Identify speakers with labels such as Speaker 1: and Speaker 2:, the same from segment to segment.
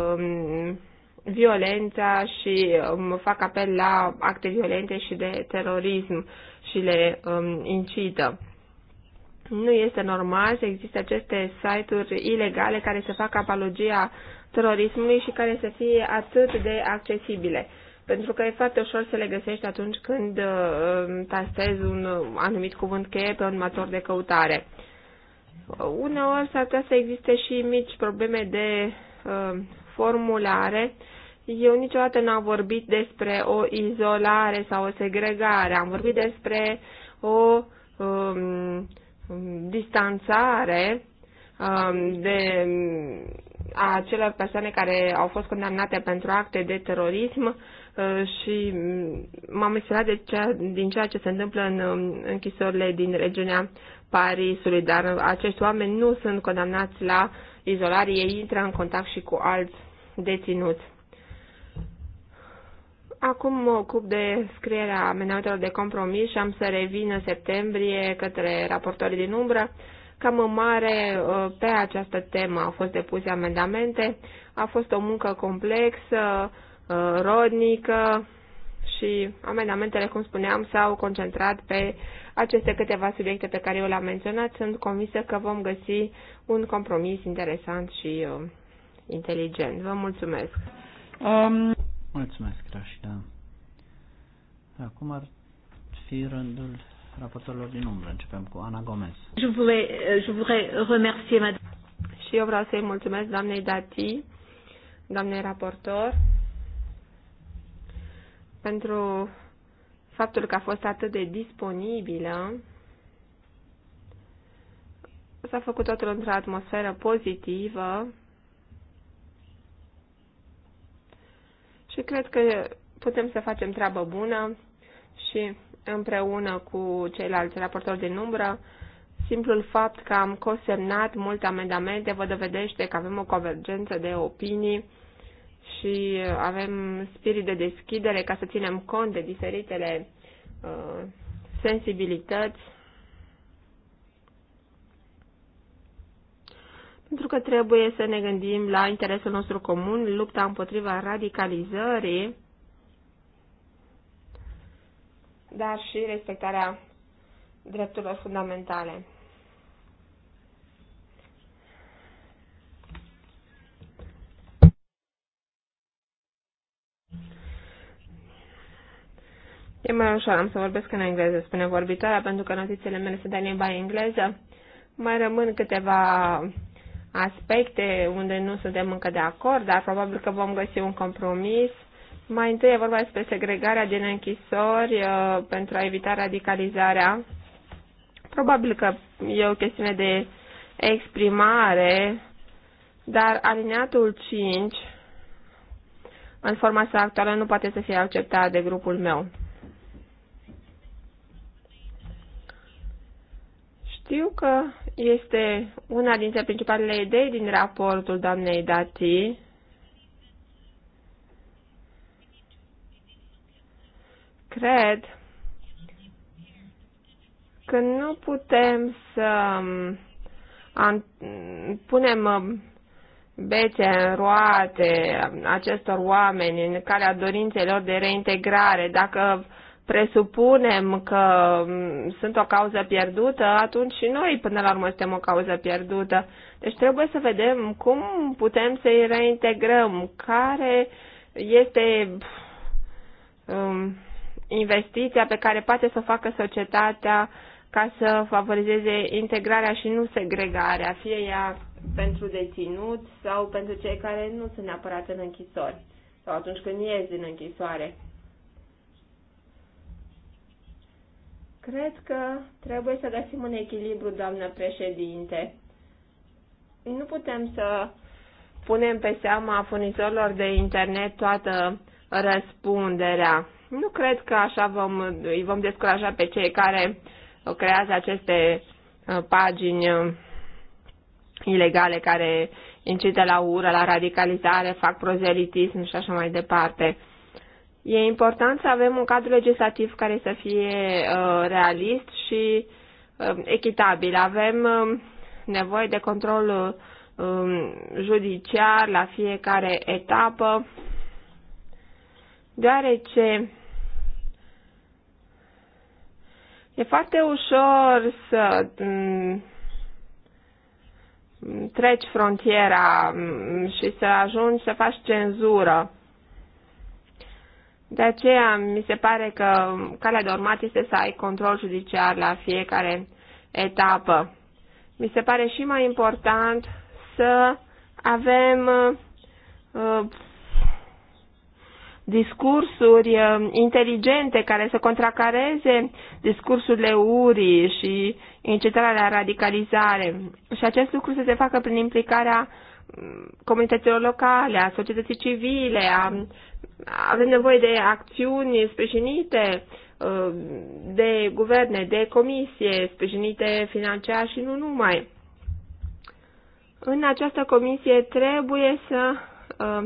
Speaker 1: um, violența și um, fac apel la acte violente și de terorism și le um, incită. Nu este normal să existe aceste site-uri ilegale care să facă apologia terorismului și care să fie atât de accesibile. Pentru că e foarte ușor să le găsești atunci când uh, tastezi un anumit cuvânt cheie pe un motor de căutare. Uneori s-ar putea să existe și mici probleme de uh, formulare, eu niciodată n-am vorbit despre o izolare sau o segregare, am vorbit despre o um, distanțare um, de a acelor persoane care au fost condamnate pentru acte de terorism uh, și m-am de cea, din ceea ce se întâmplă în um, închisorile din regiunea Parisului, dar acești oameni nu sunt condamnați la izolare, ei intră în contact și cu alți deținut. Acum mă ocup de scrierea amendamentelor de compromis și am să revin în septembrie către raportorii din umbră. Cam în mare uh, pe această temă au fost depuse amendamente. A fost o muncă complexă, uh, rodnică și amendamentele, cum spuneam, s-au concentrat pe aceste câteva subiecte pe care eu le-am menționat. Sunt convinsă că vom găsi un compromis interesant și uh, inteligent. Vă mulțumesc! Um...
Speaker 2: Mulțumesc, Rașida. Acum ar fi rândul raportorilor din umbră. Începem cu Ana Gomez.
Speaker 1: Je voudrais, euh, je voudrais remercier Și eu vreau să-i mulțumesc doamnei Dati, doamnei raportor, pentru faptul că a fost atât de disponibilă. S-a făcut totul într-o atmosferă pozitivă și cred că putem să facem treabă bună și împreună cu ceilalți raportori din umbră, simplul fapt că am cosemnat multe amendamente vă dovedește că avem o convergență de opinii și avem spirit de deschidere ca să ținem cont de diferitele uh, sensibilități pentru că trebuie să ne gândim la interesul nostru comun, lupta împotriva radicalizării, dar și respectarea drepturilor fundamentale. E mai ușor, am să vorbesc în engleză, spune vorbitoarea, pentru că notițele mele sunt în limba engleză. Mai rămân câteva aspecte unde nu suntem încă de acord, dar probabil că vom găsi un compromis. Mai întâi e vorba despre segregarea din închisori uh, pentru a evita radicalizarea. Probabil că e o chestiune de exprimare, dar alineatul 5 în forma sa actuală nu poate să fie acceptat de grupul meu. Știu că este una dintre principalele idei din raportul doamnei Dati. Cred că nu putem să um, punem um, bece în roate acestor oameni în calea dorințelor de reintegrare. Dacă presupunem că mm, sunt o cauză pierdută, atunci și noi până la urmă suntem o cauză pierdută. Deci trebuie să vedem cum putem să-i reintegrăm, care este um, investiția pe care poate să o facă societatea ca să favorizeze integrarea și nu segregarea, fie ea pentru deținuți sau pentru cei care nu sunt neapărat în închisori sau atunci când ies din închisoare. Cred că trebuie să găsim un echilibru, doamnă președinte. Nu putem să punem pe seama furnizorilor de internet toată răspunderea. Nu cred că așa vom, îi vom descuraja pe cei care creează aceste uh, pagini uh, ilegale care incită la ură, la radicalizare, fac prozelitism și așa mai departe. E important să avem un cadru legislativ care să fie uh, realist și uh, echitabil. Avem um, nevoie de control um, judiciar la fiecare etapă, deoarece e foarte ușor să mm, treci frontiera mm, și să ajungi să faci cenzură de aceea mi se pare că calea de urmat este să ai control judiciar la fiecare etapă. Mi se pare și mai important să avem uh, discursuri uh, inteligente care să contracareze discursurile urii și incitarea la radicalizare. Și acest lucru să se facă prin implicarea mm, comunităților locale, a societății civile, a avem nevoie de acțiuni sprijinite ă, de guverne, de comisie, sprijinite financiar și nu numai. În această comisie trebuie să ă,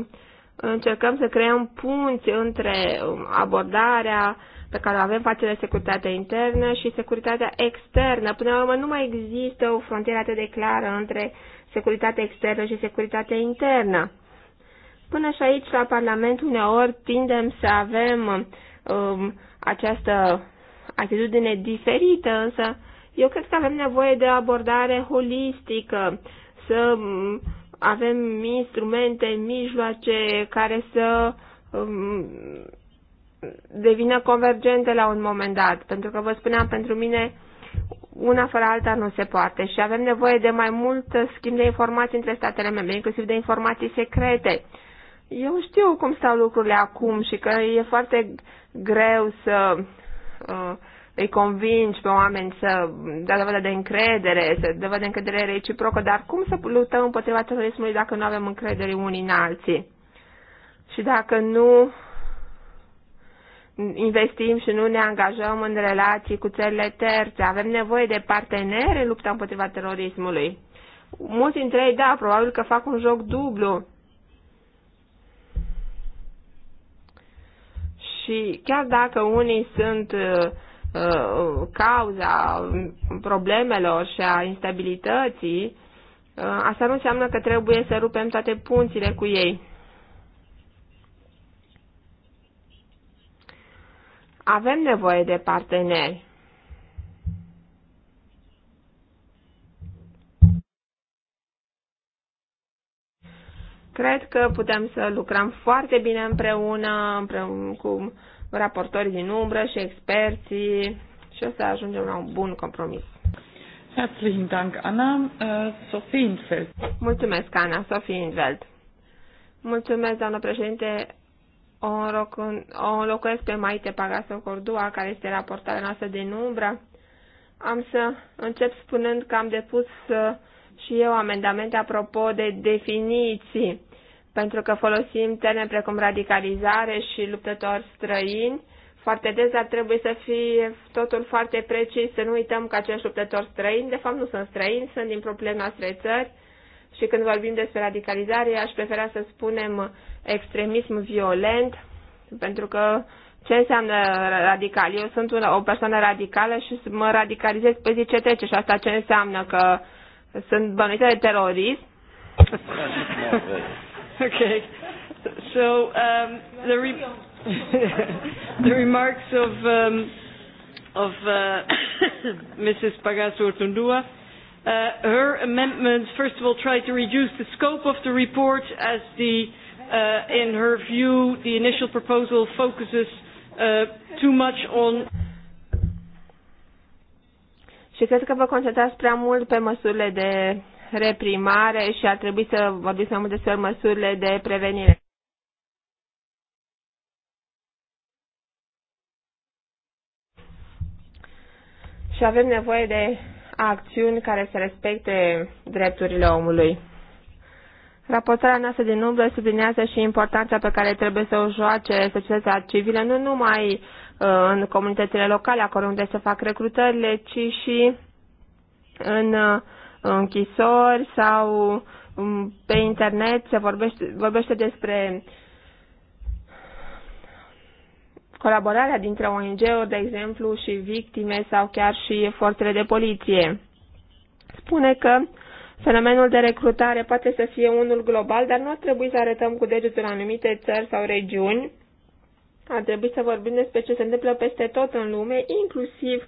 Speaker 1: încercăm să creăm punți între ă, abordarea pe care o avem față de securitatea internă și securitatea externă. Până la urmă nu mai există o frontieră atât de clară între securitatea externă și securitatea internă. Până și aici, la Parlament, uneori tindem să avem um, această atitudine diferită, însă eu cred că avem nevoie de o abordare holistică, să um, avem instrumente, mijloace care să um, devină convergente la un moment dat. Pentru că, vă spuneam, pentru mine una fără alta nu se poate și avem nevoie de mai mult schimb de informații între statele membre, inclusiv de informații secrete eu știu cum stau lucrurile acum și că e foarte greu să uh, îi convingi pe oameni să dea dovadă de încredere, să dea de încredere reciprocă, dar cum să luptăm împotriva terorismului dacă nu avem încredere unii în alții? Și dacă nu investim și nu ne angajăm în relații cu țările terțe, avem nevoie de parteneri în lupta împotriva terorismului. Mulți dintre ei, da, probabil că fac un joc dublu Și chiar dacă unii sunt uh, uh, cauza problemelor și a instabilității, uh, asta nu înseamnă că trebuie să rupem toate punțile cu ei. Avem nevoie de parteneri. Cred că putem să lucrăm foarte bine împreună, împreună cu raportorii din umbră și experții și o să ajungem la un bun compromis. Herzlichen Dank, Anna. Äh, Sophie Infeld. Mulțumesc, Ana. Sophie Infeld. Mulțumesc, doamnă președinte. O înlocuiesc pe Maite Pagasă Cordua, care este raportarea noastră din umbră. Am să încep spunând că am depus uh, și eu amendamente apropo de definiții, pentru că folosim termeni precum radicalizare și luptători străini. Foarte des ar trebui să fie totul foarte precis, să nu uităm că acești luptători străini, de fapt nu sunt străini, sunt din propriile noastre țări și când vorbim despre radicalizare, aș prefera să spunem extremism violent, pentru că ce înseamnă radical? Eu sunt una, o persoană radicală și mă radicalizez pe zi ce trece și asta ce înseamnă că sunt bănuite de terorism? okay. So um,
Speaker 3: the re the remarks of um, of uh, Mrs. Pagasurtundua. Uh, her amendments, first of all, try to reduce the scope of the report as the, uh, in her view, the initial proposal focuses uh, too much on
Speaker 1: și cred că vă concentrați prea mult pe măsurile de reprimare și ar trebui să vorbiți mai mult despre măsurile de prevenire. Și avem nevoie de acțiuni care să respecte drepturile omului. Raportarea noastră din umbră sublinează și importanța pe care trebuie să o joace societatea civilă, nu numai în comunitățile locale, acolo unde se fac recrutările, ci și în uh, închisori sau um, pe internet se vorbește, vorbește despre colaborarea dintre ONG-uri, de exemplu, și victime sau chiar și forțele de poliție. Spune că fenomenul de recrutare poate să fie unul global, dar nu ar trebui să arătăm cu degetul anumite țări sau regiuni, ar trebui să vorbim despre ce se întâmplă peste tot în lume, inclusiv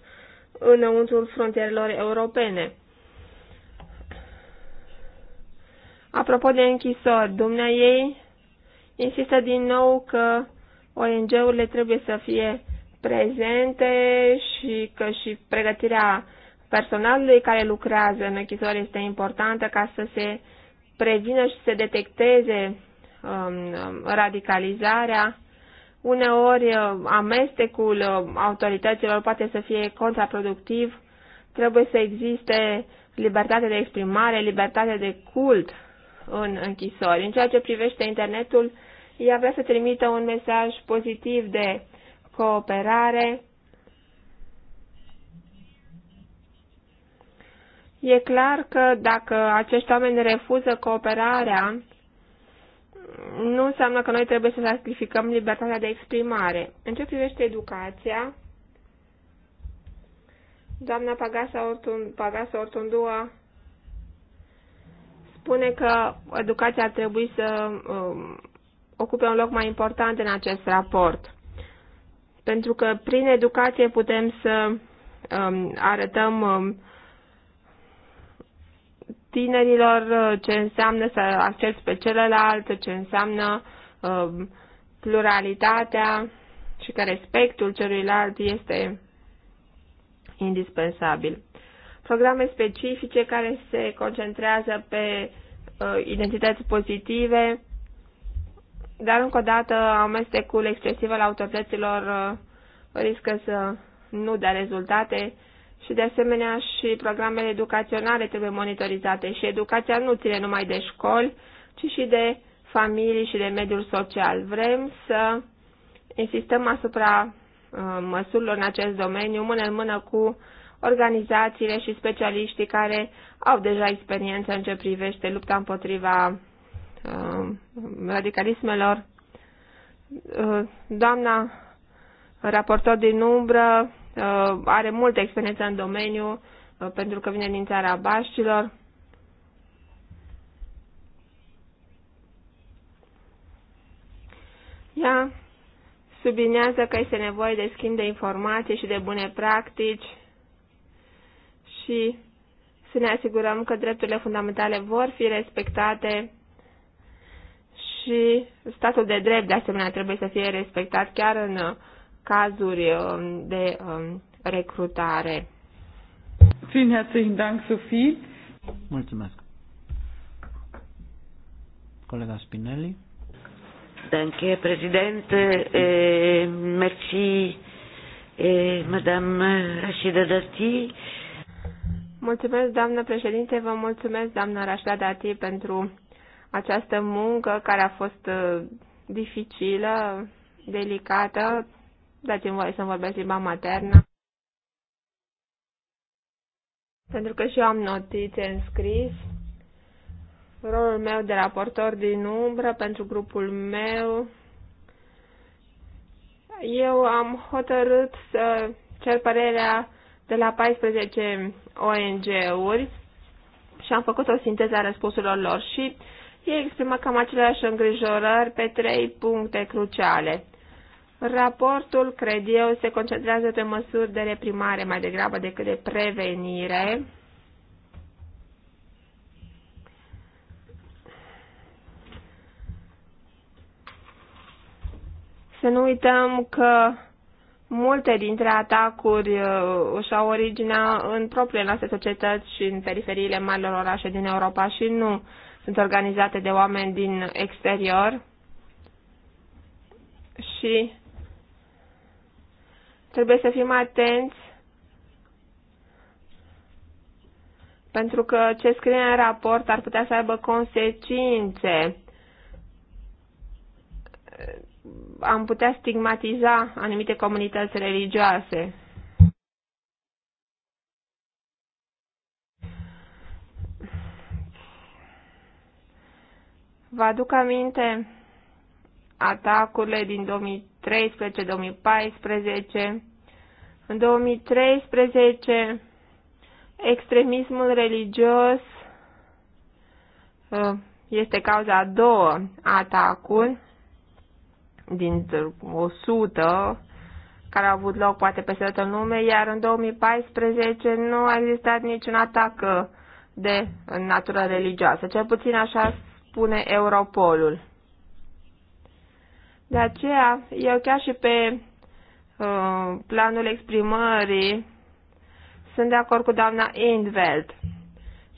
Speaker 1: înăuntrul frontierelor europene. Apropo de închisori, dumnea ei insistă din nou că ONG-urile trebuie să fie prezente și că și pregătirea personalului care lucrează în închisori este importantă ca să se prevină și să detecteze um, um radicalizarea. Uneori uh, amestecul uh, autorităților poate să fie contraproductiv, trebuie să existe libertate de exprimare, libertate de cult în închisori. În ceea ce privește internetul, ea vrea să trimită un mesaj pozitiv de cooperare. E clar că dacă acești oameni refuză cooperarea, nu înseamnă că noi trebuie să sacrificăm libertatea de exprimare. În ce privește educația, doamna Pagasa, Ortun, Pagasa Ortundua spune că educația ar trebui să um, ocupe un loc mai important în acest raport. Pentru că prin educație putem să um, arătăm um, tinerilor, uh, ce înseamnă să accepti pe celălalt, ce înseamnă uh, pluralitatea și că respectul celuilalt este indispensabil. Programe specifice care se concentrează pe uh, identități pozitive, dar încă o dată amestecul excesiv al autorităților riscă să nu dea rezultate și de asemenea și programele educaționale trebuie monitorizate și educația nu ține numai de școli, ci și de familii și de mediul social. Vrem să insistăm asupra uh, măsurilor în acest domeniu, mână în mână cu organizațiile și specialiștii care au deja experiență în ce privește lupta împotriva uh, radicalismelor. Uh, doamna raportor din umbră Uh, are multă experiență în domeniu uh, pentru că vine din țara Baștilor. Ea sublinează că este nevoie de schimb de informații și de bune practici și să ne asigurăm că drepturile fundamentale vor fi respectate și statul de drept, de asemenea, trebuie să fie respectat chiar în cazuri um, de um, recrutare.
Speaker 3: Vielen herzlichen Dank, Sophie. Mulțumesc.
Speaker 2: Colega Spinelli.
Speaker 3: Danke, President. Eh, merci, eh, Madame Rashida Dati.
Speaker 1: Mulțumesc, doamnă președinte, vă mulțumesc, doamnă Rașla Dati, pentru această muncă care a fost eh, dificilă, delicată, dați-mi voie să-mi vorbesc limba maternă. Pentru că și eu am notițe în scris. Rolul meu de raportor din umbră pentru grupul meu. Eu am hotărât să cer părerea de la 14 ONG-uri și am făcut o sinteză a răspunsurilor lor și ei exprimă cam aceleași îngrijorări pe trei puncte cruciale. Raportul, cred eu, se concentrează pe măsuri de reprimare mai degrabă decât de prevenire. Să nu uităm că multe dintre atacuri uh, își au originea în propriile noastre societăți și în periferiile marilor orașe din Europa și nu sunt organizate de oameni din exterior. Și Trebuie să fim atenți pentru că ce scrie în raport ar putea să aibă consecințe. Am putea stigmatiza anumite comunități religioase. Vă aduc aminte atacurile din 2000 2013, 2014. În 2013, extremismul religios uh, este cauza a doua atacuri din 100 care au avut loc poate peste toată lume, iar în 2014 nu a existat niciun atac uh, de natură religioasă. Cel puțin așa spune Europolul. De aceea, eu chiar și pe uh, planul exprimării sunt de acord cu doamna Indveld.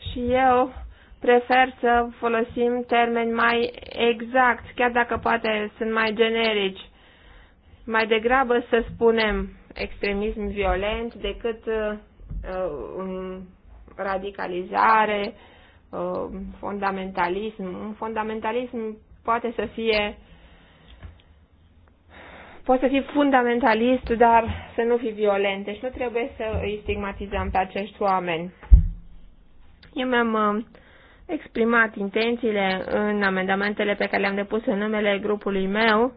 Speaker 1: Și eu prefer să folosim termeni mai exact, chiar dacă poate sunt mai generici. Mai degrabă să spunem extremism violent decât uh, uh radicalizare, uh, fundamentalism. Un fundamentalism poate să fie uh, Poți să fii fundamentalist, dar să nu fii violent. Deci nu trebuie să îi stigmatizăm pe acești oameni. Eu mi-am uh, exprimat intențiile în amendamentele pe care le-am depus în numele grupului meu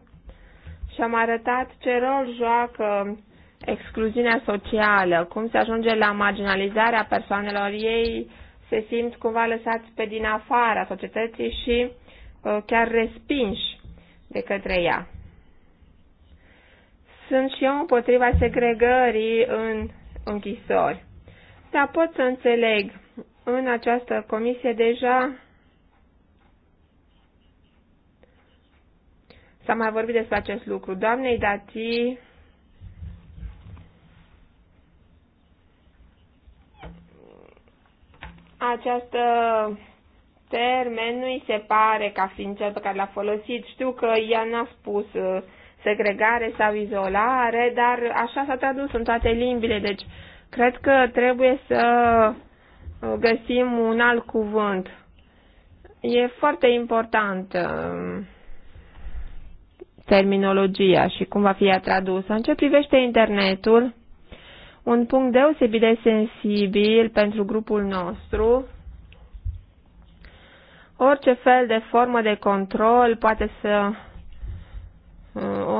Speaker 1: și am arătat ce rol joacă excluziunea socială, cum se ajunge la marginalizarea persoanelor ei, se simt cumva lăsați pe din afara societății și uh, chiar respinși de către ea. Sunt și eu împotriva segregării în închisori. Dar pot să înțeleg, în această comisie deja s-a mai vorbit despre acest lucru. Doamnei Dati această termen nu îi se pare ca fiind cel pe care l-a folosit. Știu că ea n-a spus uh, segregare sau izolare, dar așa s-a tradus în toate limbile, deci cred că trebuie să uh, găsim un alt cuvânt. E foarte important um, terminologia și cum va fi ea tradusă. În ce privește internetul, un punct deosebit de sensibil pentru grupul nostru, orice fel de formă de control poate să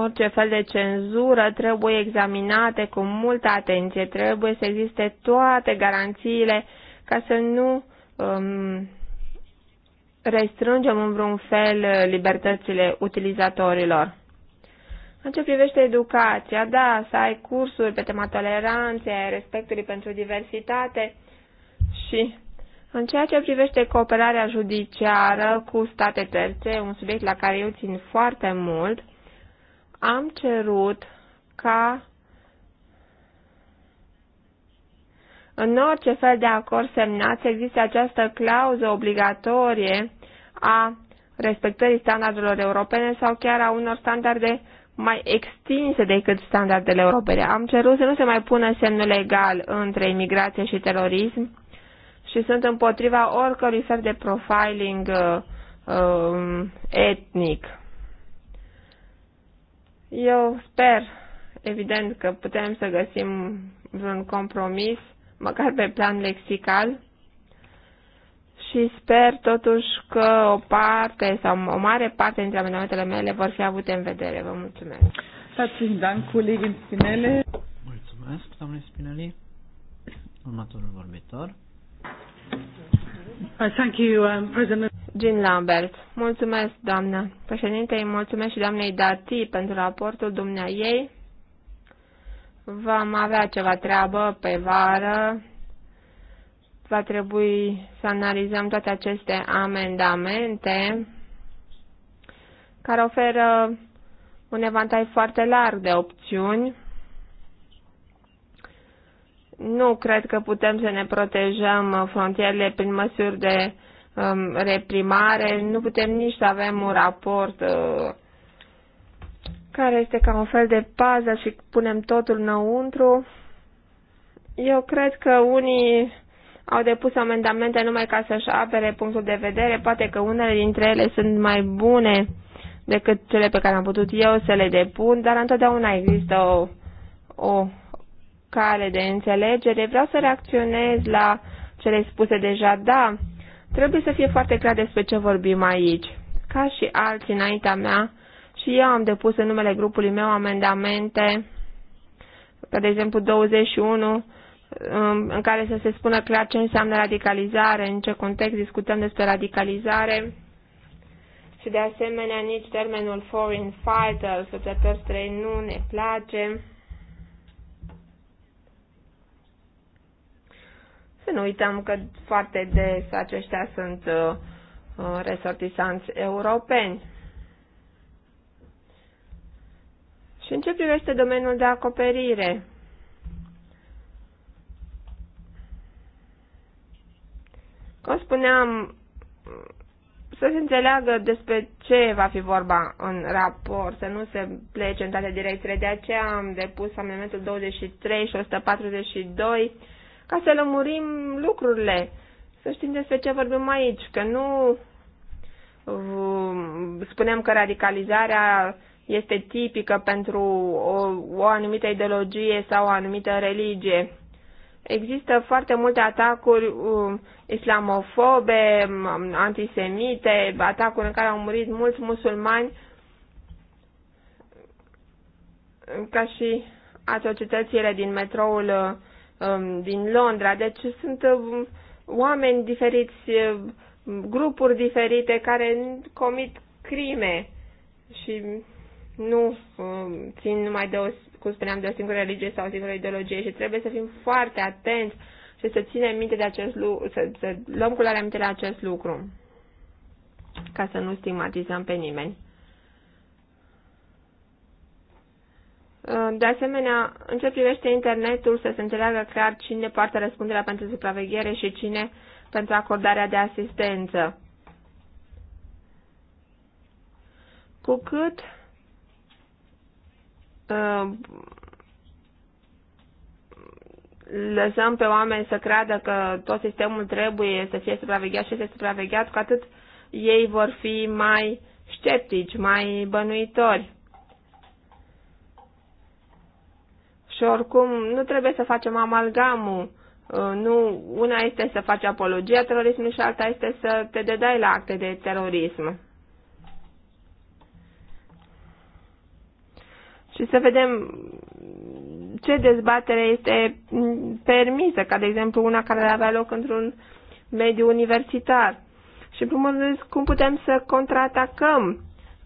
Speaker 1: orice fel de cenzură trebuie examinate cu multă atenție, trebuie să existe toate garanțiile ca să nu um, restrângem în vreun fel uh, libertățile utilizatorilor. În ce privește educația, da, să ai cursuri pe tema toleranței, ai respectului pentru diversitate și în ceea ce privește cooperarea judiciară cu state terțe, un subiect la care eu țin foarte mult, am cerut ca în orice fel de acord semnat să existe această clauză obligatorie a respectării standardelor europene sau chiar a unor standarde mai extinse decât standardele europene. Am cerut să nu se mai pună semnul legal între imigrație și terorism și sunt împotriva oricărui fel de profiling uh, uh, etnic. Eu sper, evident, că putem să găsim vreun compromis, măcar pe plan lexical, și sper totuși că o parte sau o mare parte dintre amendamentele mele vor fi avute în vedere. Vă mulțumesc.
Speaker 3: Herzlichen Dank, Kollegin Spinele. Mulțumesc, doamne Spinele.
Speaker 2: Următorul vorbitor.
Speaker 1: Uh, thank you, um, President. Jean Lambert. Mulțumesc, doamnă președinte, îi mulțumesc și doamnei Dati pentru raportul dumneai. ei. Vom avea ceva treabă pe vară. Va trebui să analizăm toate aceste amendamente care oferă un evantai foarte larg de opțiuni. Nu cred că putem să ne protejăm frontierele prin măsuri de Um, reprimare, nu putem nici să avem un raport uh, care este ca un fel de pază și punem totul înăuntru. Eu cred că unii au depus amendamente numai ca să-și apere punctul de vedere, poate că unele dintre ele sunt mai bune decât cele pe care am putut eu să le depun, dar întotdeauna există o, o cale de înțelegere. Vreau să reacționez la cele spuse deja. Da, Trebuie să fie foarte clar despre ce vorbim aici. Ca și alții înaintea mea, și eu am depus în numele grupului meu amendamente, ca de exemplu 21, în care să se spună clar ce înseamnă radicalizare, în ce context discutăm despre radicalizare și de asemenea nici termenul foreign fighter, luptători străini, nu ne place. Să nu uităm că foarte des aceștia sunt uh, uh, resortisanți europeni. Și în ce privește domeniul de acoperire? Cum spuneam, să se înțeleagă despre ce va fi vorba în raport, să nu se plece în toate direcțiile. De aceea am depus amendamentul 23 și 142 ca să lămurim lucrurile, să știm despre ce vorbim aici, că nu um, spunem că radicalizarea este tipică pentru o, o anumită ideologie sau o anumită religie. Există foarte multe atacuri uh, islamofobe, um, antisemite, atacuri în care au murit mulți musulmani, ca și atrocitățile din metroul uh, Um, din Londra. Deci sunt um, oameni diferiți, um, grupuri diferite care comit crime și nu țin numai de o, cum spuneam, de o singură religie sau o singură ideologie și trebuie să fim foarte atenți și să ținem minte de acest lucru, să, să luăm culoarea minte la acest lucru ca să nu stigmatizăm pe nimeni. Uh, de asemenea, în ce privește internetul, să se înțeleagă clar cine poartă răspunderea pentru supraveghere și cine pentru acordarea de asistență. Cu cât uh, lăsăm pe oameni să creadă că tot sistemul trebuie să fie supravegheat și este supravegheat, cu atât ei vor fi mai sceptici, mai bănuitori. Și oricum, nu trebuie să facem amalgamul. Uh, nu, una este să faci apologia terorismului și alta este să te dedai la acte de terorism. Și să vedem ce dezbatere este permisă, ca de exemplu una care avea loc într-un mediu universitar. Și în primul rând, cum putem să contraatacăm?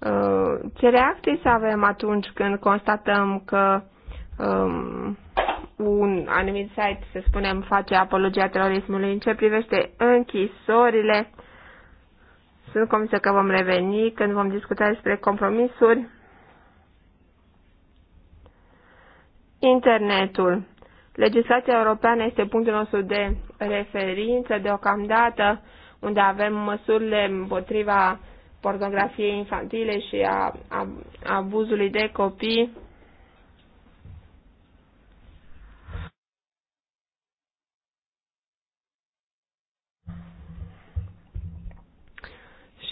Speaker 1: Uh, ce reacții să avem atunci când constatăm că um, un anumit site, să spunem, face apologia terorismului. În ce privește închisorile, sunt convinsă că vom reveni când vom discuta despre compromisuri. Internetul. Legislația europeană este punctul nostru de referință deocamdată, unde avem măsurile împotriva pornografiei infantile și a, a abuzului de copii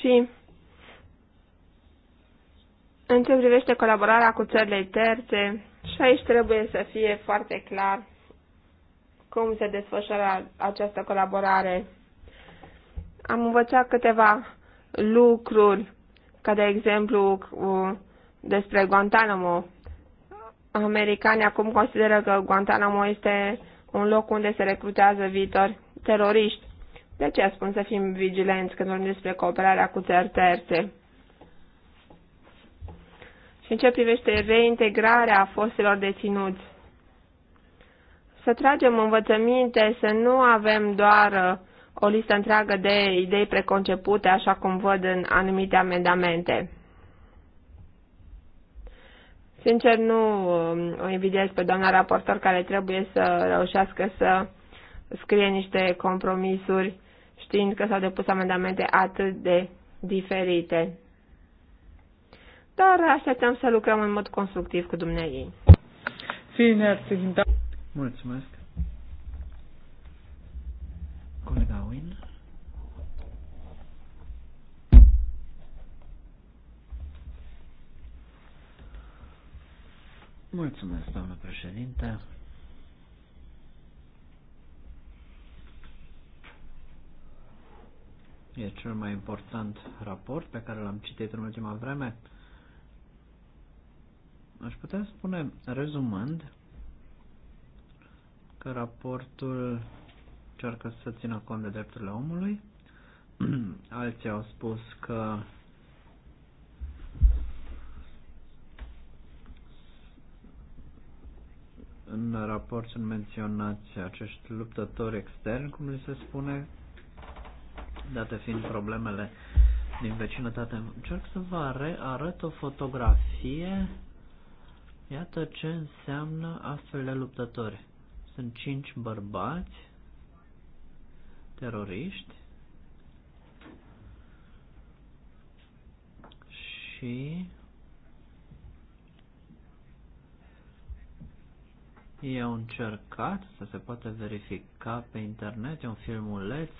Speaker 1: Și în ce privește colaborarea cu țările terțe, și aici trebuie să fie foarte clar cum se desfășoară această colaborare. Am învățat câteva lucruri, ca de exemplu despre Guantanamo. Americanii acum consideră că Guantanamo este un loc unde se recrutează viitori teroriști. De aceea spun să fim vigilenți când vorbim despre cooperarea cu țări terțe. Și în ce privește reintegrarea fostelor deținuți, să tragem învățăminte, să nu avem doar uh, o listă întreagă de idei preconcepute, așa cum văd în anumite amendamente. Sincer, nu um, o invidiez pe doamna raportor care trebuie să reușească să scrie niște compromisuri știind că s-au depus amendamente atât de diferite. Dar așteptăm să lucrăm în mod constructiv cu dumneavoastră.
Speaker 3: Mulțumesc.
Speaker 2: Colega Win. Mulțumesc, doamnă președinte. E cel mai important raport pe care l-am citit în ultima vreme. Aș putea spune, rezumând, că raportul încearcă să țină cont de drepturile omului. Alții au spus că în raport sunt menționați acești luptători externi, cum li se spune, date fiind problemele din vecinătate. Încerc să vă arăt o fotografie. Iată ce înseamnă astfel de luptători. Sunt cinci bărbați teroriști și ei au încercat să se poate verifica pe internet, e un filmuleț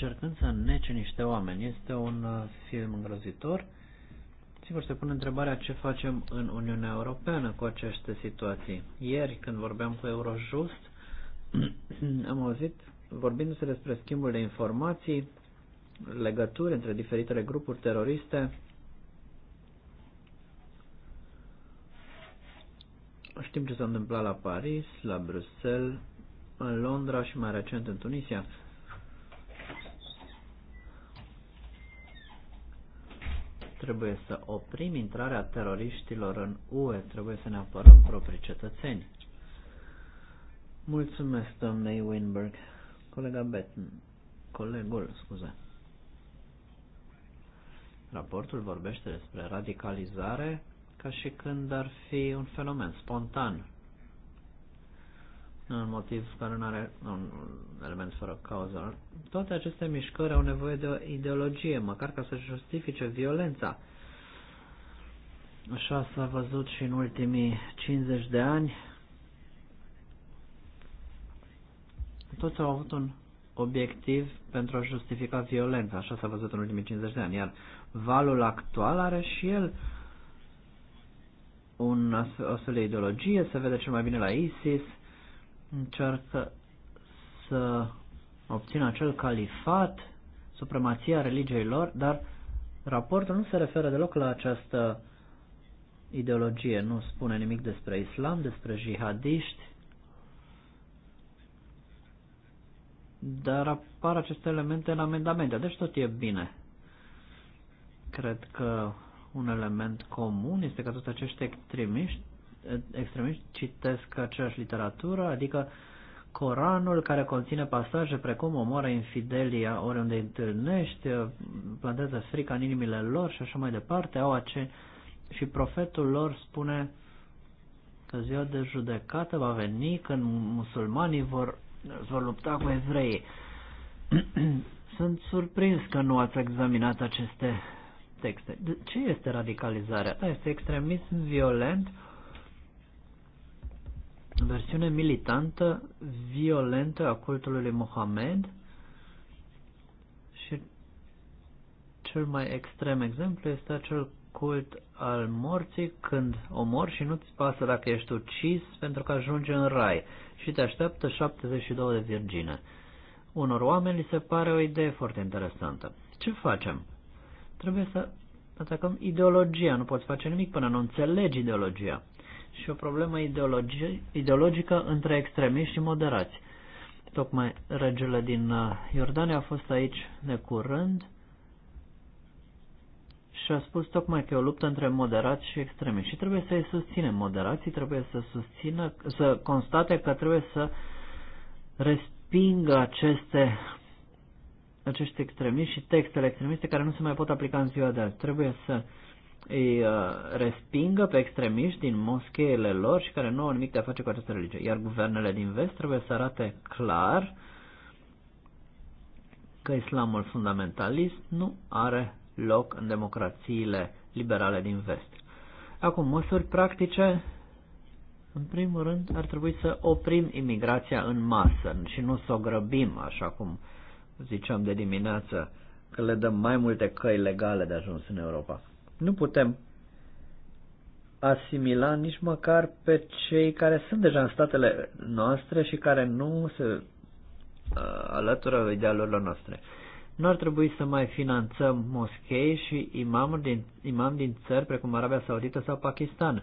Speaker 2: încercând să nece niște oameni. Este un uh, film îngrozitor. Sigur, se pune întrebarea ce facem în Uniunea Europeană cu aceste situații. Ieri, când vorbeam cu Eurojust, am auzit, vorbindu-se despre schimbul de informații, legături între diferitele grupuri teroriste, știm ce s-a întâmplat la Paris, la Bruxelles, în Londra și mai recent în Tunisia. trebuie să oprim intrarea teroriștilor în UE, trebuie să ne apărăm proprii cetățeni. Mulțumesc, domnule Winberg. Colega Betten, colegul, scuze. Raportul vorbește despre radicalizare ca și când ar fi un fenomen spontan un motiv care nu are un element fără cauză. Toate aceste mișcări au nevoie de o ideologie, măcar ca să justifice violența. Așa s-a văzut și în ultimii 50 de ani. Toți au avut un obiectiv pentru a justifica violența. Așa s-a văzut în ultimii 50 de ani. Iar valul actual are și el un astfel de ideologie, se vede cel mai bine la ISIS, încearcă să obțină acel califat, supremația religiei lor, dar raportul nu se referă deloc la această ideologie, nu spune nimic despre islam, despre jihadiști, dar apar aceste elemente în amendamente, deci tot e bine. Cred că un element comun este că toți acești extremiști extremiști citesc aceeași literatură, adică Coranul care conține pasaje precum omoară infidelia oriunde întâlnești, plantează frica în inimile lor și așa mai departe, au ace... și profetul lor spune că ziua de judecată va veni când musulmanii vor, vor lupta cu evreii. Sunt surprins că nu ați examinat aceste texte. De ce este radicalizarea? Da, este extremism violent versiune militantă, violentă a cultului lui Mohamed și cel mai extrem exemplu este acel cult al morții când omori și nu-ți pasă dacă ești ucis pentru că ajunge în rai și te așteaptă 72 de virgine. Unor oameni li se pare o idee foarte interesantă. Ce facem? Trebuie să atacăm ideologia, nu poți face nimic până nu înțelegi ideologia și o problemă ideologi- ideologică între extremiști și moderați. Tocmai regele din uh, Iordania a fost aici de curând și a spus tocmai că e o luptă între moderați și extremiști. Și trebuie să-i susținem. Moderații trebuie să susțină, să constate că trebuie să respingă aceste acești extremiști și textele extremiste care nu se mai pot aplica în ziua de azi. Trebuie să uh, îi uh, respingă pe extremiști din moscheele lor și care nu au nimic de a face cu această religie. Iar guvernele din vest trebuie să arate clar că islamul fundamentalist nu are loc în democrațiile liberale din vest. Acum, măsuri practice, în primul rând, ar trebui să oprim imigrația în masă și nu să o grăbim, așa cum ziceam de dimineață, că le dăm mai multe căi legale de ajuns în Europa. Nu putem asimila nici măcar pe cei care sunt deja în statele noastre și care nu se uh, alătură idealurilor noastre. Nu ar trebui să mai finanțăm moschei și imamuri din, imam din țări precum Arabia Saudită sau Pakistan.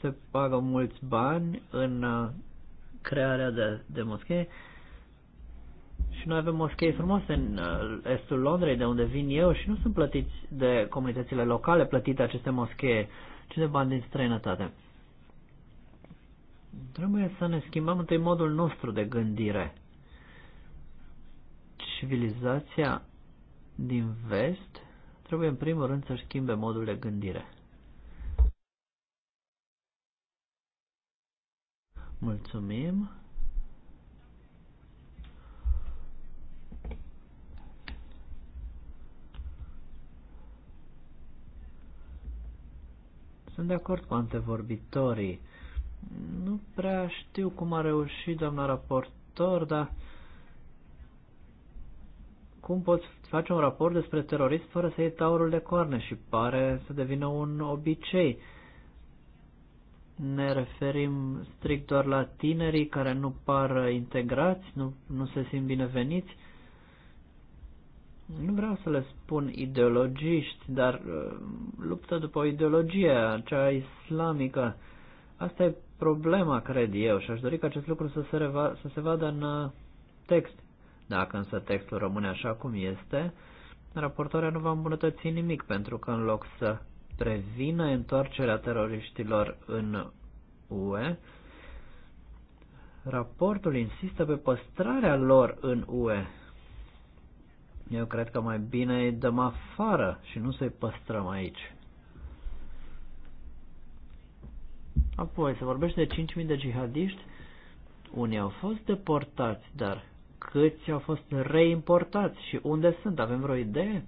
Speaker 2: Se pagă mulți bani în uh, crearea de, de uh, și noi avem moschei frumoase în uh, estul Londrei, de unde vin eu, și nu sunt plătiți de comunitățile locale, plătite aceste moschee, ci de bani din străinătate. Trebuie să ne schimbăm întâi modul nostru de gândire. Civilizația din vest trebuie în primul rând să-și schimbe modul de gândire. Mulțumim! Sunt de acord cu antevorbitorii. Nu prea știu cum a reușit doamna raportor, dar cum poți face un raport despre terorist fără să iei taurul de coarne și pare să devină un obicei. Ne referim strict doar la tinerii care nu par integrați, nu, nu se simt bineveniți nu vreau să le spun ideologiști, dar uh, luptă după o ideologie, cea islamică. Asta e problema, cred eu, și aș dori ca acest lucru să se, reva, să se vadă în uh, text. Dacă însă textul rămâne așa cum este, raportarea nu va îmbunătăți nimic, pentru că în loc să prevină întoarcerea teroriștilor în UE, raportul insistă pe păstrarea lor în UE. Eu cred că mai bine îi dăm afară și nu să-i păstrăm aici. Apoi, se vorbește de 5.000 de jihadiști. Unii au fost deportați, dar câți au fost reimportați și unde sunt? Avem vreo idee?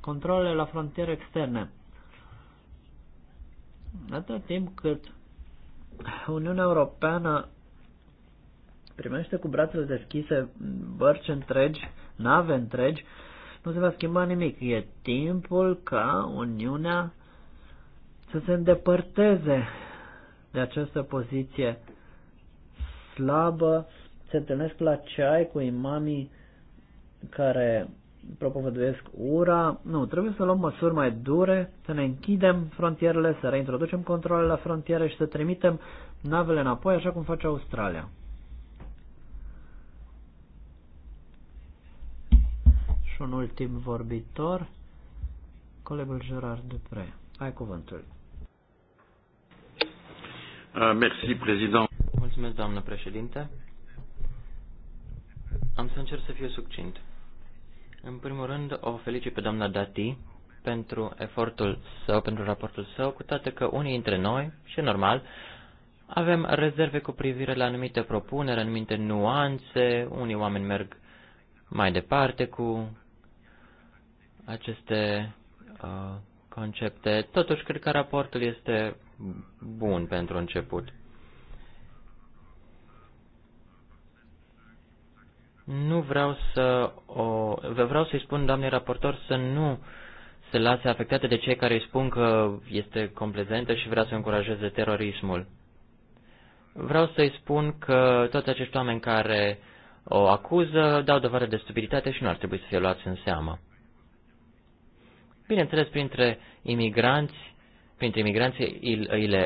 Speaker 2: Controlele la frontiere externe. Atât timp cât Uniunea Europeană primește cu brațele deschise bărci întregi, nave întregi, nu se va schimba nimic. E timpul ca Uniunea să se îndepărteze de această poziție slabă. Se întâlnesc la ceai cu imamii care propovăduiesc ura. Nu, trebuie să luăm măsuri mai dure, să ne închidem frontierele, să reintroducem controlele la frontiere și să trimitem navele înapoi, așa cum face Australia. și un ultim vorbitor, colegul Gerard Dupre. Ai cuvântul.
Speaker 4: Uh, merci, prezident. Mulțumesc, doamnă președinte. Am să încerc să fiu succint. În primul rând, o felicit pe doamna Dati pentru efortul său, pentru raportul său, cu toate că unii dintre noi, și normal, avem rezerve cu privire la anumite propuneri, anumite nuanțe, unii oameni merg mai departe cu aceste uh, concepte. Totuși, cred că raportul este bun pentru început. Nu vreau să o... Vreau să-i spun, doamnei raportor, să nu se lase afectate de cei care îi spun că este complezentă și vrea să încurajeze terorismul. Vreau să-i spun că toți acești oameni care o acuză dau dovadă de stupiditate și nu ar trebui să fie luați în seamă. Bineînțeles, printre imigranți, printre imigranții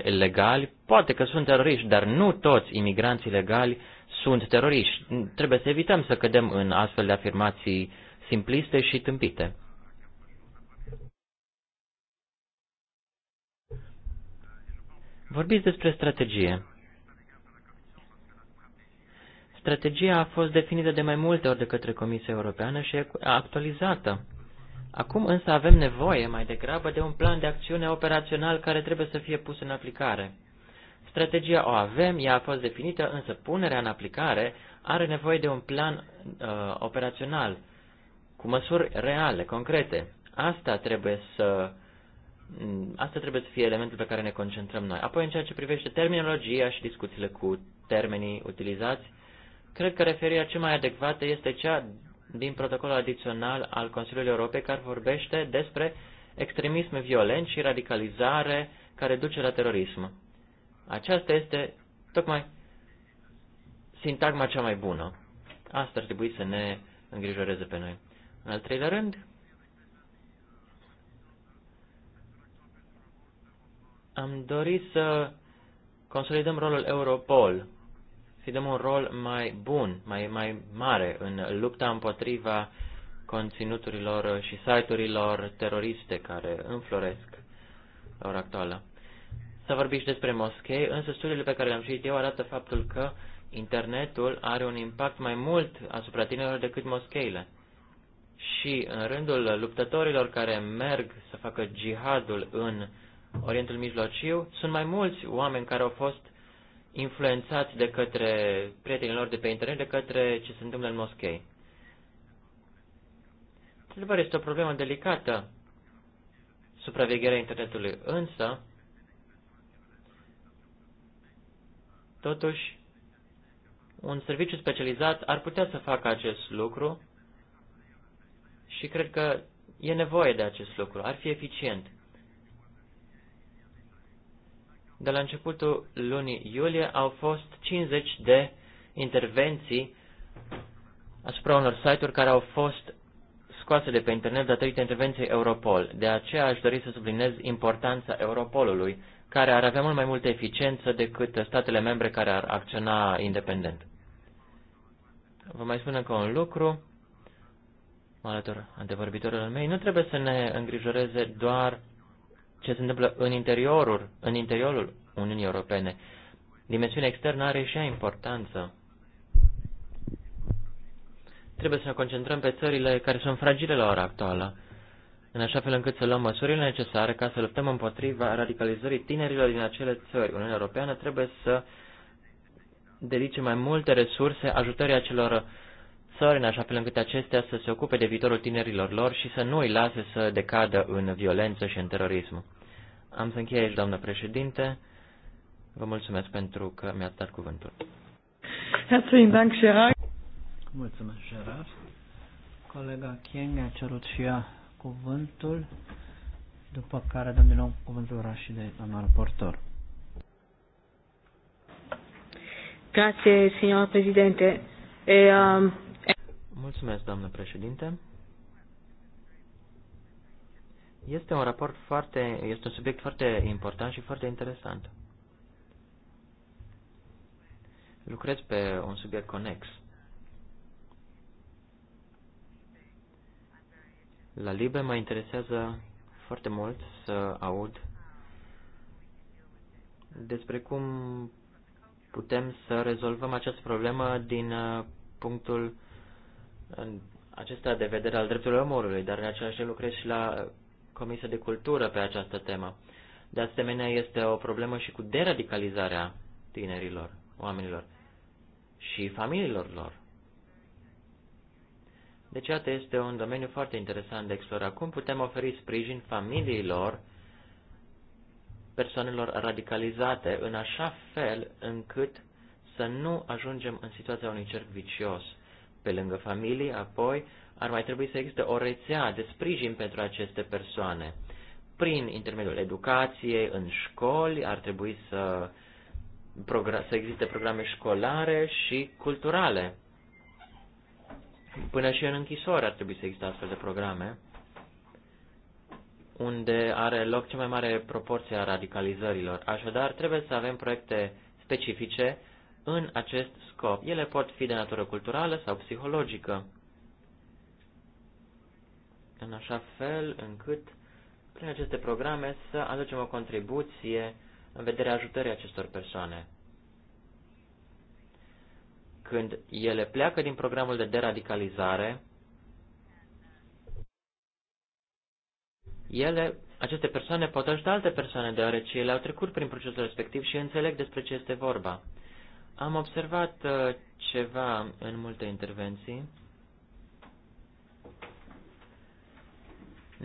Speaker 4: ilegali, poate că sunt teroriști, dar nu toți imigranții ilegali sunt teroriști. Trebuie să evităm să cădem în astfel de afirmații simpliste și tâmpite. Vorbiți despre strategie. Strategia a fost definită de mai multe ori de către Comisia Europeană și e actualizată. Acum însă avem nevoie mai degrabă de un plan de acțiune operațional care trebuie să fie pus în aplicare. Strategia o avem, ea a fost definită, însă punerea în aplicare are nevoie de un plan uh, operațional cu măsuri reale, concrete. Asta trebuie să mm, asta trebuie să fie elementul pe care ne concentrăm noi. Apoi, în ceea ce privește terminologia și discuțiile cu termenii utilizați, cred că referirea cea mai adecvată este cea din protocolul adițional al Consiliului Europei care vorbește despre extremism violent și radicalizare care duce la terorism. Aceasta este tocmai sintagma cea mai bună. Asta ar trebui să ne îngrijoreze pe noi. În al treilea rând, am dorit să consolidăm rolul Europol să-i dăm un rol mai bun, mai, mai mare în lupta împotriva conținuturilor și site-urilor teroriste care înfloresc la ora actuală. Să vorbim și despre moschei, însă studiile pe care le-am citit eu arată faptul că internetul are un impact mai mult asupra tinerilor decât moscheile. Și în rândul luptătorilor care merg să facă jihadul în Orientul Mijlociu, sunt mai mulți oameni care au fost influențați de către prietenilor de pe internet, de către ce se întâmplă în moschei. Întrebarea este o problemă delicată, supravegherea internetului, însă, totuși, un serviciu specializat ar putea să facă acest lucru și cred că e nevoie de acest lucru, ar fi eficient de la începutul lunii iulie au fost 50 de intervenții asupra unor site-uri care au fost scoase de pe internet datorită intervenției Europol. De aceea aș dori să subliniez importanța Europolului, care ar avea mult mai multă eficiență decât statele membre care ar acționa independent. Vă mai spun încă un lucru, mă alătur antevorbitorilor mei, nu trebuie să ne îngrijoreze doar ce se întâmplă în interiorul, în interiorul Uniunii Europene. Dimensiunea externă are și ea importanță. Trebuie să ne concentrăm pe țările care sunt fragile la ora actuală, în așa fel încât să luăm măsurile necesare ca să luptăm împotriva radicalizării tinerilor din acele țări. Uniunea Europeană trebuie să dedice mai multe resurse ajutării acelor țări, în așa fel încât acestea să se ocupe de viitorul tinerilor lor și să nu îi lase să decadă în violență și în terorism. Am să încheie aici, doamnă președinte. Vă mulțumesc pentru că mi-ați dat cuvântul.
Speaker 3: Herzlichen Dank, Gerard.
Speaker 2: Mulțumesc, Gerard. Colega Chieng a cerut și ea cuvântul, după care dăm din nou cuvântul de doamna raportor.
Speaker 3: Grazie, signor Presidente.
Speaker 4: E, um... Mulțumesc, doamnă președinte. Este un raport foarte, este un subiect foarte important și foarte interesant. Lucrez pe un subiect conex. La Libe mă interesează foarte mult să aud despre cum putem să rezolvăm această problemă din uh, punctul în acesta de vedere al drepturilor omorului, dar în același timp lucrez și la uh, Comisia de Cultură pe această temă. De asemenea, este o problemă și cu deradicalizarea tinerilor, oamenilor și familiilor lor. Deci, iată, este un domeniu foarte interesant de explorat. Cum putem oferi sprijin familiilor, persoanelor radicalizate, în așa fel încât să nu ajungem în situația unui cerc vicios? pe lângă familie, apoi ar mai trebui să existe o rețea de sprijin pentru aceste persoane. Prin intermediul educației, în școli, ar trebui să, să existe programe școlare și culturale. Până și în închisoare ar trebui să existe astfel de programe, unde are loc cea mai mare proporție a radicalizărilor. Așadar, trebuie să avem proiecte specifice în acest scop. Ele pot fi de natură culturală sau psihologică, în așa fel încât prin aceste programe să aducem o contribuție în vederea ajutării acestor persoane. Când ele pleacă din programul de deradicalizare, ele, aceste persoane pot ajuta alte persoane, deoarece ele au trecut prin procesul respectiv și înțeleg despre ce este vorba. Am observat uh, ceva în multe intervenții.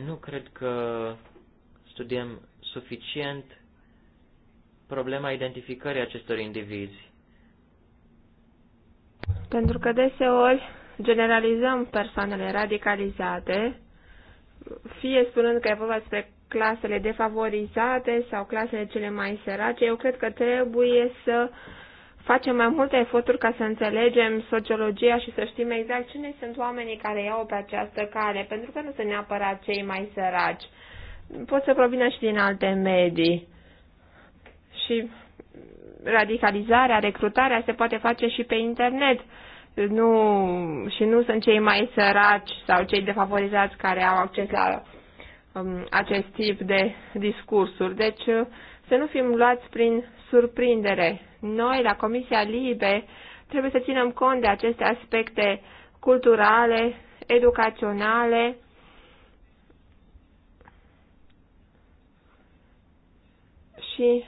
Speaker 4: Nu cred că studiem suficient problema identificării acestor indivizi.
Speaker 1: Pentru că deseori generalizăm persoanele radicalizate, fie spunând că e vorba despre clasele defavorizate sau clasele cele mai sărace, eu cred că trebuie să uh, facem mai multe eforturi ca să înțelegem sociologia și să știm exact cine sunt oamenii care iau pe această cale, pentru că nu sunt neapărat cei mai săraci. Pot să provină și din alte medii. Și radicalizarea, recrutarea se poate face și pe internet. Nu, și nu sunt cei mai săraci sau cei defavorizați care au acces la um, acest tip de discursuri. Deci, uh, să nu fim luați prin surprindere. Noi, la Comisia Libe, trebuie să ținem cont de aceste aspecte culturale, educaționale, și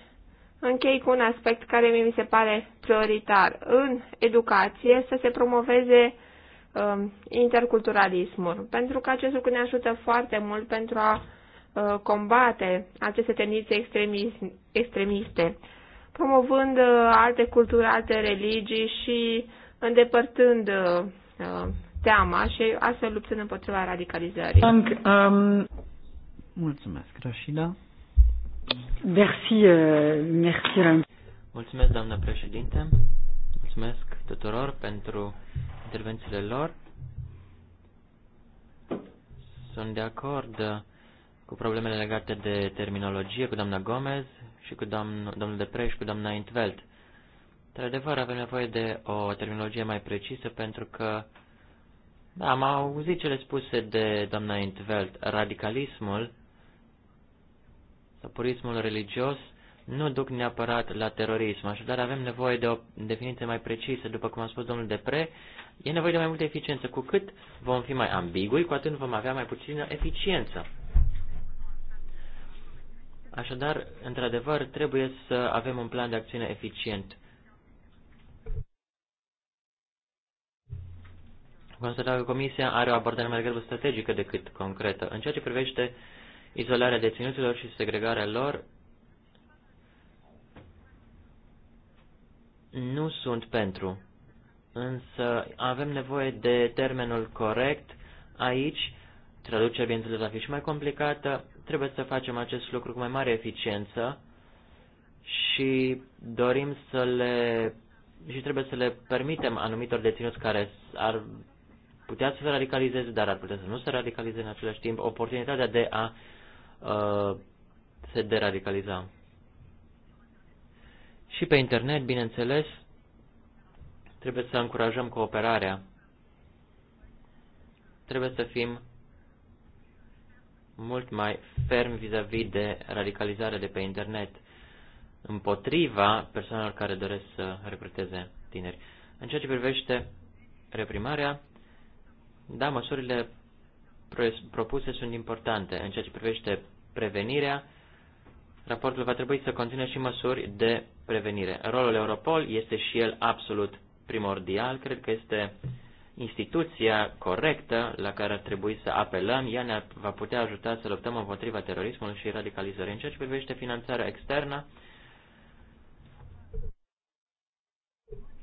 Speaker 1: închei cu un aspect care mi se pare prioritar. În educație să se promoveze um, interculturalismul, pentru că acest lucru ne ajută foarte mult pentru a Uh, combate aceste tendințe extremiste, promovând uh, alte culturi, alte religii și îndepărtând uh, teama și astfel luptând împotriva radicalizării. Um,
Speaker 3: mulțumesc, Rașida. Merci, merci.
Speaker 4: Mulțumesc, doamnă președinte. Mulțumesc tuturor pentru intervențiile lor. Sunt de acord cu problemele legate de terminologie cu doamna Gomez și cu doamn, domnul Depre și cu doamna Intveld. Într-adevăr, avem nevoie de o terminologie mai precisă pentru că, da, am auzit cele spuse de doamna Intveld. Radicalismul sau purismul religios nu duc neapărat la terorism, așadar avem nevoie de o definiție mai precisă. După cum a spus domnul Depre, e nevoie de mai multă eficiență. Cu cât vom fi mai ambigui, cu atât vom avea mai puțină eficiență. Așadar, într-adevăr, trebuie să avem un plan de acțiune eficient. Constatăm că Comisia are o abordare mai degrabă strategică decât concretă. În ceea ce privește izolarea deținuților și segregarea lor, nu sunt pentru. Însă avem nevoie de termenul corect aici, traducerea bineînțeles va fi și mai complicată, trebuie să facem acest lucru cu mai mare eficiență și dorim să le și trebuie să le permitem anumitor deținuți care ar putea să se radicalizeze, dar ar putea să nu se radicalizeze în același timp, oportunitatea de a uh, se deradicaliza. Și pe internet, bineînțeles, trebuie să încurajăm cooperarea. Trebuie să fim mult mai ferm vis-a-vis -vis de radicalizare de pe internet împotriva persoanelor care doresc să recruteze tineri. În ceea ce privește reprimarea, da, măsurile propuse sunt importante. În ceea ce privește prevenirea, raportul va trebui să conțină și măsuri de prevenire. Rolul Europol este și el absolut primordial, cred că este uh, instituția corectă la care ar trebui să apelăm, ea ne va putea ajuta să luptăm împotriva terorismului și radicalizării. În ceea ce privește finanțarea externă,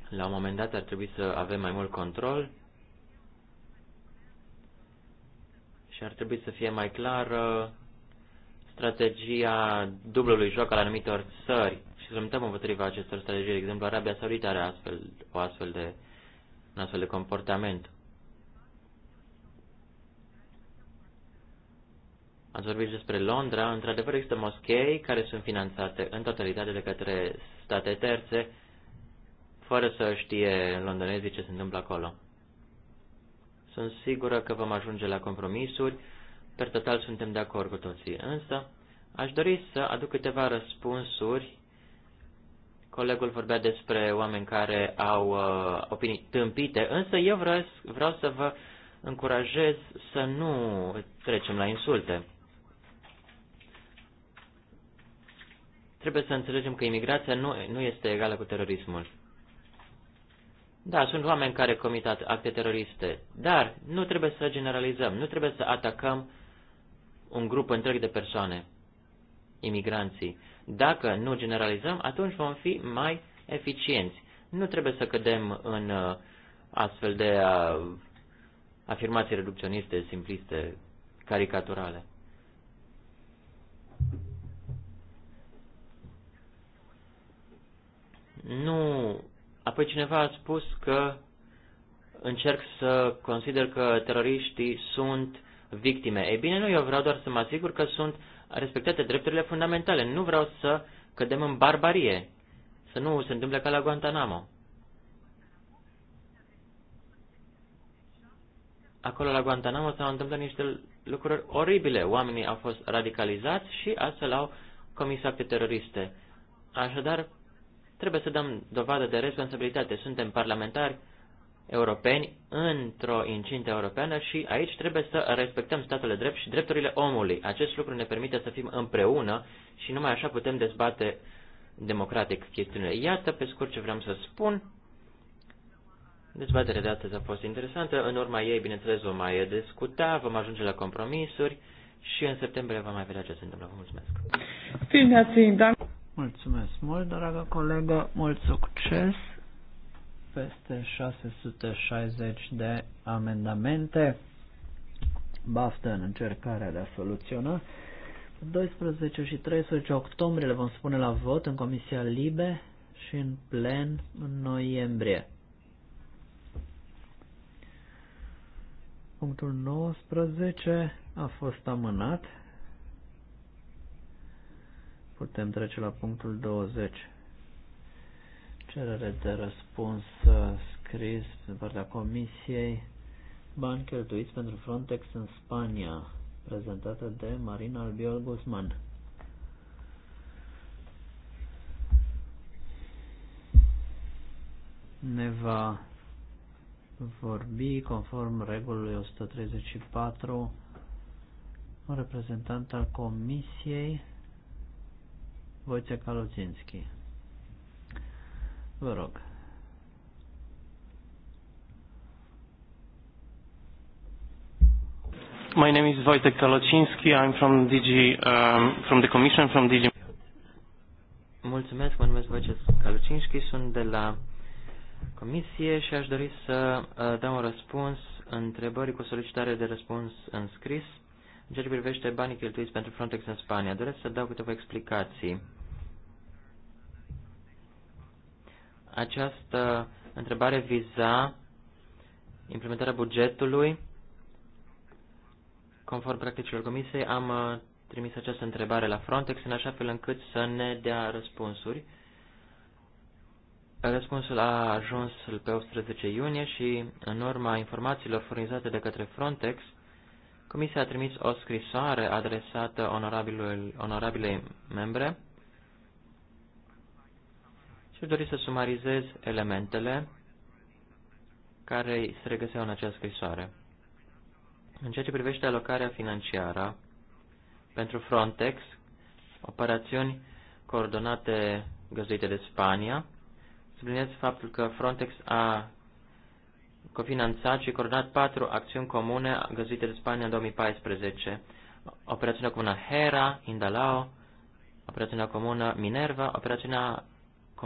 Speaker 4: la un moment dat ar trebui să avem mai mult control și ar trebui să fie mai clară strategia dublului joc al anumitor țări și să luptăm împotriva acestor strategii. De exemplu, Arabia Saudită are astfel, o astfel de un astfel de comportament. Ați vorbit despre Londra. Într-adevăr, există moschei care sunt finanțate în totalitate de către state terțe, fără să știe londonezii ce se întâmplă acolo. Sunt sigură că vom ajunge la compromisuri. Per total, suntem de acord cu toții. Însă, aș dori să aduc câteva răspunsuri Colegul vorbea despre oameni care au uh, opinii tâmpite, însă eu vreau, vreau să vă încurajez să nu trecem la insulte. Trebuie să înțelegem că imigrația nu, nu este egală cu terorismul. Da, sunt oameni care comit acte teroriste, dar nu trebuie să generalizăm, nu trebuie să atacăm un grup întreg de persoane imigranții. Dacă nu generalizăm, atunci vom fi mai eficienți. Nu trebuie să cădem în uh, astfel de uh, afirmații reducționiste, simpliste, caricaturale. Nu. Apoi cineva a spus că încerc să consider că teroriștii sunt victime. Ei bine, nu, eu vreau doar să mă asigur că sunt respectate drepturile fundamentale. Nu vreau să cădem în barbarie, să nu se întâmple ca la Guantanamo. Acolo la Guantanamo s-au întâmplat niște lucruri oribile. Oamenii au fost radicalizați și astfel au comis acte teroriste. Așadar, trebuie să dăm dovadă de responsabilitate. Suntem parlamentari, europeni într-o incintă europeană și aici trebuie să respectăm statul de drept și drepturile omului. Acest lucru ne permite să fim împreună și numai așa putem dezbate democratic chestiunile. Iată pe scurt ce vreau să spun. Dezbaterea de astăzi a fost interesantă. În urma ei, bineînțeles, vom mai discuta, vom ajunge la compromisuri și în septembrie vom mai vedea ce se întâmplă. Vă mulțumesc!
Speaker 3: Mulțumesc
Speaker 2: mult, dragă colegă! Mult succes! peste 660 de amendamente. Baftă în încercarea de a soluționa. 12 și 13 octombrie le vom spune la vot în Comisia Libe și în plen în noiembrie. Punctul 19 a fost amânat. Putem trece la punctul 20 cerere de răspuns uh, scris din partea Comisiei bani cheltuiți pentru Frontex în Spania, prezentată de Marina Albiol Guzman. Ne va vorbi conform regulului 134 un reprezentant al Comisiei Wojciech Kaluzinski.
Speaker 4: Vă rog. My name is Wojtek Kalocinski. I'm from DG, um, from the Commission, from DG. Mulțumesc, mă numesc Wojtek Kalocinski, sunt de la Comisie și aș dori să uh, dau un răspuns întrebării cu solicitare de răspuns în scris în ceea ce privește banii cheltuiți pentru Frontex în Spania. Doresc să dau câteva explicații. Această întrebare viza implementarea bugetului. Conform practicilor comisiei, am uh, trimis această întrebare la Frontex în așa fel încât să ne dea răspunsuri. Răspunsul a ajuns pe 18 iunie și, în urma informațiilor furnizate de către Frontex, Comisia a trimis o scrisoare adresată onorabilei membre și dori să sumarizez elementele care se regăseau în această scrisoare. În ceea ce privește alocarea financiară pentru Frontex, operațiuni coordonate găzduite de Spania, subliniez faptul că Frontex a cofinanțat și coordonat patru acțiuni comune găzduite de Spania în 2014. Operațiunea comună HERA, Indalao, operațiunea comună Minerva, operațiunea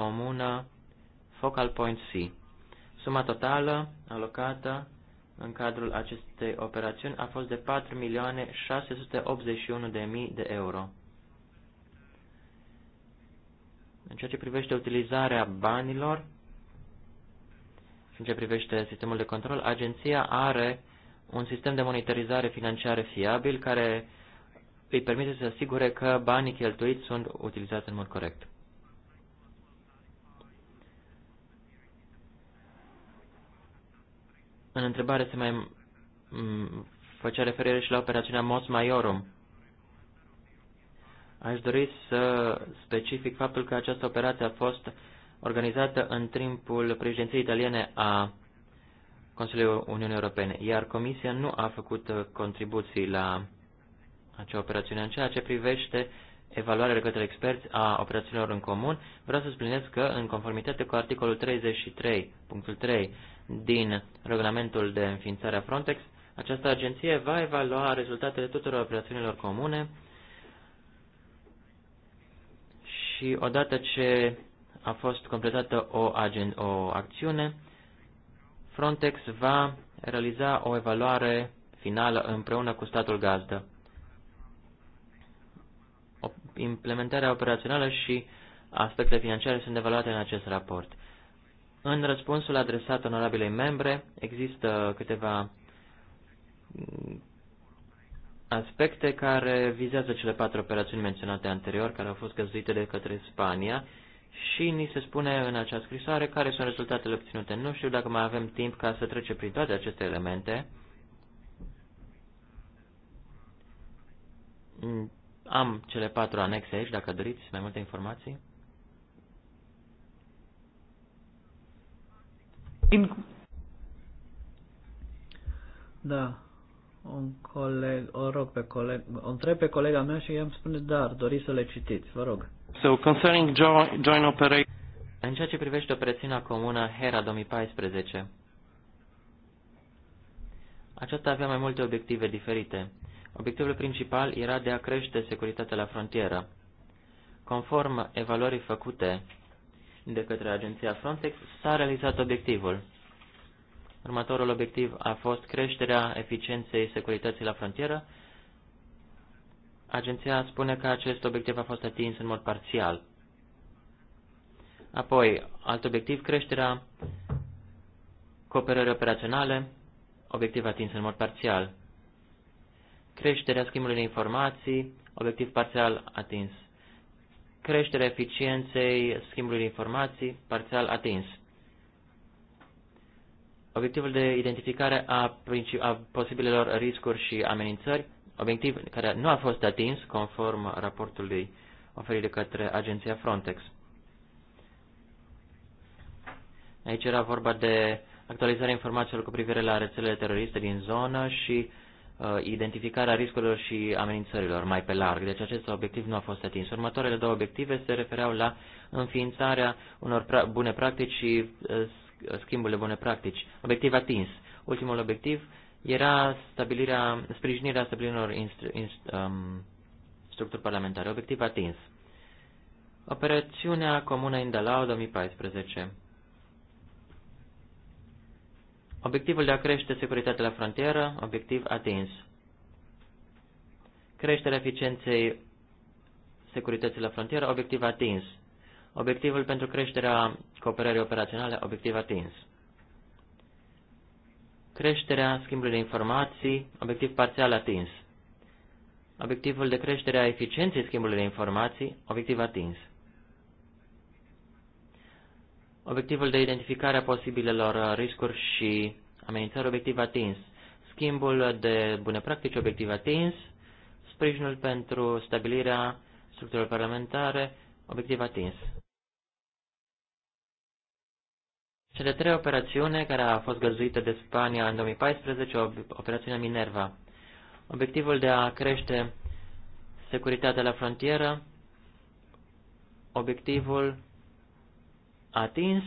Speaker 4: comună Focal Point C. Suma totală alocată în cadrul acestei operațiuni a fost de 4.681.000 de euro. În ceea ce privește utilizarea banilor, în ce privește sistemul de control, agenția are un sistem de monitorizare financiară fiabil care îi permite să asigure că banii cheltuiți sunt utilizați în mod corect. În întrebare se mai mm, făcea referire și la operațiunea Mos Maiorum. Aș dori să specific faptul că această operație a fost organizată în timpul președinției italiene a Consiliului Uniunii Europene, iar Comisia nu a făcut uh, contribuții la acea operațiune. În ceea ce privește evaluarea către experți a operațiunilor în comun, vreau să spunez că, în conformitate cu articolul 33.3 din regulamentul de înființare a Frontex, această agenție va evalua rezultatele tuturor operațiunilor comune și odată ce a fost completată o, agen o acțiune, Frontex va realiza o evaluare finală împreună cu statul gazdă. Implementarea operațională și aspectele financiare sunt evaluate în acest raport. În răspunsul adresat onorabilei membre există câteva mm, aspecte care vizează cele patru operațiuni menționate anterior, care au fost găzduite de către Spania și ni se spune în acea scrisoare care sunt rezultatele obținute. Nu știu dacă mai avem timp ca să trecem prin toate aceste elemente. Mm, am cele patru anexe aici, dacă doriți mai multe informații.
Speaker 2: Da, un coleg, o rog pe coleg, o întreb pe colega mea și i-am spune, da, ar dori să le citiți, vă rog.
Speaker 4: So, concerning join join operation... În ceea ce privește operațiunea comună HERA 2014, aceasta avea mai multe obiective diferite. Obiectivul principal era de a crește securitatea la frontieră. Conform evaluării făcute de către agenția Frontex, s-a realizat obiectivul. Următorul obiectiv a fost creșterea eficienței securității la frontieră. Agenția spune că acest obiectiv a fost atins în mod parțial. Apoi, alt obiectiv, creșterea cooperării operaționale, obiectiv atins în mod parțial. Creșterea schimbului de informații, obiectiv parțial atins creșterea eficienței schimbului de informații, parțial atins. Obiectivul de identificare a, a posibilelor riscuri și amenințări, obiectiv care nu a fost atins conform raportului oferit de către agenția Frontex. Aici era vorba de actualizarea informațiilor cu privire la rețelele teroriste din zonă și uh, Uh, identificarea riscurilor și amenințărilor mai pe larg. Deci acest obiectiv nu a fost atins. Următoarele două obiective se refereau la înființarea unor pra bune practici și uh, schimburile bune practici. Obiectiv atins. Ultimul obiectiv era stabilirea, sprijinirea stabilirilor instru, instru, um, structuri parlamentare. Obiectiv atins. Operațiunea comună Indalau 2014. Obiectivul de a crește securitatea la frontieră, obiectiv atins. Creșterea eficienței securității la frontieră, obiectiv atins. Obiectivul pentru creșterea cooperării operaționale, obiectiv atins. Creșterea schimbului de informații, obiectiv parțial atins. Obiectivul de creștere a eficienței schimbului de informații, obiectiv atins. Obiectivul de identificare a posibilelor uh, riscuri și amenințări obiectiv atins. Schimbul de bune practici obiectiv atins. Sprijinul pentru stabilirea structurilor parlamentare obiectiv atins. Cele trei operațiune care a fost găzuită de Spania în 2014, operațiunea Minerva. Obiectivul de a crește securitatea la frontieră, obiectivul atins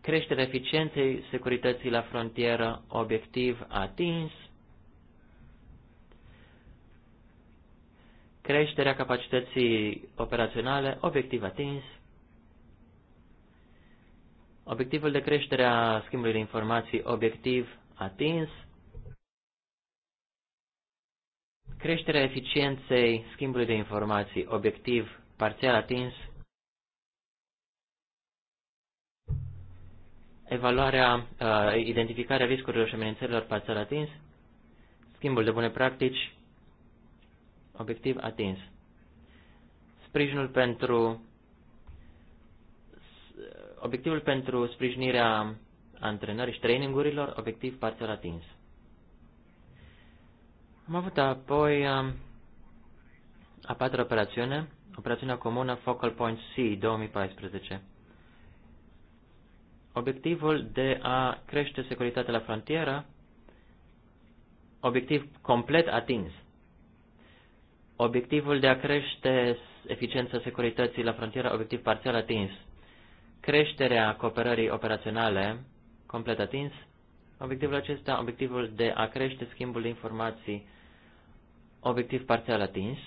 Speaker 4: creșterea eficienței securității la frontieră, obiectiv atins, creșterea capacității operaționale, obiectiv atins, obiectivul de creștere a schimbului de informații, obiectiv atins, creșterea eficienței schimbului de informații, obiectiv parțial atins, evaluarea, uh, identificarea riscurilor și amenințărilor parțial atins, schimbul de bune practici, obiectiv atins. Sprijinul pentru obiectivul pentru sprijinirea antrenării și trainingurilor, obiectiv parțial atins. Am avut apoi um, a patra operațiune, operațiunea comună Focal Point C 2014. Obiectivul de a crește securitatea la frontieră, obiectiv complet atins. Obiectivul de a crește eficiența securității la frontieră, obiectiv parțial atins. Creșterea cooperării operaționale, complet atins. Obiectivul acesta, obiectivul de a crește schimbul de informații, obiectiv parțial atins.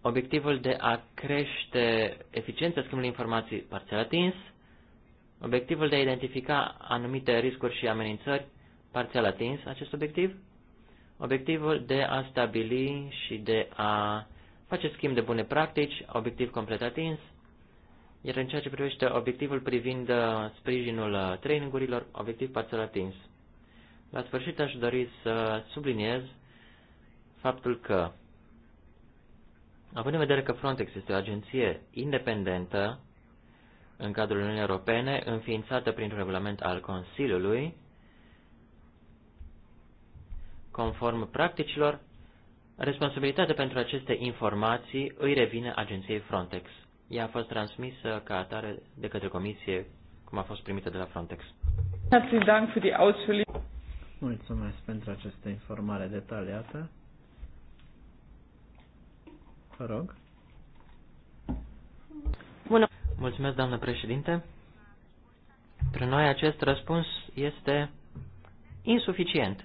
Speaker 4: Obiectivul de a crește eficiența schimbului informații, parțial atins. Obiectivul de a identifica anumite riscuri și amenințări, parțial atins acest obiectiv. Obiectivul de a stabili și de a face schimb de bune practici, obiectiv complet atins. Iar în ceea ce privește obiectivul privind uh, sprijinul uh, trainingurilor, obiectiv parțial atins. La sfârșit aș dori să subliniez faptul că, având în vedere că Frontex este o agenție independentă, în cadrul Uniunii Europene, înființată printr-un regulament al Consiliului, conform practicilor, responsabilitatea pentru aceste informații îi revine agenției Frontex. Ea a fost transmisă ca atare de către comisie, cum a fost primită de la Frontex.
Speaker 2: Mulțumesc pentru această informare detaliată.
Speaker 4: Vă rog. Bună. Mulțumesc, doamnă președinte. Pentru noi acest răspuns este insuficient,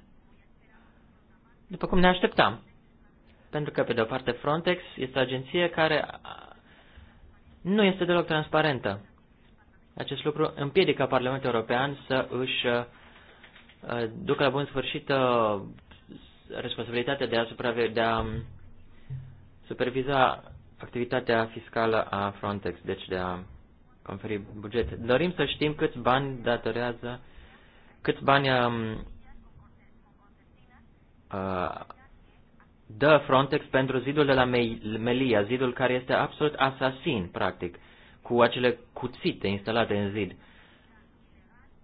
Speaker 4: după cum ne așteptam. Pentru că, pe de o parte, Frontex este o agenție care nu este deloc transparentă. Acest lucru împiedică Parlamentul European să își uh, ducă la bun sfârșit uh, responsabilitatea de a, de a um, superviza activitatea fiscală a Frontex, deci de a conferi bugete. Dorim să știm câți bani datorează, câți bani um, uh, dă Frontex pentru zidul de la Melia, zidul care este absolut asasin, practic, cu acele cuțite instalate în zid.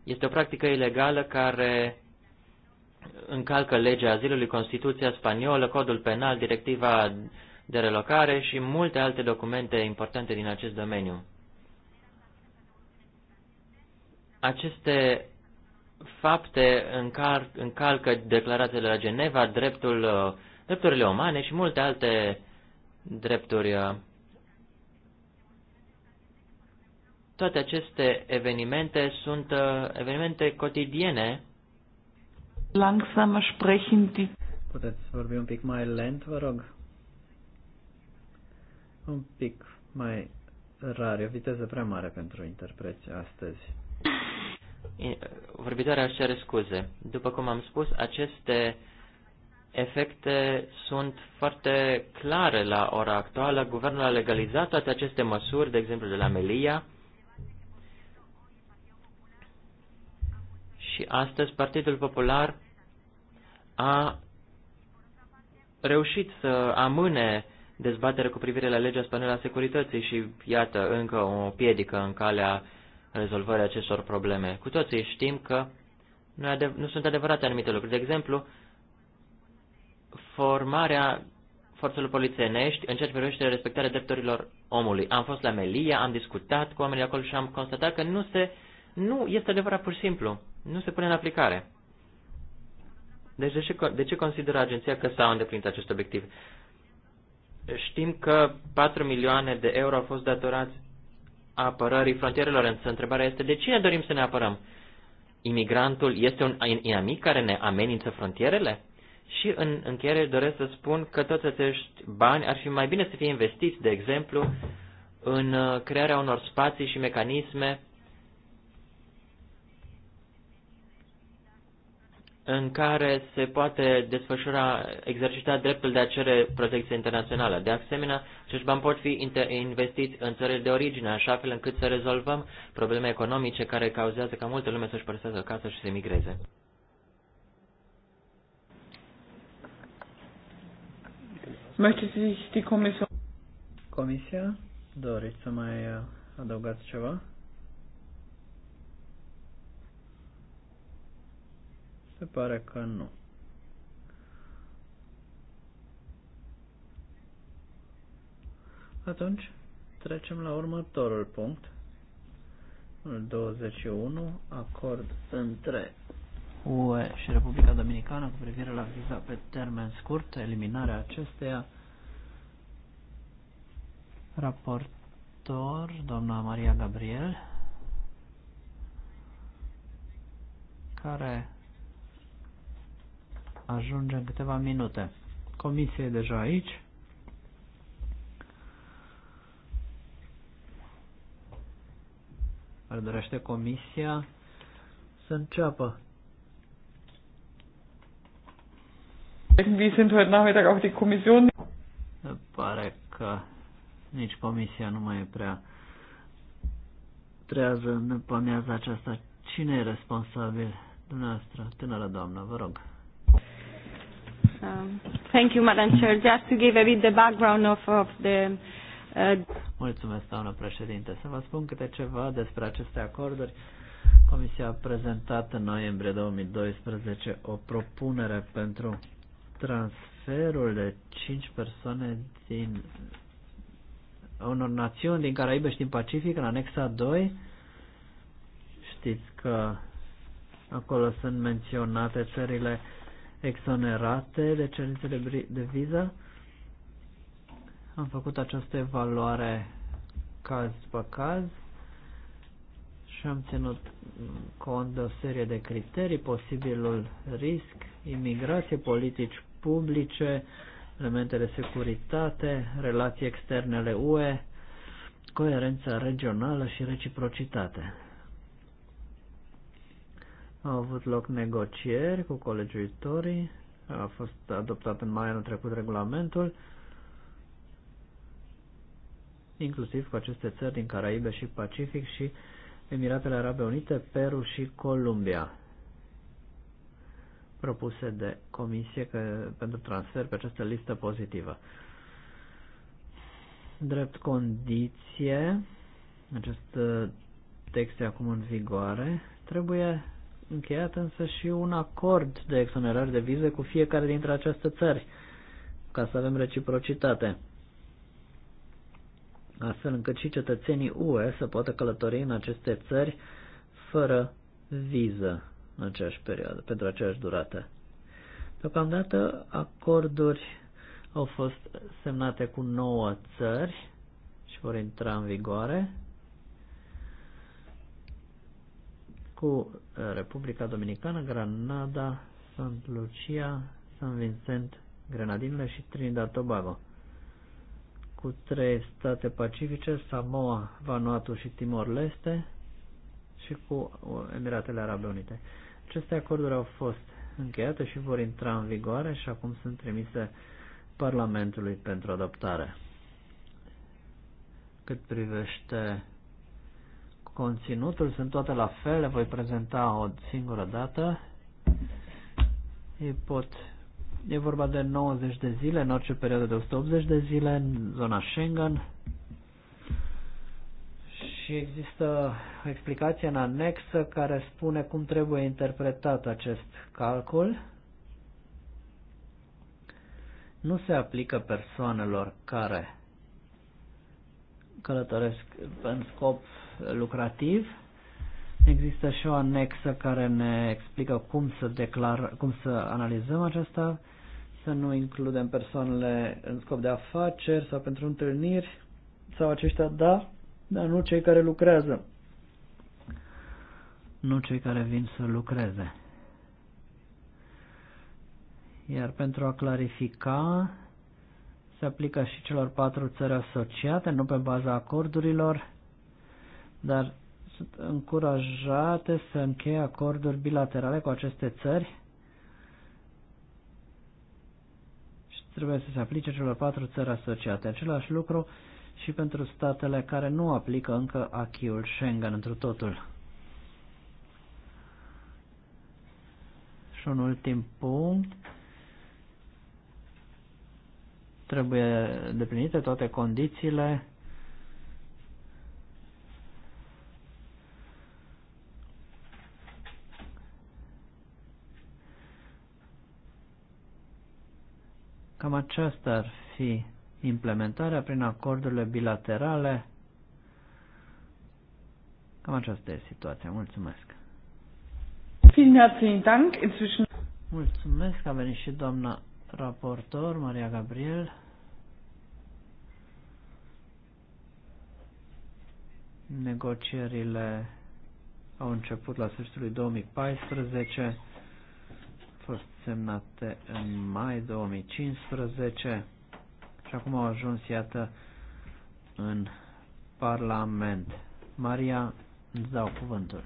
Speaker 4: Este o practică ilegală care încalcă legea azilului, Constituția spaniolă, codul penal, directiva de relocare și multe alte documente importante din acest domeniu. Aceste fapte încar încalcă declarațiile de la Geneva, dreptul, uh, drepturile umane și multe alte drepturi. Uh. Toate aceste evenimente sunt uh, evenimente cotidiene.
Speaker 3: Langsam sprechen Puteți vorbi un pic mai lent, vă rog? un pic
Speaker 2: mai rar, e o viteză prea mare pentru interpreți astăzi.
Speaker 4: Vorbitoarea își cere scuze. După cum am spus, aceste efecte sunt foarte clare la ora actuală. Guvernul a legalizat toate aceste măsuri, de exemplu de la Melia, și astăzi Partidul Popular a reușit să amâne dezbatere cu privire la legea spaniolă a securității și, iată, încă o piedică în calea rezolvării acestor probleme. Cu toții știm că nu, adev- nu sunt adevărate anumite lucruri. De exemplu, formarea forțelor polițienești în ceea ce privește respectarea drepturilor omului. Am fost la Melia, am discutat cu oamenii acolo și am constatat că nu se, nu este adevărat pur și simplu, nu se pune în aplicare. Deci de ce, de ce consideră agenția că s-au îndeplinit acest obiectiv? Știm că 4 milioane de euro au fost datorați apărării frontierelor, însă întrebarea este de cine dorim să ne apărăm? Imigrantul este un inamic care ne amenință frontierele? Și în încheiere doresc să spun că toți acești bani ar fi mai bine să fie investiți, de exemplu, în uh, crearea unor spații și mecanisme în care se poate desfășura, exercita dreptul de a cere protecție internațională. De asemenea, acești bani pot fi investiți în țările de origine, așa fel încât să rezolvăm probleme economice care cauzează ca multă lume să-și părăsească casa și să emigreze.
Speaker 3: Comisia? Comisia?
Speaker 2: Doriți să mai uh, adăugați ceva? Se pare că nu. Atunci, trecem la următorul punct. 21. Acord între UE și Republica Dominicană cu privire la viza pe termen scurt, eliminarea acesteia. Raportor, doamna Maria Gabriel, care ajunge în câteva minute. Comisia e deja aici. Ar dorește comisia
Speaker 3: să înceapă. Irgendwie sind heute Nachmittag auch die Kommission.
Speaker 2: Pare că nici comisia nu mai e prea trează ne pamiaza aceasta. Cine e responsabil? Dumneavoastră, tânără doamnă, vă rog
Speaker 1: thank you, Madam Chair. Just to give a bit the background of, of the... Uh,
Speaker 2: Mulțumesc, doamnă președinte. Să vă spun câte ceva despre aceste acorduri. Comisia a prezentat în noiembrie 2012 o propunere pentru transferul de 5 persoane din unor națiuni din Caraibe și din Pacific în anexa 2. Știți că acolo sunt menționate țările exonerate de cerințe de viză. Am făcut această evaluare caz după caz și am ținut cont de o serie de criterii, posibilul risc, imigrație, politici publice, elemente de securitate, relații externe ale UE, coerența regională și reciprocitate. Au avut loc negocieri cu colegiuitorii, a fost adoptat în mai anul trecut regulamentul, inclusiv cu aceste țări din Caraibe și Pacific și Emiratele Arabe Unite, Peru și Columbia, propuse de comisie că, pentru transfer pe această listă pozitivă. Drept condiție, acest text e acum în vigoare, trebuie încheiat însă și un acord de exonerare de vize cu fiecare dintre aceste țări, ca să avem reciprocitate, astfel încât și cetățenii UE să poată călători în aceste țări fără viză în aceeași perioadă, pentru aceeași durată. Deocamdată acorduri au fost semnate cu nouă țări și vor intra în vigoare cu Republica Dominicană, Granada, Sant Lucia, San Vincent, Grenadinele și Trinidad Tobago. Cu trei state pacifice, Samoa, Vanuatu și Timor-Leste și cu Emiratele Arabe Unite. Aceste acorduri au fost încheiate și vor intra în vigoare și acum sunt trimise Parlamentului pentru adoptare. Cât privește Conținutul sunt toate la fel, le voi prezenta o singură dată. E, pot E vorba de 90 de zile, în orice perioadă de 180 de zile, în zona Schengen. Și există o explicație în anexă care spune cum trebuie interpretat acest calcul. Nu se aplică persoanelor care călătoresc în scop lucrativ. Există și o anexă care ne explică cum să, declar, cum să analizăm aceasta, să nu includem persoanele în scop de afaceri sau pentru întâlniri sau aceștia da, dar nu cei care lucrează. Nu cei care vin să lucreze. Iar pentru a clarifica, se aplică și celor patru țări asociate, nu pe baza acordurilor, dar sunt încurajate să încheie acorduri bilaterale cu aceste țări și trebuie să se aplice celor patru țări asociate. Același lucru și pentru statele care nu aplică încă achiul Schengen întru totul. Și un ultim punct. Trebuie deplinite toate condițiile Cam aceasta ar fi implementarea prin acordurile bilaterale. Cam aceasta e situația. Mulțumesc. Mulțumesc. A venit și doamna raportor, Maria Gabriel. Negocierile au început la sfârșitul 2014 semnate în mai 2015 și acum au ajuns, iată, în Parlament. Maria, îți dau cuvântul.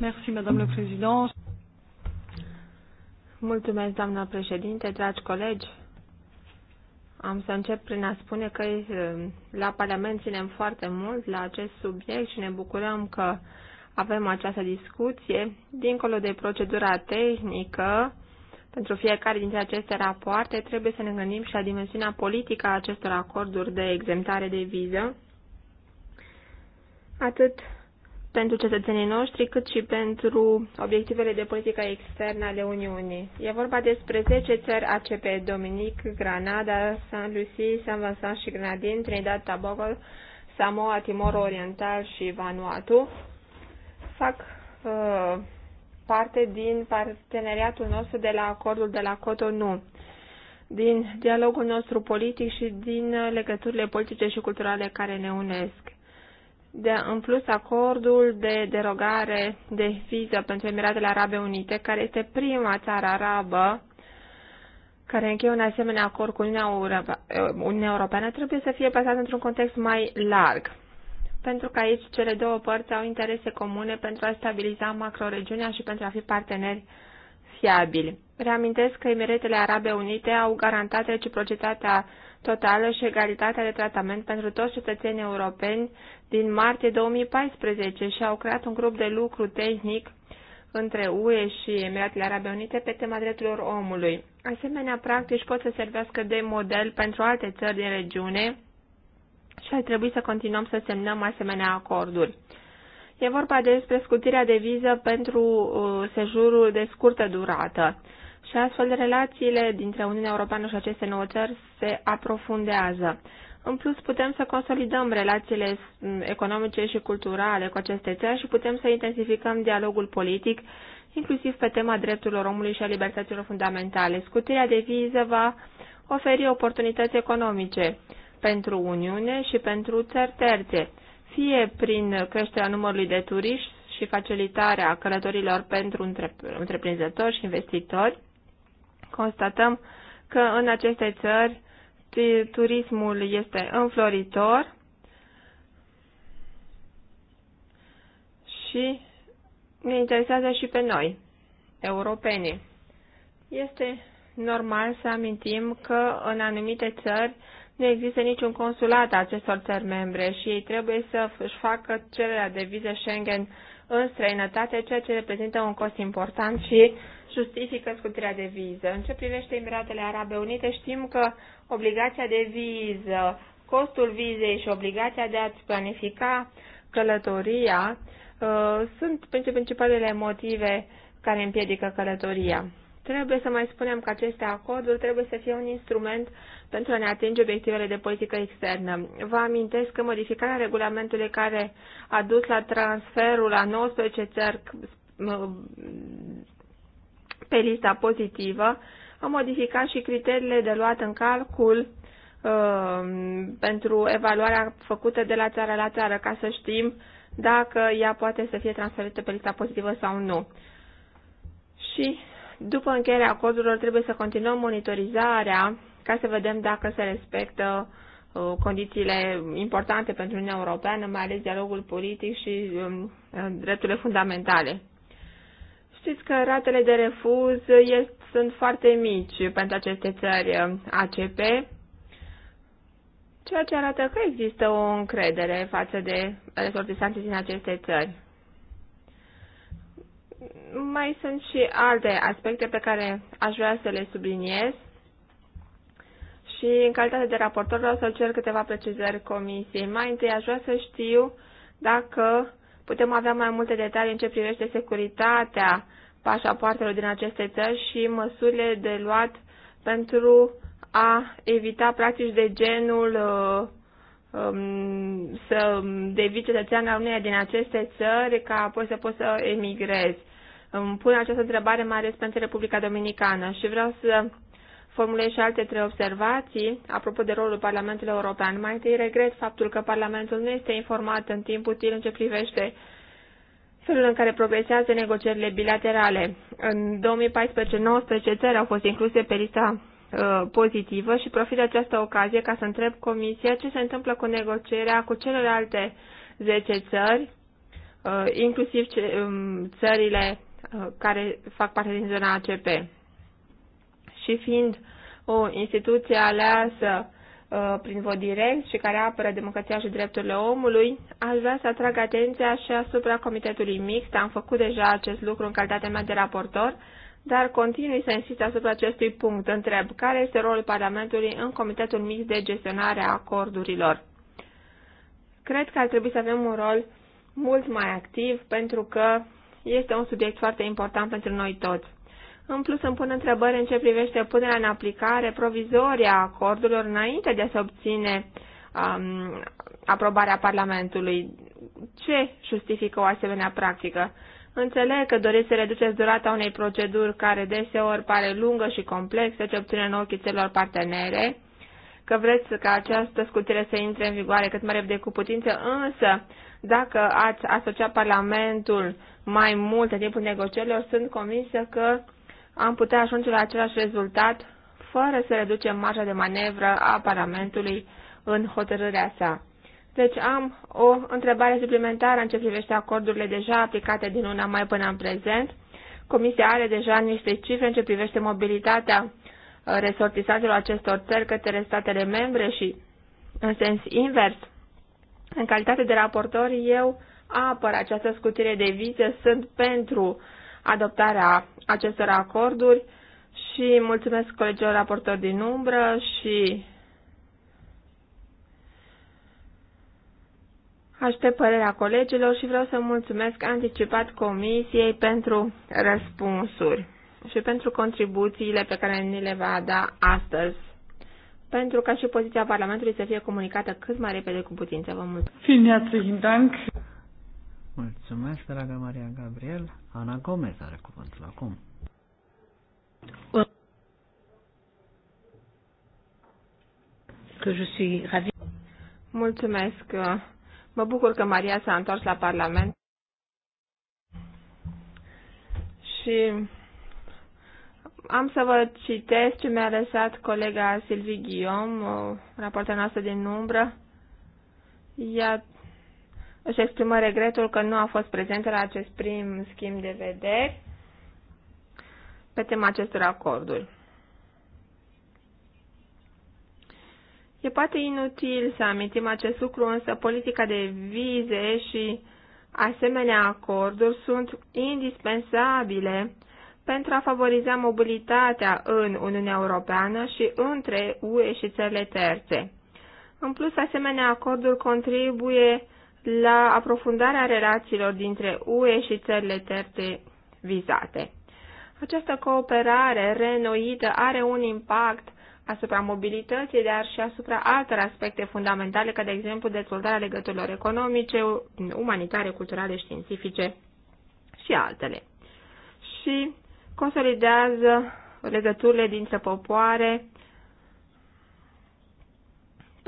Speaker 1: Merci, Madame le Président. Mulțumesc, doamna președinte, dragi colegi. Am să încep prin a spune că eh, la Parlament ținem foarte mult la acest subiect și ne bucurăm că uh, avem această discuție, dincolo de procedura tehnică, pentru fiecare dintre aceste rapoarte trebuie să ne gândim și la dimensiunea politică a acestor acorduri de exemptare de viză, atât pentru cetățenii noștri, cât și pentru obiectivele de politică externă ale Uniunii. E vorba despre 10 țări ACP, Dominic, Granada, San Lucie, San Vincent și Grenadine, Trinidad, Tobago, Samoa, Timor Oriental și Vanuatu, fac uh, parte din parteneriatul nostru de la acordul de la Cotonou, din dialogul nostru politic și din legăturile politice și culturale care ne unesc. De, în plus, acordul de derogare de viză pentru Emiratele Arabe Unite, care este prima țară arabă care încheie un asemenea acord cu Uniunea, Europeană, trebuie să fie bazat într-un context mai larg pentru că aici cele două părți au interese comune pentru a stabiliza macroregiunea și pentru a fi parteneri fiabili. Reamintesc că Emiretele Arabe Unite au garantat reciprocitatea totală și egalitatea de tratament pentru toți cetățenii europeni din martie 2014 și au creat un grup de lucru tehnic între UE și Emiratele Arabe Unite pe tema drepturilor omului. Asemenea, practici pot să servească de model pentru alte țări din regiune, și ar trebui să continuăm să semnăm asemenea acorduri. E vorba despre scutirea de viză pentru uh, sejurul de scurtă durată și astfel relațiile dintre Uniunea Europeană și aceste nouă țări se aprofundează. În plus, putem să consolidăm relațiile mm, economice și culturale cu aceste țări și putem să intensificăm dialogul politic, inclusiv pe tema drepturilor omului și a libertăților fundamentale. Scutirea de viză va oferi oportunități economice pentru Uniune și pentru țări terțe, fie prin creșterea numărului de turiști și facilitarea călătorilor pentru întreprinzători și investitori, constatăm că în aceste țări turismul este înfloritor și ne interesează și pe noi, europenii. Este normal să amintim că în anumite țări nu există niciun consulat a acestor țări membre și ei trebuie să își facă cererea de vize Schengen în străinătate, ceea ce reprezintă un cost important și justifică scutirea de viză. În ce privește Emiratele Arabe Unite, știm că obligația de viză, costul vizei și obligația de a-ți planifica călătoria uh, sunt principalele motive care împiedică călătoria. Trebuie să mai spunem că aceste acorduri trebuie să fie un instrument pentru a ne atinge obiectivele de politică externă. Vă amintesc că modificarea regulamentului care a dus la transferul la 19 țări pe lista pozitivă a modificat și criteriile de luat în calcul uh, pentru evaluarea făcută de la țară la țară, ca să știm dacă ea poate să fie transferită pe lista pozitivă sau nu. Și după încheierea acordurilor trebuie să continuăm monitorizarea ca să vedem dacă se respectă uh, condițiile importante pentru Uniunea Europeană, mai ales dialogul politic și um, uh, drepturile fundamentale. Știți că ratele de refuz uh, sunt foarte mici pentru aceste țări ACP, ceea ce arată că există o încredere față de resortisanții din aceste țări. Mai sunt și alte aspecte pe care aș vrea să le subliniez și în calitate de raportor vreau să cer câteva precizări comisiei. Mai întâi aș vrea să știu dacă putem avea mai multe detalii în ce privește securitatea pașapoartelor din aceste țări și măsurile de luat pentru a evita practici de genul uh, um, să devii cetățean al uneia din aceste țări ca apoi să poți să emigrezi. Îmi pun această întrebare mai ales pentru Republica Dominicană și vreau să formulez și alte trei observații apropo de rolul Parlamentului European. Mai întâi regret faptul că Parlamentul nu este informat în timp util în ce privește felul în care progresează negocierile bilaterale. În 2014-19 țări au fost incluse pe lista uh, pozitivă și profit de această ocazie ca să întreb Comisia ce se întâmplă cu negocierea cu celelalte 10 țări, uh, inclusiv ce, um, țările uh, care fac parte din zona ACP și fiind o instituție aleasă uh, prin vot direct și care apără democrația și drepturile omului, aș vrea să atrag atenția și asupra Comitetului Mixt. Am făcut deja acest lucru în calitatea mea de raportor, dar continui să insist asupra acestui punct. Întreb, care este rolul Parlamentului în Comitetul Mixt de gestionare a acordurilor? Cred că ar trebui să avem un rol mult mai activ pentru că este un subiect foarte important pentru noi toți. În plus, îmi pun întrebări în ce privește punerea în aplicare provizorie a acordurilor înainte de a se obține um, aprobarea Parlamentului. Ce justifică o asemenea practică? Înțeleg că doriți să reduceți durata unei proceduri care deseori pare lungă și complexă, ce obține în ochii celor partenere, că vreți ca această scutire să intre în vigoare cât mai repede cu putință, însă dacă ați asociat Parlamentul mai mult în timpul negocierilor, sunt convinsă că am putea ajunge la același rezultat fără să reducem marja de manevră a Parlamentului în hotărârea sa. Deci am o întrebare suplimentară în ce privește acordurile deja aplicate din una mai până în prezent. Comisia are deja niște cifre în ce privește mobilitatea uh, resortisanților acestor țări către statele membre și în sens invers. În calitate de raportor, eu apăr această scutire de vize, sunt pentru adoptarea acestor acorduri și mulțumesc colegilor raportori din umbră și Aștept părerea colegilor și vreau să mulțumesc anticipat Comisiei pentru răspunsuri și pentru contribuțiile pe care ni le va da astăzi, pentru ca și poziția Parlamentului să fie comunicată cât mai repede cu putință. Vă mulțumesc!
Speaker 3: Mulțumesc, dragă
Speaker 2: Maria Gabriel. Ana Gomez are cuvântul acum.
Speaker 1: Că Mulțumesc. Mă bucur că Maria s-a întors la Parlament. Și am să vă citesc ce mi-a lăsat colega Silvi Guillaume, raportul noastră din umbră. Ea își exprimă regretul că nu a fost prezentă la acest prim schimb de vederi pe tema acestor acorduri. E poate inutil să amintim acest lucru, însă politica de vize și asemenea acorduri sunt indispensabile pentru a favoriza mobilitatea în Uniunea Europeană și între UE și țările terțe. În plus, asemenea acorduri contribuie la aprofundarea relațiilor dintre UE și țările terțe vizate. Această cooperare reînnoită are un impact asupra mobilității, dar și asupra altor aspecte fundamentale, ca de exemplu dezvoltarea legăturilor economice, umanitare, culturale, științifice și altele. Și consolidează legăturile dintre popoare,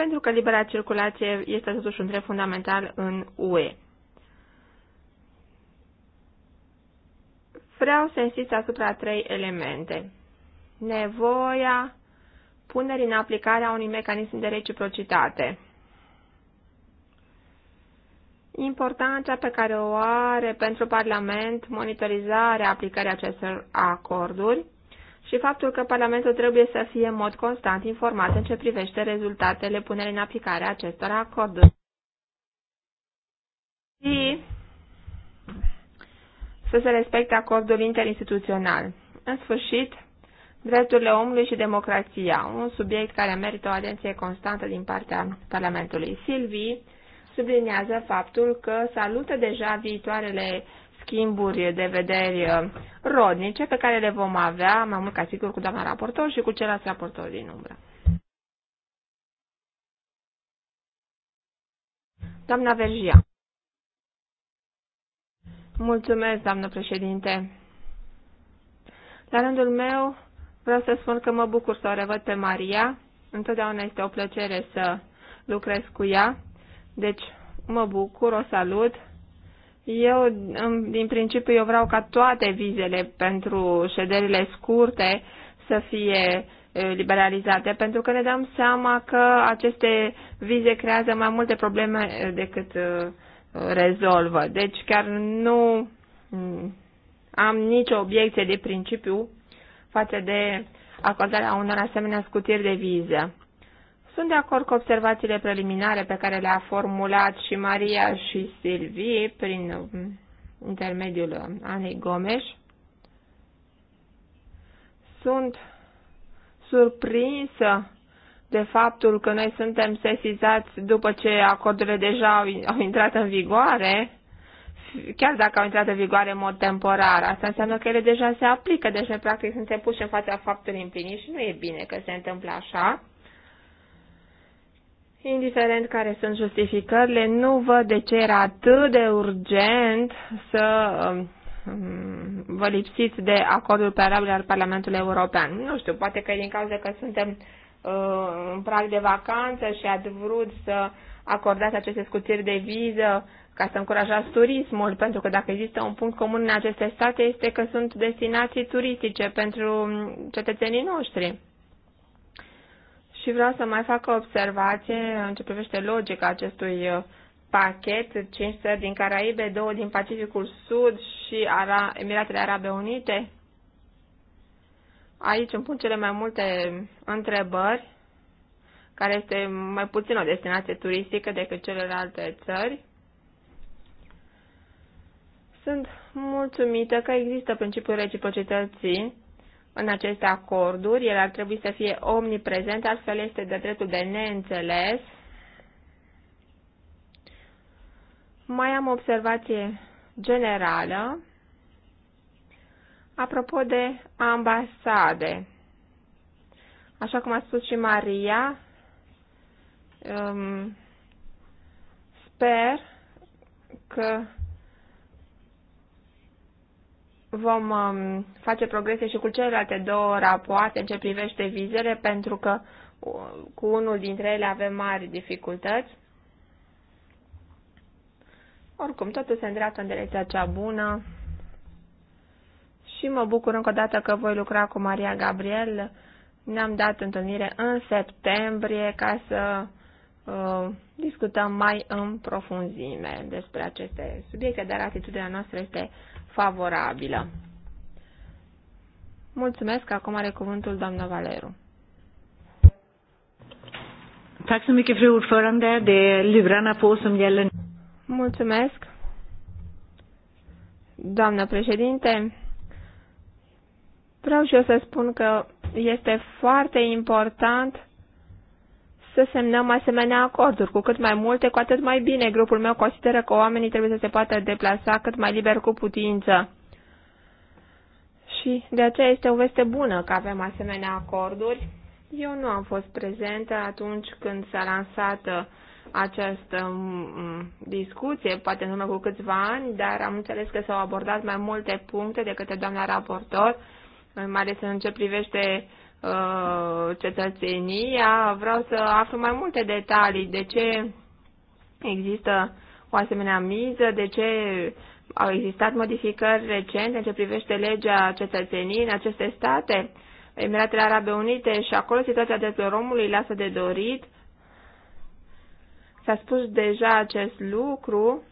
Speaker 1: pentru că libera circulație este totuși un drept fundamental în UE. Vreau să insist asupra trei elemente. Nevoia punerii în aplicare a unui mecanism de reciprocitate. Importanța pe care o are pentru Parlament monitorizarea aplicării acestor acorduri și faptul că Parlamentul trebuie să fie în mod constant informat în ce privește rezultatele punerii în aplicare a acestor acorduri. Și să se respecte acordul interinstituțional. În sfârșit, drepturile omului și democrația, un subiect care merită o atenție constantă din partea Parlamentului. Silvii subliniază faptul că salută deja viitoarele schimburi de vederi uh, rodnice pe care le vom avea, mai mult ca sigur, cu doamna raportor și cu celălalt raportor din umbră. Doamna Vergia. Mulțumesc, doamnă președinte. La rândul meu, vreau să spun că mă bucur să o revăd pe Maria. Întotdeauna este o plăcere să lucrez cu ea. Deci, mă bucur, o salut eu, din principiu, eu vreau ca toate vizele pentru șederile scurte să fie liberalizate, pentru că ne dăm seama că aceste vize creează mai multe probleme decât rezolvă. Deci chiar nu am nicio obiecție de principiu față de acordarea unor asemenea scutiri de viză. Sunt de acord cu observațiile preliminare pe care le-a formulat și Maria și Silvie prin um, intermediul Anei Gomes. Sunt surprinsă de faptul că noi suntem sesizați după ce acordurile deja au, au intrat în vigoare, chiar dacă au intrat în vigoare în mod temporar. Asta înseamnă că ele deja se aplică, deci noi practic suntem puși în fața faptului împlinit și nu e bine că se întâmplă așa. Indiferent care sunt justificările, nu văd de ce era atât de urgent să um, vă lipsiți de acordul prealabil al Parlamentului European. Nu știu, poate că e din cauza că suntem uh, în prag de vacanță și ați vrut să acordați aceste scutiri de viză ca să încurajați turismul, pentru că dacă există un punct comun în aceste state este că sunt destinații turistice pentru cetățenii noștri. Și vreau să mai fac o observație în ce privește logica acestui uh, pachet, 5 țări din Caraibe, 2 din Pacificul Sud și Ara Emiratele Arabe Unite. Aici îmi pun cele mai multe întrebări, care este mai puțin o destinație turistică decât celelalte țări. Sunt mulțumită că există principiul reciprocității în aceste acorduri, el ar trebui să fie omniprezent, altfel este de dreptul de neînțeles. Mai am o observație generală apropo de ambasade. Așa cum a spus și Maria, um, sper că vom um, face progrese și cu celelalte două rapoarte în ce privește vizele, pentru că cu unul dintre ele avem mari dificultăți. Oricum, totul se îndreaptă în direcția cea bună și mă bucur încă o dată că voi lucra cu Maria Gabriel. Ne-am dat întâlnire în septembrie ca să uh, discutăm mai în profunzime despre aceste subiecte, dar atitudinea noastră este favorabilă. Mulțumesc, acum are cuvântul doamna Valeru. Tack så mycket, fru ordförande. Det är lurarna på som gäller. Mulțumesc. Doamna președinte, vreau și eu să spun că este foarte important să semnăm asemenea acorduri. Cu cât mai multe, cu atât mai bine. Grupul meu consideră că oamenii trebuie să se poată deplasa cât mai liber cu putință. Și de aceea este o veste bună că avem asemenea acorduri. Eu nu am fost prezentă atunci când s-a lansat uh, această mm, mm, discuție, poate în urmă cu câțiva ani, dar am înțeles că s-au abordat mai multe puncte decât doamna raportor, mai ales în ce privește Uh, cetățenia. Vreau să aflu mai multe detalii. De ce există o asemenea miză? De ce au existat modificări recente în ce privește legea cetățenii în aceste state? Emiratele Arabe Unite și acolo situația drepturilor omului lasă de dorit. S-a spus deja acest lucru.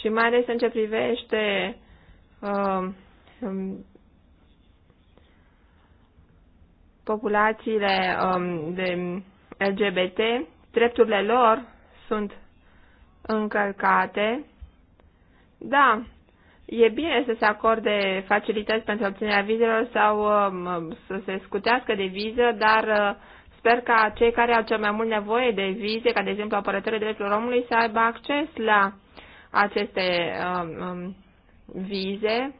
Speaker 1: Și mai ales în ce privește uh, populațiile um, de LGBT, drepturile lor sunt încălcate. Da, e bine să se acorde facilități pentru obținerea vizelor sau um, să se scutească de viză, dar uh, sper ca cei care au cel mai mult nevoie de vize, ca de exemplu apărătorii drepturilor omului, să aibă acces la aceste um, um vize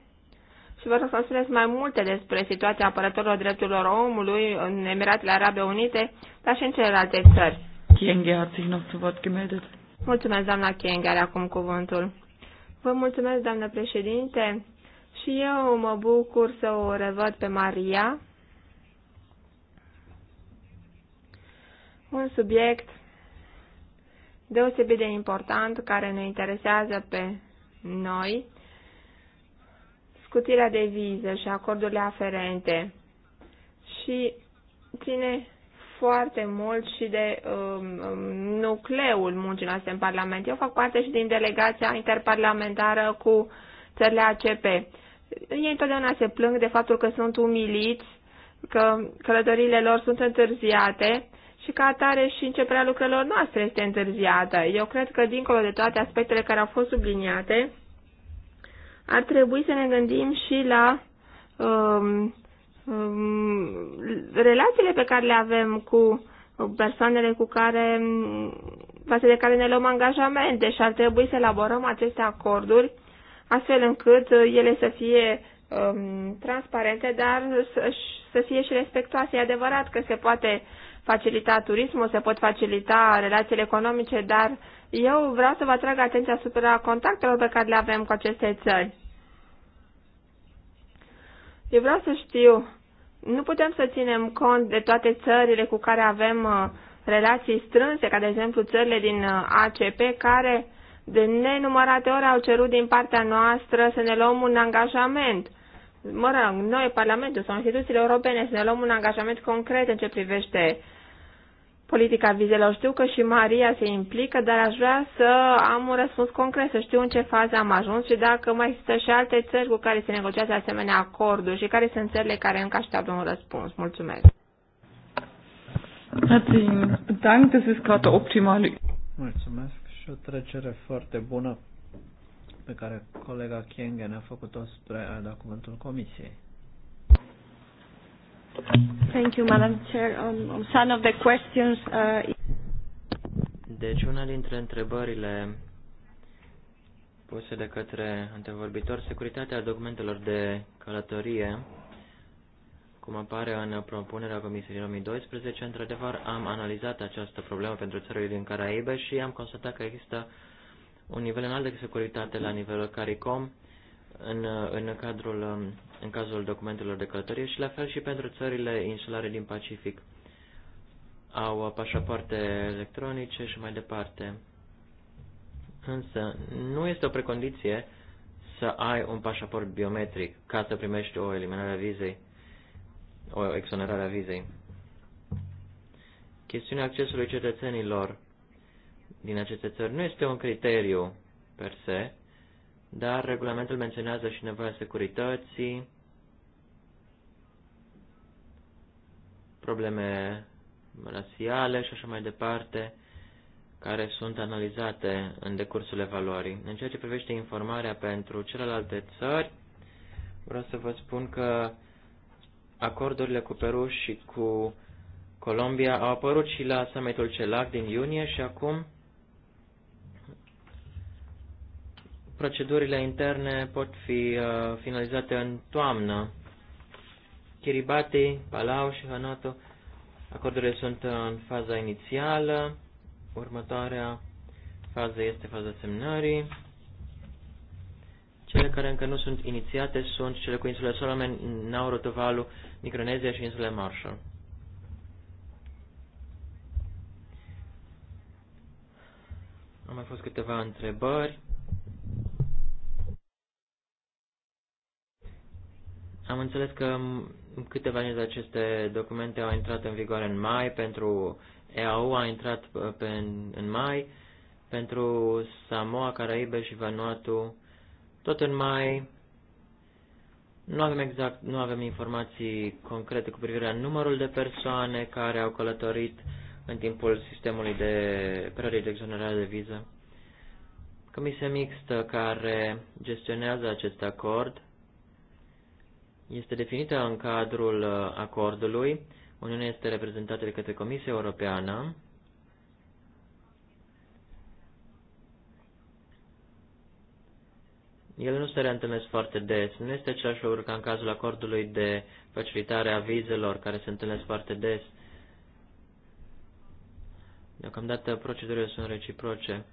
Speaker 1: vă rog să spuneți mai multe despre situația apărătorilor drepturilor omului în Emiratele Arabe Unite, dar și în celelalte țări. Mulțumesc, doamna Kienge, are acum cuvântul. Vă mulțumesc, doamnă președinte, și eu mă bucur să o revăd pe Maria. Un subiect deosebit de important care ne interesează pe noi scutirea de viză și acordurile aferente și ține foarte mult și de um, um, nucleul muncii noastre în Parlament. Eu fac parte și din delegația interparlamentară cu țările ACP. Ei întotdeauna se plâng de faptul că sunt umiliți, că călătorile lor sunt întârziate și ca atare și începerea lucrărilor noastre este întârziată. Eu cred că, dincolo de toate aspectele care au fost subliniate, ar trebui să ne gândim și la um, um, relațiile pe care le avem cu persoanele cu care, față de care ne luăm angajamente și ar trebui să elaborăm aceste acorduri astfel încât ele să fie um, transparente, dar să, să fie și respectoase. E adevărat că se poate facilita turismul, se pot facilita relațiile economice, dar uh, eu vreau să vă atrag atenția asupra contactelor pe care le avem cu aceste țări. Eu vreau să știu, nu putem să ținem cont de toate țările cu care avem uh, relații strânse, ca de exemplu țările din uh, ACP, care de nenumărate ori au cerut din partea noastră să ne luăm un angajament. Mă rog, noi, Parlamentul sau instituțiile europene, să ne luăm un angajament concret în ce privește politica vizelor. Știu că și Maria se implică, dar aș vrea să am un răspuns concret, să știu în ce fază am ajuns și dacă mai există și alte țări cu care se negociază asemenea acorduri și care sunt țările care încă așteaptă un răspuns. Mulțumesc.
Speaker 3: Herzlichen Mulțumesc și o trecere foarte
Speaker 2: bună pe care colega Kienge ne-a făcut-o spre a da cuvântul comisiei.
Speaker 1: Thank you, Madam Chair. Um, um, some of the questions. Uh...
Speaker 4: Deci una dintre întrebările puse de către antevorbitor, securitatea documentelor de călătorie, cum apare în propunerea Comisiei 2012, într-adevăr am analizat această problemă pentru țările din Caraibe și am constatat că există un nivel înalt de securitate la nivelul CARICOM în, în cadrul um, în cazul documentelor de călătorie și la fel și pentru țările insulare din Pacific. Au pașapoarte electronice și mai departe. Însă, nu este o precondiție să ai un pașaport biometric ca să primești o eliminare a vizei, o exonerare a vizei. Chestiunea accesului cetățenilor din aceste țări nu este un criteriu per se, dar regulamentul menționează și nevoia securității, probleme rasiale și așa mai departe, care sunt analizate în decursul evaluării. În ceea ce privește informarea pentru celelalte țări, vreau să vă spun că acordurile cu Peru și cu Colombia au apărut și la summitul CELAC din iunie și acum Procedurile interne pot fi uh, finalizate în toamnă. Kiribati, Palau și Hanato, acordurile sunt în faza inițială. Următoarea fază este faza semnării. Cele care încă nu sunt inițiate sunt cele cu insulele Solomon, Nauru, Tuvalu, Micronezia și insulele Marshall. Au mai fost câteva întrebări Am înțeles că câteva dintre aceste documente au intrat în vigoare în mai, pentru EAU a intrat uh, pe, în mai, pentru Samoa, Caraibe și Vanuatu, tot în mai. Nu avem exact, nu avem informații concrete cu privire la numărul de persoane care au călătorit în timpul sistemului de perioade de exonerare de viză. Comisia mixtă care gestionează acest acord este definită în cadrul uh, acordului. Uniunea este reprezentată de către Comisia Europeană. El nu se reîntâlnesc foarte des. Nu este același lucru ca în cazul acordului de facilitare a vizelor, care se întâlnesc foarte des. Deocamdată procedurile sunt reciproce.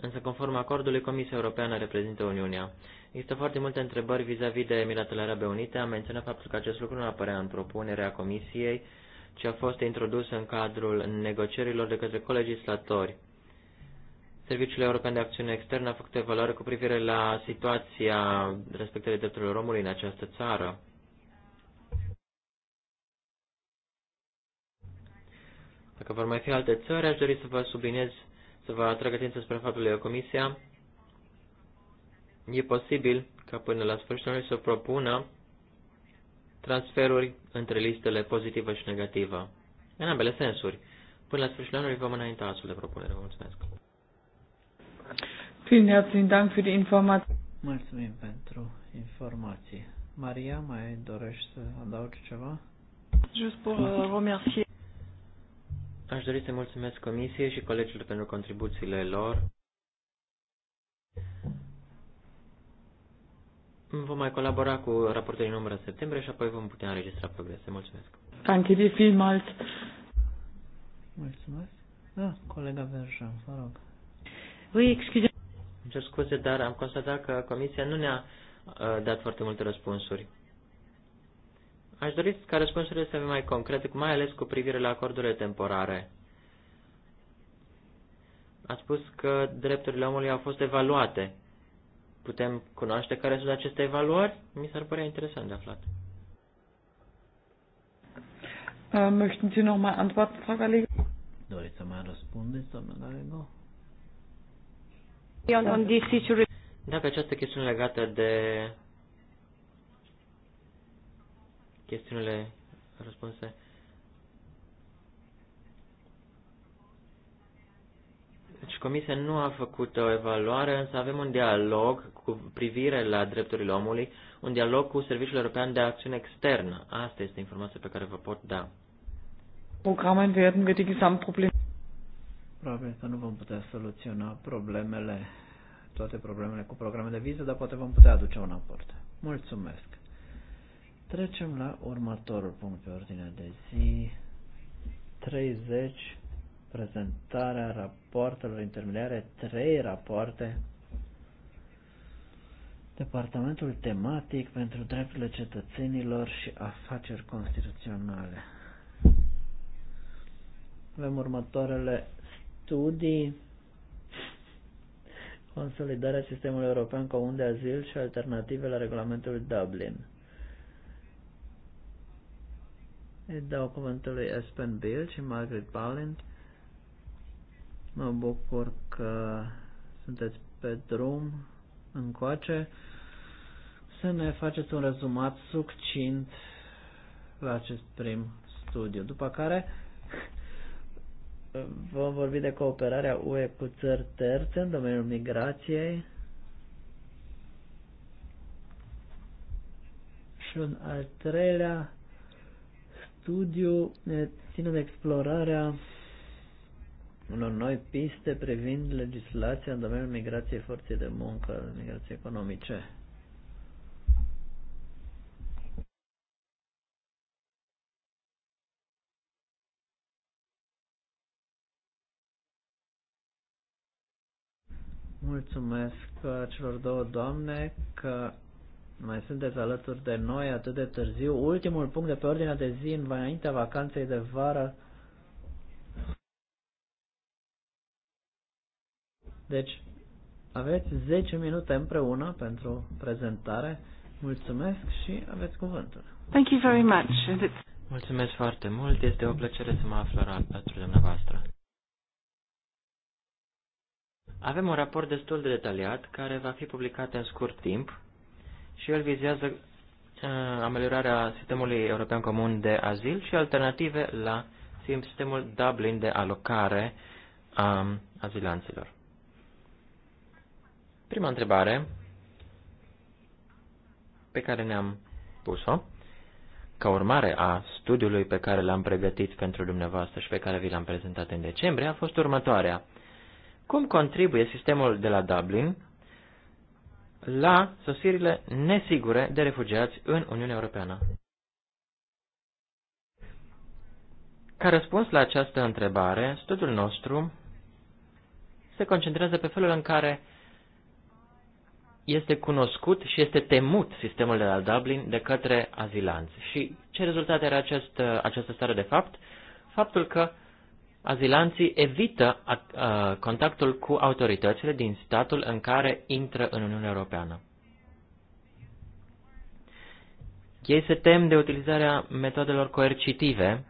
Speaker 4: Însă, conform acordului, Comisia Europeană reprezintă Uniunea. Există foarte multe întrebări vis-a-vis -vis de Emiratele Arabe Unite. Am menționat faptul că acest lucru nu apărea în propunerea Comisiei, ci a fost introdus în cadrul negocierilor de către colegislatori. Serviciul European de Acțiune Externă a făcut o evaluare cu privire la situația respectării drepturilor omului în această țară. Dacă vor mai fi alte țări, aș dori să vă subliniez, să vă atrag atenția spre faptul că Comisia e posibil ca până la sfârșitul anului să propună transferuri între listele pozitivă și negativă, în ambele sensuri. Până la sfârșitul anului vom înainta astfel de propunere. Mulțumesc!
Speaker 3: Vielen herzlichen Dank für die Mulțumim
Speaker 2: pentru informații. Maria, mai dorești să adaugi ceva?
Speaker 3: Just pour uh, remercier.
Speaker 4: Aș dori să mulțumesc Comisiei și colegilor pentru contribuțiile lor. Vom mai colabora cu raportul din umbră septembrie și apoi vom putea înregistra progrese. Mulțumesc.
Speaker 3: Danke dir vielmals.
Speaker 4: Mulțumesc. Da, colega Verjan, vă rog. Oui, excuse Îmi cer scuze, dar am constatat că comisia nu ne-a uh, dat foarte multe răspunsuri. Aș dori ca răspunsurile să fie mai concrete, mai ales cu privire la acordurile temporare. Ați spus că drepturile omului au fost evaluate Putem cunoaște care sunt aceste evaluări? Mi s-ar părea interesant de aflat.
Speaker 3: Uh, möchten Sie noch mal antworten, Frau Gallego?
Speaker 2: Doriți să mai răspundeți, doamna Gallego?
Speaker 4: Dacă această chestiune legată de chestiunile răspunse. Deci comisia nu a făcut o evaluare, însă avem un dialog cu privire la drepturile omului, un dialog cu Serviciul European de Acțiune Externă. Asta este informația pe care vă pot da.
Speaker 3: Programen werden wir die Gesamtprobleme. Probabil că nu vom
Speaker 2: putea soluționa problemele, toate problemele cu programe de viză, dar poate vom putea aduce un aport. Mulțumesc. Trecem la următorul punct pe ordinea de zi. 30. Prezentarea rapoartelor intermediare. 3 rapoarte Departamentul tematic pentru drepturile cetățenilor și afaceri constituționale. Avem următoarele studii. Consolidarea sistemului european comun de azil și alternative la regulamentul Dublin. Îi dau cuvântul lui Espen Bill și Margaret Ballant. Mă bucur că sunteți pe drum încoace să ne faceți un rezumat succint la acest prim studiu, după care vom vorbi de cooperarea UE cu țări terțe în domeniul migrației și un al treilea studiu ține de explorarea unor noi piste privind legislația în domeniul migrației forței de muncă, migrației economice. Mulțumesc celor două doamne că mai sunteți alături de noi atât de târziu. Ultimul punct de pe ordinea de zi înaintea vacanței de vară Deci, aveți 10 minute împreună pentru prezentare. Mulțumesc și aveți cuvântul.
Speaker 4: Thank you very much. Mulțumesc foarte mult. Este o plăcere să mă aflu alături dumneavoastră. Avem un raport destul de detaliat care va fi publicat în scurt timp și el vizează uh, ameliorarea sistemului european comun de azil și alternative la sistemul Dublin de alocare a azilanților. Prima întrebare pe care ne-am pus-o, ca urmare a studiului pe care l-am pregătit pentru dumneavoastră și pe care vi l-am prezentat în decembrie, a fost următoarea. Cum contribuie sistemul de la Dublin la sosirile nesigure de refugiați în Uniunea Europeană? Ca răspuns la această întrebare, studiul nostru se concentrează pe felul în care este cunoscut și este temut sistemul de la Dublin de către azilanți. Și ce rezultat era acest, această stare de fapt? Faptul că azilanții evită a, a, contactul cu autoritățile din statul în care intră în Uniunea Europeană. Ei se tem de utilizarea metodelor coercitive,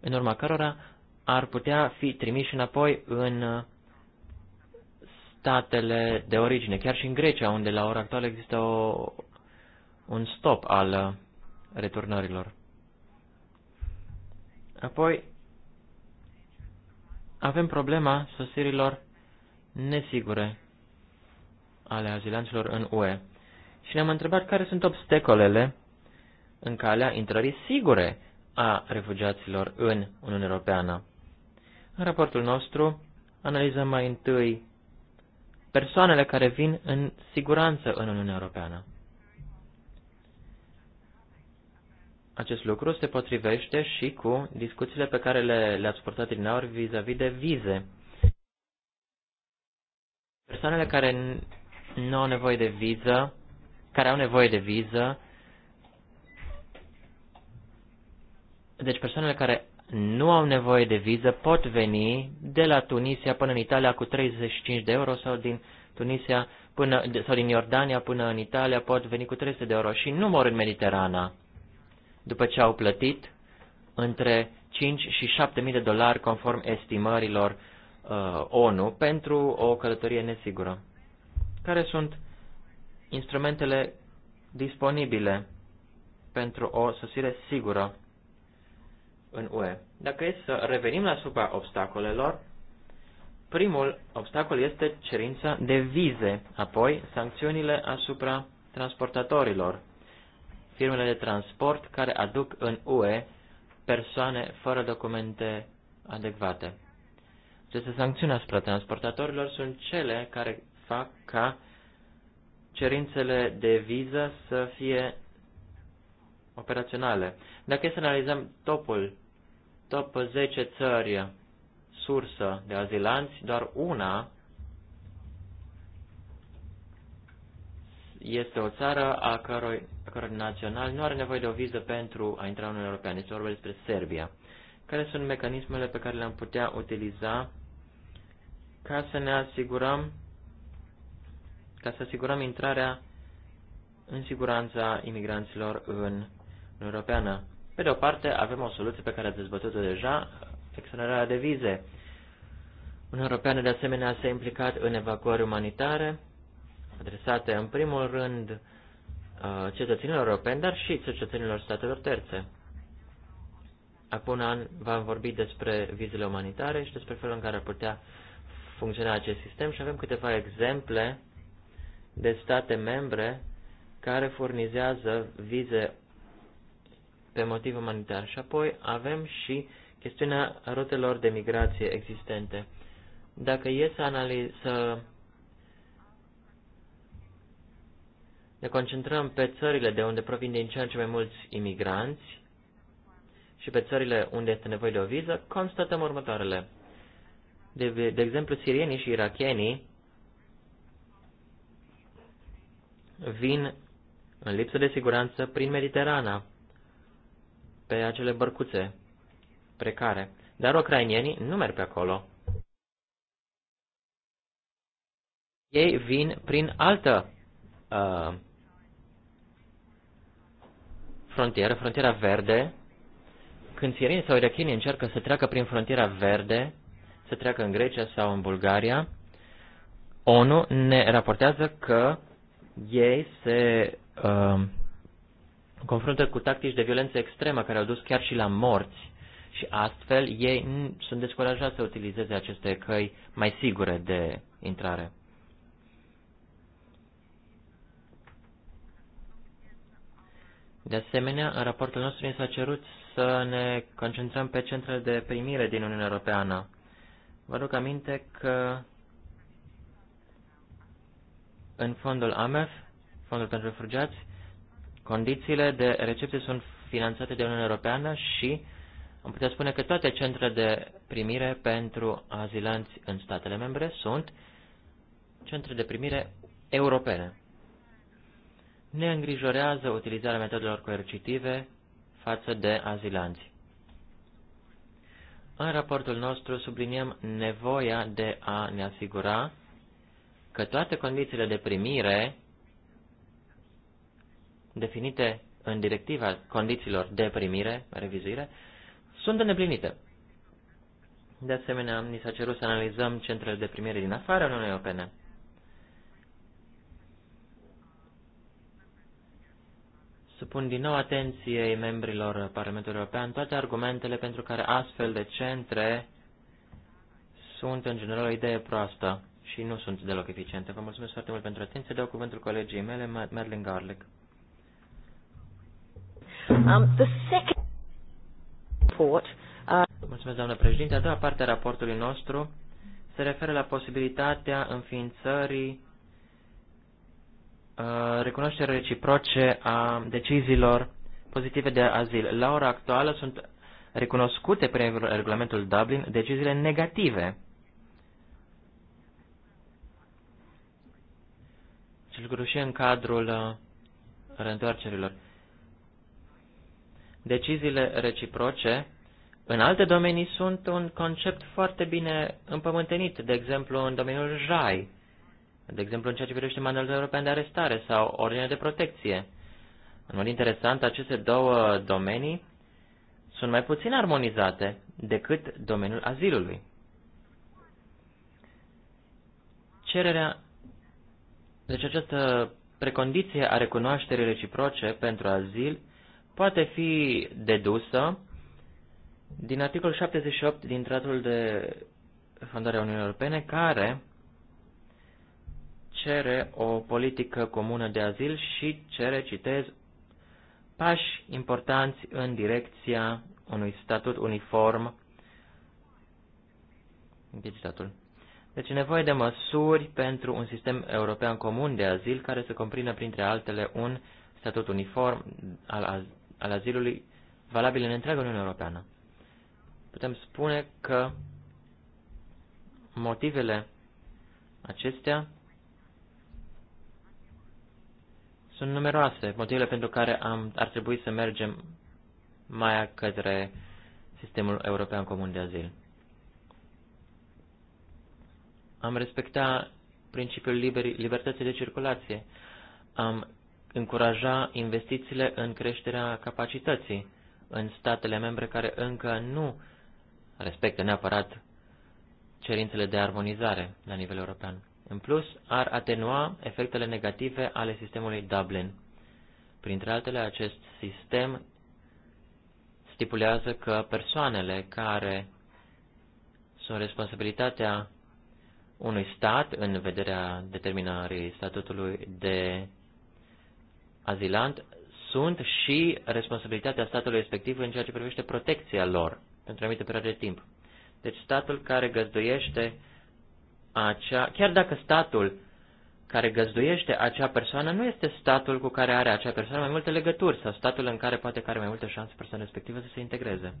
Speaker 4: în urma cărora ar putea fi trimiși înapoi în statele de origine, chiar și în Grecia, unde la ora actuală există o, un stop al uh, returnărilor. Apoi, avem problema sosirilor nesigure ale azilanților în UE. Și ne-am întrebat care sunt obstacolele în calea intrării sigure a refugiaților în Uniunea Europeană. În raportul nostru analizăm mai întâi persoanele care vin în siguranță în Uniunea Europeană. Acest lucru se potrivește și cu discuțiile pe care le, le-ați purtat din aur vis-a-vis de vize. Persoanele care nu au nevoie de viză, care au nevoie de viză, deci persoanele care nu au nevoie de viză pot veni de la Tunisia până în Italia cu 35 de euro sau din Tunisia până, sau din Iordania până în Italia pot veni cu 300 de euro și nu mor în Mediterana după ce au plătit între 5 și 7 mii de dolari conform estimărilor uh, ONU pentru o călătorie nesigură. Care sunt instrumentele disponibile pentru o sosire sigură în UE. Dacă e să revenim la supra obstacolelor, primul obstacol este cerința de vize, apoi sancțiunile asupra transportatorilor, firmele de transport care aduc în UE persoane fără documente adecvate. Aceste sancțiuni asupra transportatorilor sunt cele care fac ca cerințele de viză să fie operaționale. Dacă e să analizăm topul top 10 țări sursă de azilanți, doar una este o țară a cărui, a cărui național nu are nevoie de o viză pentru a intra în Uniunea Europeană. Este vorba despre Serbia. Care sunt mecanismele pe care le-am putea utiliza ca să ne asigurăm ca să asigurăm intrarea în siguranța imigranților în Uniunea Europeană? Pe de o parte, avem o soluție pe care a dezbătut-o deja, exonerarea de vize. Un european de asemenea, s-a implicat în evacuări umanitare, adresate în primul rând uh, cetățenilor europeni, dar și cetățenilor statelor terțe. Acum un an v-am vorbit despre vizele umanitare și despre felul în care ar putea funcționa acest sistem și avem câteva exemple de state membre care furnizează vize pe motiv umanitar. Și apoi avem și chestiunea rutelor de migrație existente. Dacă e să, analizăm, ne concentrăm pe țările de unde provin din ce în ce mai mulți imigranți și pe țările unde este nevoie de o viză, constatăm următoarele. De, de exemplu, sirienii și irachienii vin în lipsă de siguranță prin Mediterana pe acele bărcuțe precare, dar ucrainienii nu merg pe acolo. Ei vin prin altă uh, frontieră, frontiera verde. Când sirieni sau irachinii încearcă să treacă prin frontiera verde, să treacă în Grecia sau în Bulgaria, ONU ne raportează că ei se uh, confruntă cu tactici de violență extremă care au dus chiar și la morți și astfel ei sunt descurajați să utilizeze aceste căi mai sigure de intrare. De asemenea, în raportul nostru ni s-a cerut să ne concentrăm pe centrele de primire din Uniunea Europeană. Vă duc aminte că în fondul AMEF, Fondul pentru Refugiați, Condițiile de recepție sunt finanțate de Uniunea Europeană și am putea spune că toate centrele de primire pentru azilanți în statele membre sunt centre de primire europene. Ne îngrijorează utilizarea metodelor coercitive față de azilanți. În raportul nostru subliniem nevoia de a ne asigura că toate condițiile de primire definite în directiva condițiilor de primire, revizuire, sunt îndeplinite. De asemenea, ni s-a cerut să analizăm centrele de primire din afara Uniunii Europene. Supun din nou atenției membrilor Parlamentului European toate argumentele pentru care astfel de centre sunt în general o idee proastă și nu sunt deloc eficiente. Vă mulțumesc foarte mult pentru atenție. Dau cuvântul colegii mele, Madeline Garlic. Um, the second report, uh... Mulțumesc, doamnă președinte. A doua parte a raportului nostru se referă la posibilitatea înființării uh, reciproce a deciziilor pozitive de azil. La ora actuală sunt recunoscute prin regulamentul Dublin deciziile negative. Cel lucru și în cadrul uh, reîntoarcerilor. Deciziile reciproce în alte domenii sunt un concept foarte bine împământenit, de exemplu în domeniul JAI, de exemplu în ceea ce privește mandatul european de arestare sau ordinea de protecție. În mod interesant, aceste două domenii sunt mai puțin armonizate decât domeniul azilului. Cererea, deci această precondiție a recunoașterii reciproce pentru azil poate fi dedusă din articolul 78 din Tratatul de Fondare a Uniunii Europene, care cere o politică comună de azil și cere, citez, pași importanți în direcția unui statut uniform. Deci statul. Deci nevoie de măsuri pentru un sistem european comun de azil care să comprină, printre altele, un statut uniform al al azilului valabil în întreaga Uniune Europeană. Putem spune că motivele acestea sunt numeroase, motivele pentru care am, ar trebui să mergem mai către sistemul european comun de azil. Am respectat principiul liberi, libertății de circulație, am încuraja investițiile în creșterea capacității în statele membre care încă nu respectă neapărat cerințele de armonizare la nivel european. În plus, ar atenua efectele negative ale sistemului Dublin. Printre altele, acest sistem stipulează că persoanele care sunt responsabilitatea unui stat în vederea determinării statutului de azilant sunt și responsabilitatea statului respectiv în ceea ce privește protecția lor pentru o anumită perioadă de timp. Deci statul care găzduiește acea, chiar dacă statul care găzduiește acea persoană nu este statul cu care are acea persoană mai multe legături sau statul în care poate că are mai multe șanse persoana respectivă să se integreze.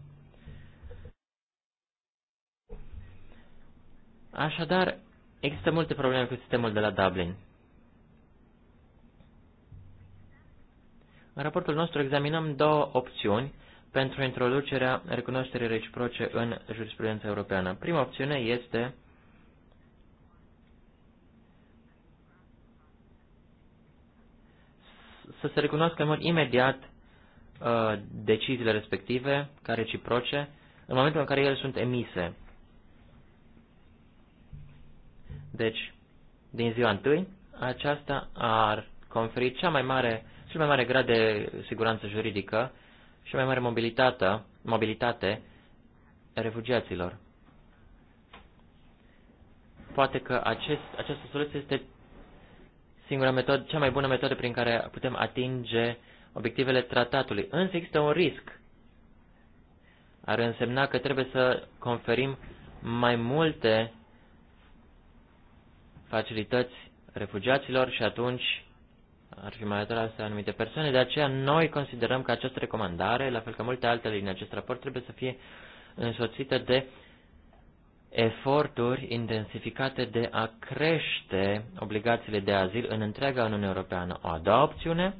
Speaker 4: Așadar, există multe probleme cu sistemul de la Dublin. În raportul nostru examinăm două opțiuni pentru introducerea recunoașterii reciproce în jurisprudența europeană. Prima opțiune este să se recunoască în mod imediat uh, deciziile respective ca reciproce în momentul în care ele sunt emise. Deci, din ziua întâi, aceasta ar conferi cea mai mare cel mai mare grad de siguranță juridică și mai mare mobilitate, mobilitate refugiaților. Poate că acest, această soluție este singura metodă, cea mai bună metodă prin care putem atinge obiectivele tratatului. Însă există un risc. Ar însemna că trebuie să conferim mai multe facilități refugiaților și atunci ar fi mai atrase anumite persoane, de aceea noi considerăm că această recomandare, la fel ca multe altele din acest raport, trebuie să fie însoțită de eforturi intensificate de a crește obligațiile de azil în întreaga Uniune Europeană. O a doua opțiune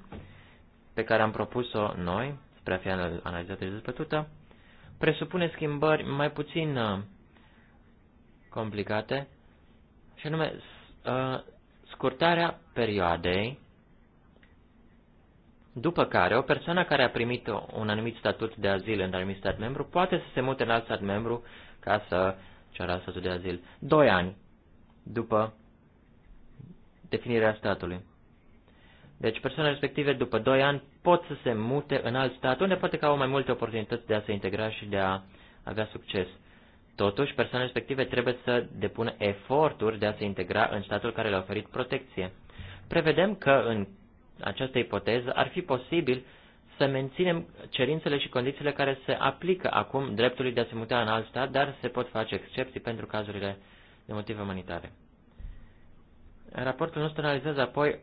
Speaker 4: pe care am propus-o noi, spre a fi analizată și dezbătută, presupune schimbări mai puțin uh, complicate, și anume uh, scurtarea perioadei după care o persoană care a primit un anumit statut de azil în un anumit stat membru poate să se mute în alt stat membru ca să ceară statut de azil. Doi ani după definirea statului. Deci persoanele respective după doi ani pot să se mute în alt stat unde poate că au mai multe oportunități de a se integra și de a avea succes. Totuși, persoanele respective trebuie să depună eforturi de a se integra în statul care le-a oferit protecție. Prevedem că în această ipoteză, ar fi posibil să menținem cerințele și condițiile care se aplică acum dreptului de a se muta în alt stat, dar se pot face excepții pentru cazurile de motive umanitare. Raportul nostru analizează apoi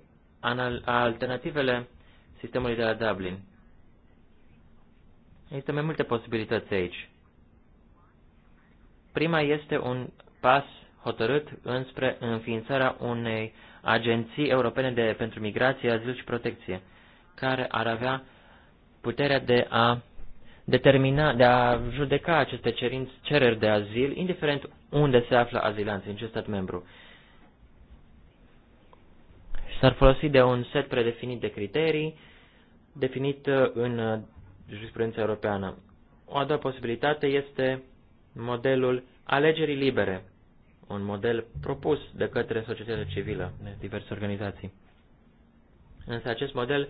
Speaker 4: alternativele sistemului de la Dublin. Există mai multe posibilități aici. Prima este un pas hotărât înspre înființarea unei agenții europene de, pentru migrație, azil și protecție, care ar avea puterea de a determina, de a judeca aceste cerinți, cereri de azil, indiferent unde se află azilanții, în ce stat membru. S-ar folosi de un set predefinit de criterii, definit uh, în uh, jurisprudența europeană. O a doua posibilitate este modelul alegerii libere un model propus de către societatea civilă, de diverse organizații. Însă acest model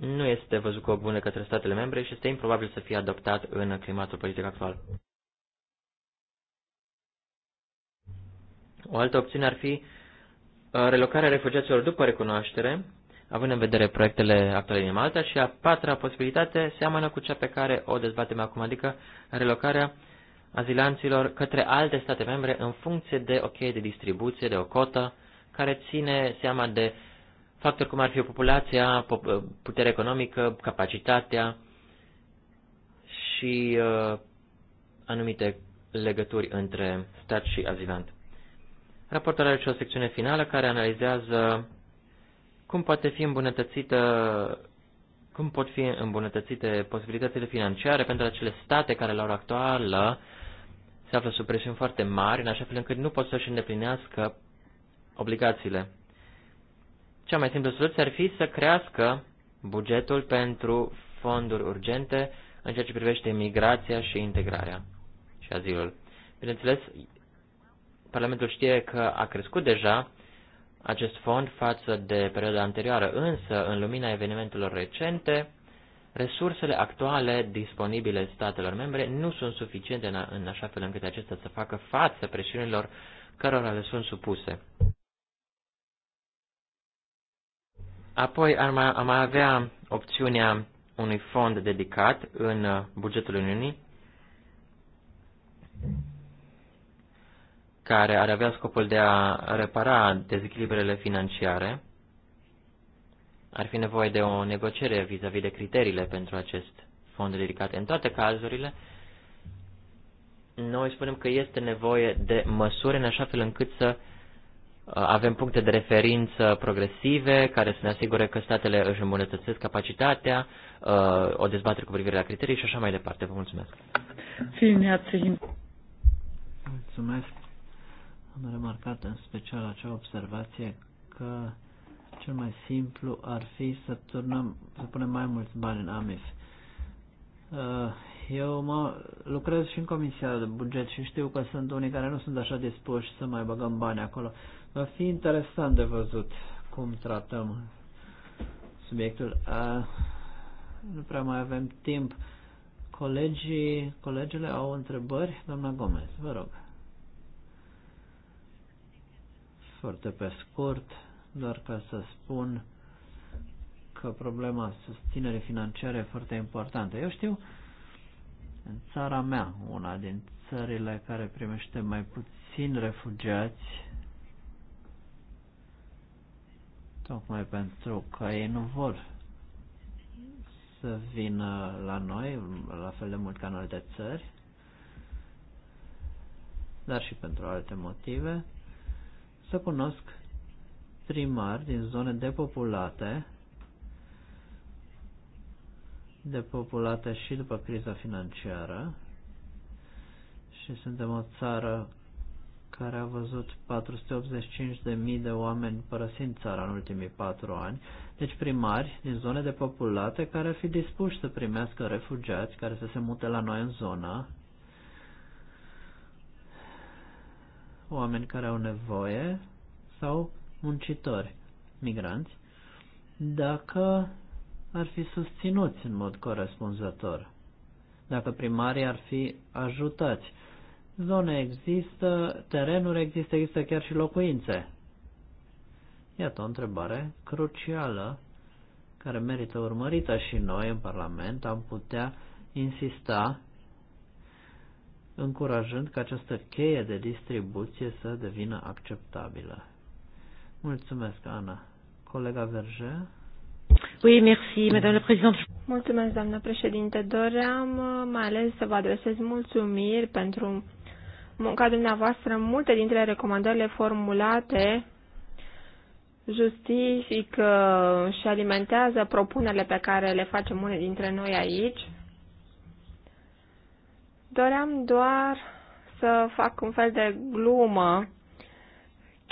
Speaker 4: nu este văzut cu o bună către statele membre și este improbabil să fie adoptat în climatul politic actual. O altă opțiune ar fi uh, relocarea refugiaților după recunoaștere, având în vedere proiectele actuale din Malta, și a patra posibilitate seamănă cu cea pe care o dezbatem acum, adică relocarea azilanților către alte state membre în funcție de o cheie de distribuție, de o cotă, care ține seama de factori cum ar fi populația, putere economică, capacitatea și uh, anumite legături între stat și azilant. Raportul are și o secțiune finală care analizează cum poate fi îmbunătățită cum pot fi îmbunătățite posibilitățile financiare pentru acele state care la ora actuală se află sub presiuni foarte mari, în așa fel încât nu pot să-și îndeplinească obligațiile. Cea mai simplă soluție ar fi să crească bugetul pentru fonduri urgente în ceea ce privește migrația și integrarea și azilul. Bineînțeles, Parlamentul știe că a crescut deja acest fond față de perioada anterioară, însă, în lumina evenimentelor recente, resursele actuale disponibile statelor membre nu sunt suficiente în, în așa fel încât acestea să facă față presiunilor cărora le sunt supuse. Apoi am, mai avea opțiunea unui fond dedicat în bugetul Uniunii, care ar avea scopul de a repara dezechilibrele financiare ar fi nevoie de o negociere vis-a-vis -vis de criteriile pentru acest fond ridicat. În toate cazurile, noi spunem că este nevoie de măsuri în așa fel încât să uh, avem puncte de referință progresive care să ne asigure că statele își îmbunătățesc capacitatea, uh, o dezbatere cu privire la criterii și așa mai departe. Vă mulțumesc.
Speaker 2: Mulțumesc. Am remarcat în special acea observație că cel mai simplu ar fi să, turnăm, să punem mai mulți bani în AMIF. Uh, eu mă lucrez și în comisia de buget și știu că sunt unii care nu sunt așa dispuși să mai băgăm bani acolo. Va fi interesant de văzut cum tratăm subiectul. Uh, nu prea mai avem timp. Colegii, colegele au întrebări? Doamna Gomez, vă rog. Foarte pe scurt doar ca să spun că problema susținerii financiare e foarte importantă. Eu știu, în țara mea, una din țările care primește mai puțin refugiați, tocmai pentru că ei nu vor să vină la noi, la fel de mult ca în alte țări, dar și pentru alte motive, să cunosc primari din zone depopulate, depopulate și după criza financiară și suntem o țară care a văzut 485.000 de oameni părăsind țara în ultimii patru ani, deci primari din zone depopulate care ar fi dispuși să primească refugiați care să se mute la noi în zonă, oameni care au nevoie sau muncitori migranți dacă ar fi susținuți în mod corespunzător, dacă primarii ar fi ajutați. Zone există, terenuri există, există chiar și locuințe. Iată o întrebare crucială care merită urmărită și noi în Parlament am putea insista încurajând ca această cheie de distribuție să devină acceptabilă. Mulțumesc, Ana. Colega Verge.
Speaker 1: Oui, merci, Madame la Présidente. Mulțumesc, doamnă președinte. Doream uh, mai ales să vă adresez mulțumiri pentru munca dumneavoastră. Multe dintre recomandările formulate justifică uh, și alimentează propunerile pe care le facem unii dintre noi aici. Doream doar să fac un fel de glumă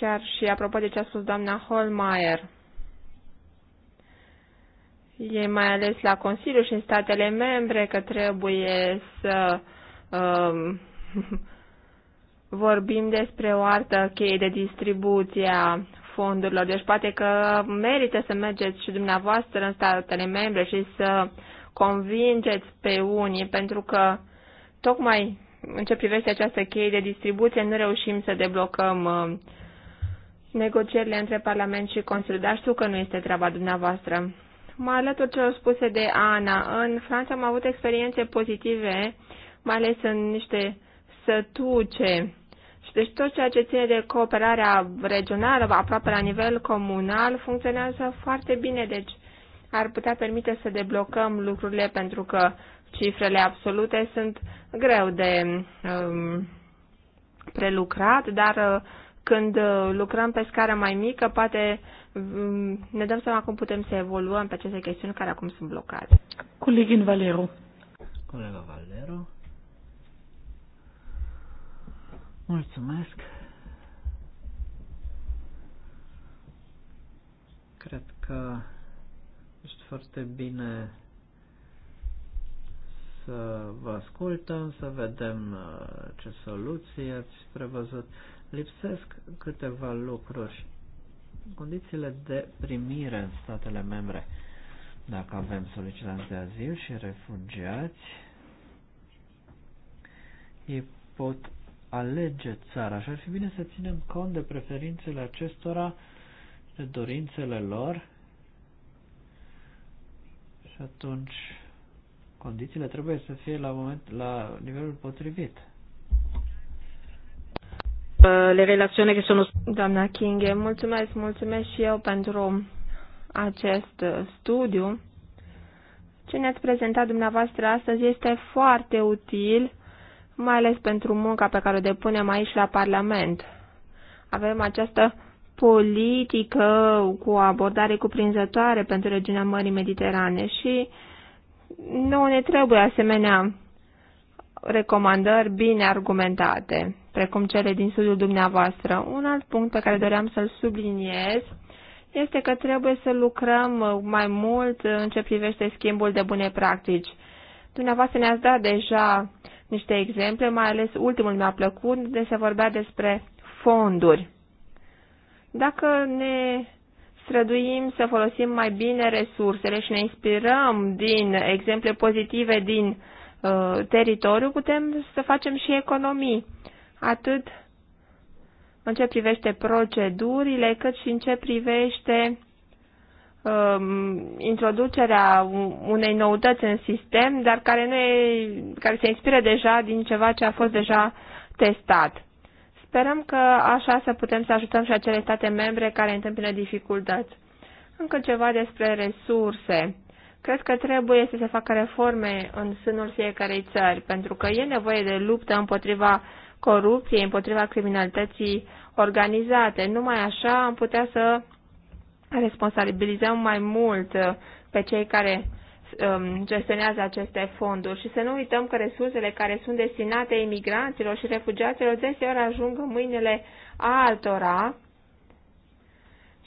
Speaker 1: Chiar și apropo de ce a spus doamna Holmeier, e mai ales la Consiliu și în statele membre că trebuie să um, vorbim despre o altă cheie de distribuție a fondurilor. Deci poate că merită să mergeți și dumneavoastră în statele membre și să convingeți pe unii, pentru că tocmai în ce privește această cheie de distribuție nu reușim să deblocăm uh, negocierile între Parlament și Consiliu, dar știu că nu este treaba dumneavoastră. Mă alătur celor spuse de Ana. În Franța am avut experiențe pozitive, mai ales în niște sătuce. Și deci tot ceea ce ține de cooperarea regională, aproape la nivel comunal, funcționează foarte bine. Deci ar putea permite să deblocăm lucrurile pentru că cifrele absolute sunt greu de um, prelucrat, dar uh, când uh, lucrăm pe scară mai mică, poate mm, ne dăm seama cum putem să evoluăm pe aceste chestiuni care acum sunt blocate.
Speaker 3: Colegin Valero.
Speaker 2: Colega Valero.
Speaker 3: Mulțumesc.
Speaker 2: Cred că ești foarte bine să vă ascultăm, să vedem uh, ce soluții ați prevăzut lipsesc câteva lucruri. Condițiile de primire în statele membre. Dacă avem solicitanți de azil și refugiați, ei pot alege țara și ar fi bine să ținem cont de preferințele acestora, de dorințele lor și atunci condițiile trebuie să fie la, moment, la nivelul potrivit.
Speaker 1: Uh, le relazioni che sunt Doamna King, mulțumesc, mulțumesc și eu pentru acest uh, studiu. Ce ne-ați prezentat dumneavoastră astăzi este foarte util, mai ales pentru munca pe care o depunem aici la Parlament. Avem această politică cu abordare cuprinzătoare pentru regiunea Mării Mediterane și nu ne trebuie asemenea recomandări bine argumentate precum cele din sudul dumneavoastră. Un alt punct pe care doream să-l subliniez este că trebuie să lucrăm mai mult în ce privește schimbul de bune practici. Dumneavoastră ne-ați dat deja niște exemple, mai ales ultimul mi-a plăcut, de se vorbea despre fonduri. Dacă ne străduim să folosim mai bine resursele și ne inspirăm din exemple pozitive din uh, teritoriu, putem să facem și economii atât în ce privește procedurile, cât și în ce privește um, introducerea unei noutăți în sistem, dar care, nu e, care se inspiră deja din ceva ce a fost deja testat. Sperăm că așa să putem să ajutăm și acele state membre care întâmpină dificultăți. Încă ceva despre resurse. Cred că trebuie să se facă reforme în sânul fiecarei țări, pentru că e nevoie de luptă împotriva corupției, împotriva criminalității organizate. Numai așa am putea să responsabilizăm mai mult uh, pe cei care um, gestionează aceste fonduri și să nu uităm că resursele care sunt destinate imigranților și refugiaților deseori ajung în mâinile altora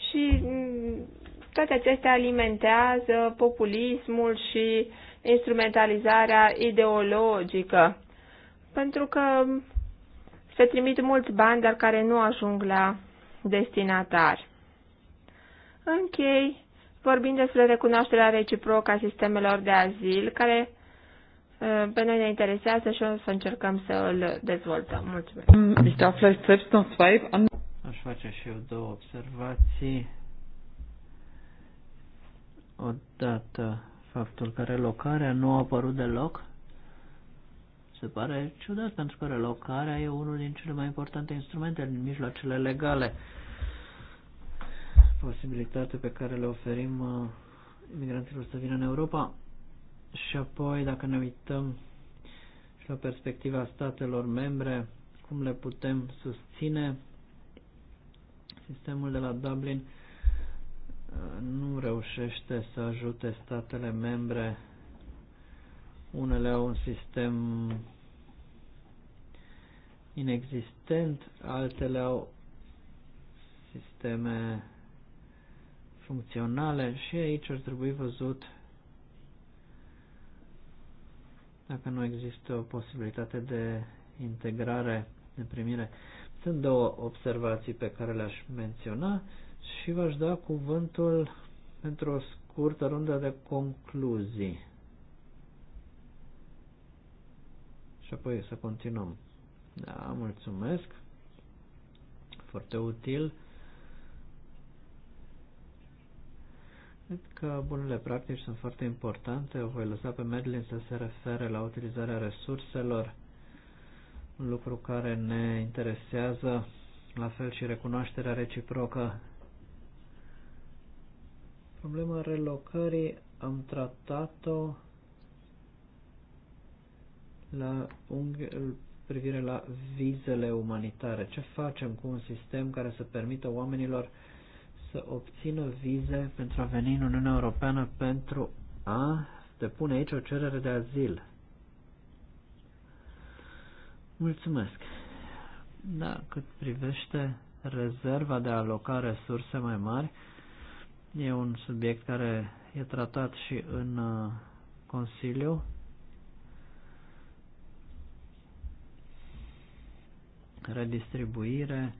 Speaker 1: și mm, toate acestea alimentează populismul și instrumentalizarea ideologică. Pentru că se trimit mulți bani, dar care nu ajung la destinatar. Închei vorbind despre recunoașterea reciprocă a sistemelor de azil, care ă, pe noi ne interesează și o să încercăm să îl dezvoltăm. Mulțumesc.
Speaker 2: Mm,
Speaker 3: Aș face și eu două
Speaker 2: observații. Odată, faptul că relocarea nu a apărut deloc se pare ciudat pentru că relocarea e unul din cele mai importante instrumente din mijloacele legale. Posibilitate pe care le oferim uh, imigranților să vină în Europa. Și apoi, dacă ne uităm și la perspectiva statelor membre, cum le putem susține, sistemul de la Dublin uh, nu reușește să ajute statele membre unele au un sistem inexistent, altele au sisteme funcționale și aici ar trebui văzut dacă nu există o posibilitate de integrare, de primire. Sunt două observații pe care le-aș menționa și v-aș da cuvântul pentru o scurtă rundă de concluzii. și apoi să continuăm. Da, mulțumesc. Foarte util. Cred că bunele practici sunt foarte importante. O voi lăsa pe Medlin să se refere la utilizarea resurselor, un lucru care ne interesează, la fel și recunoașterea reciprocă. Problema relocării am tratat-o la privire la vizele umanitare. Ce facem cu un sistem care să permită oamenilor să obțină vize pentru a veni în Uniunea Europeană pentru a depune aici o cerere de azil? Mulțumesc. Da, cât privește rezerva de a aloca resurse mai mari, e un subiect care e tratat și în uh, Consiliu. redistribuire.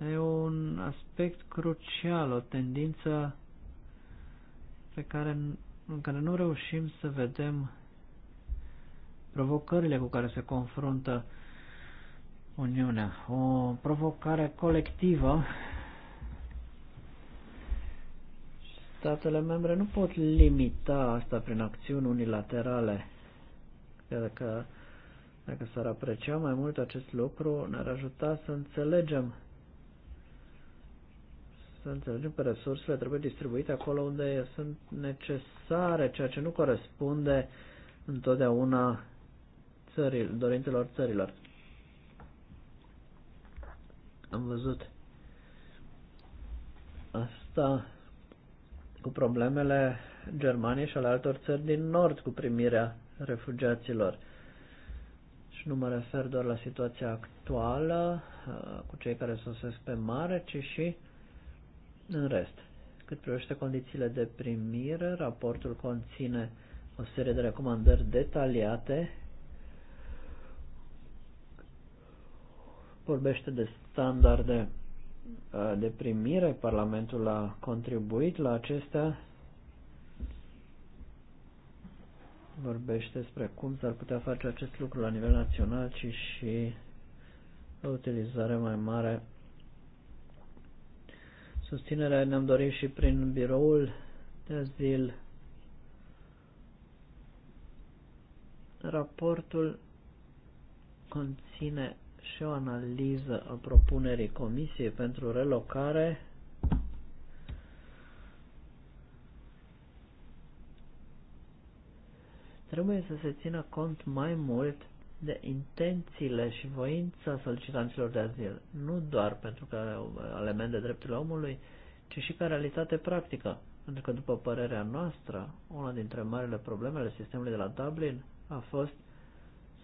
Speaker 2: E un aspect crucial, o tendință pe care, în care nu reușim să vedem provocările cu care se confruntă Uniunea. O provocare colectivă. Statele membre nu pot limita asta prin acțiuni unilaterale. Cred că dacă s-ar aprecia mai mult acest lucru, ne-ar ajuta să înțelegem să înțelegem că resursele trebuie distribuite acolo unde sunt necesare, ceea ce nu corespunde întotdeauna țăril, dorințelor țărilor. Am văzut asta cu problemele Germaniei și ale altor țări din nord cu primirea refugiaților nu mă refer doar la situația actuală uh, cu cei care sosesc pe mare, ci și în rest. Cât privește condițiile de primire, raportul conține o serie de recomandări detaliate, vorbește de standarde uh, de primire, Parlamentul a contribuit la acestea vorbește despre cum s-ar putea face acest lucru la nivel național, ci și o utilizare mai mare. Susținerea ne-am dorit și prin biroul de azil. Raportul conține și o analiză a propunerii Comisiei pentru relocare Trebuie să se țină cont mai mult de intențiile și voința solicitanților de azil, nu doar pentru că au element de drepturile omului, ci și ca realitate practică. Pentru că, după părerea noastră, una dintre marile probleme ale sistemului de la Dublin a fost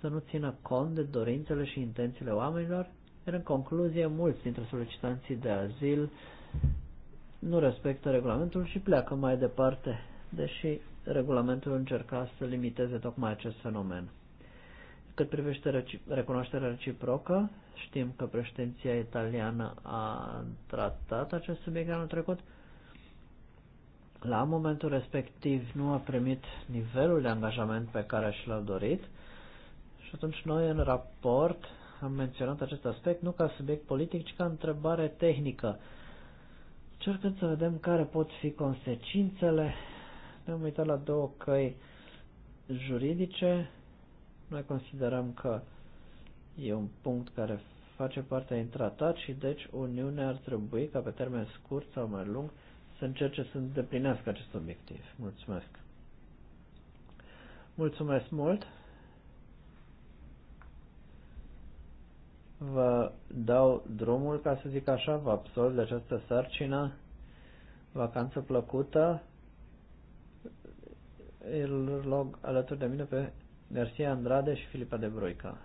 Speaker 2: să nu țină cont de dorințele și intențiile oamenilor, iar în concluzie, mulți dintre solicitanții de azil nu respectă regulamentul și pleacă mai departe, deși regulamentul încerca să limiteze tocmai acest fenomen. Cât privește recunoașterea reciprocă, știm că președinția italiană a tratat acest subiect anul trecut. La momentul respectiv nu a primit nivelul de angajament pe care și l-a dorit și atunci noi în raport am menționat acest aspect nu ca subiect politic, ci ca întrebare tehnică, încercând să vedem care pot fi consecințele ne-am uitat la două căi juridice. Noi considerăm că e un punct care face parte din tratat și deci Uniunea ar trebui ca pe termen scurt sau mai lung să încerce să îndeplinească acest obiectiv. Mulțumesc! Mulțumesc mult! Vă dau drumul, ca să zic așa, vă absolv de această sarcină. Vacanță plăcută! îl rog alături de mine pe Garcia Andrade și Filipa de Broica.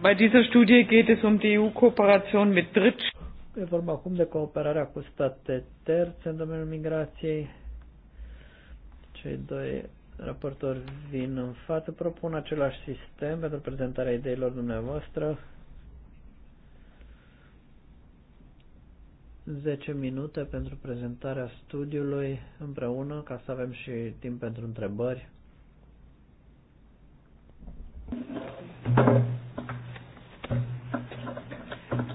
Speaker 3: Bei dieser Studie geht es um die EU-Kooperation mit Dritt.
Speaker 2: E vorba acum de cooperarea cu state terțe în domeniul migrației. Cei doi raportori vin în față, propun același sistem pentru prezentarea ideilor dumneavoastră. 10 minute pentru prezentarea studiului împreună, ca să avem și timp pentru întrebări.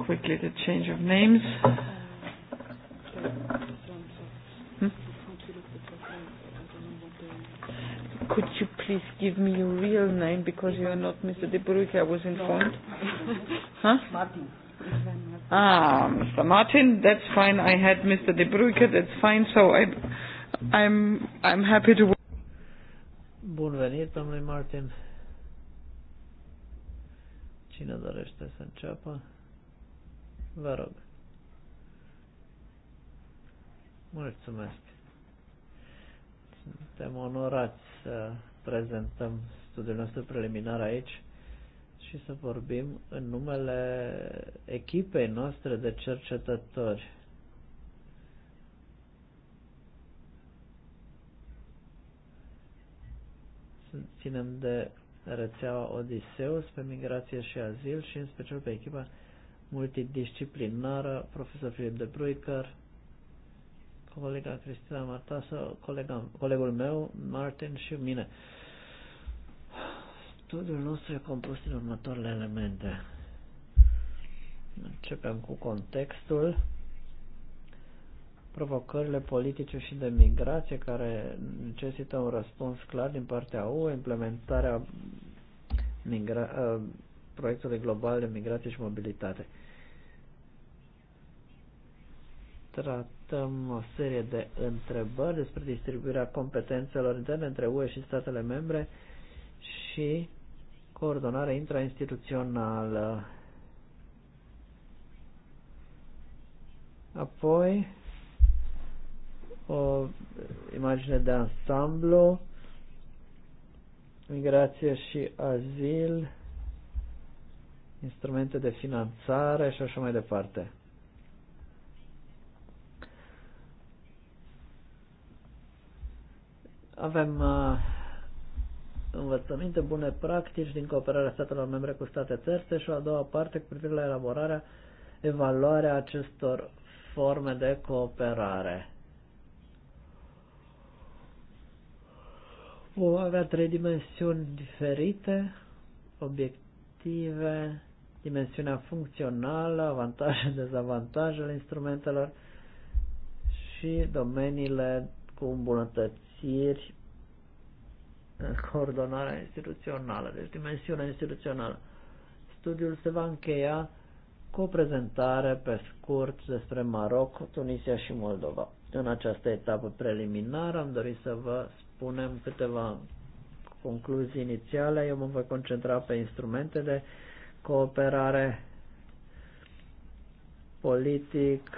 Speaker 3: Quickly the change of names. Hmm? Could you please give me your real name because you are not Mr. De Bruyke, I was informed. Huh? Martin. Ah, Mr. Martin, that's fine. I had Mr. De Bruyke, that's fine. So I, I'm, I'm happy to.
Speaker 2: Bun venit, domnule Martin. Cine dorește să înceapă? Vă rog. Mulțumesc. Suntem onorați să prezentăm studiul nostru preliminar aici și să vorbim în numele echipei noastre de cercetători. ținem de rețeaua Odiseus pe migrație și azil și în special pe echipa multidisciplinară, profesor Filip de Bruiker, colega Cristina Martasă, colegul meu, Martin și mine. Studiul nostru e compus din următoarele elemente. Începem cu contextul, provocările politice și de migrație care necesită un răspuns clar din partea UE, implementarea migra- ă, proiectului global de migrație și mobilitate. Tratăm o serie de întrebări despre distribuirea competențelor interne între UE și statele membre și coordonare intrainstituțională. Apoi, o imagine de ansamblu, migrație și azil, instrumente de finanțare și așa mai departe. Avem uh, învățăminte, bune practici din cooperarea statelor membre cu state terțe și o a doua parte cu privire la elaborarea, evaluarea acestor forme de cooperare. Vom avea trei dimensiuni diferite, obiective, dimensiunea funcțională, avantaje, dezavantajele instrumentelor și domeniile cu îmbunătățiri coordonarea instituțională, deci dimensiunea instituțională. Studiul se va încheia cu o prezentare pe scurt despre Maroc, Tunisia și Moldova. În această etapă preliminară am dorit să vă spunem câteva concluzii inițiale. Eu mă voi concentra pe instrumente de cooperare politic.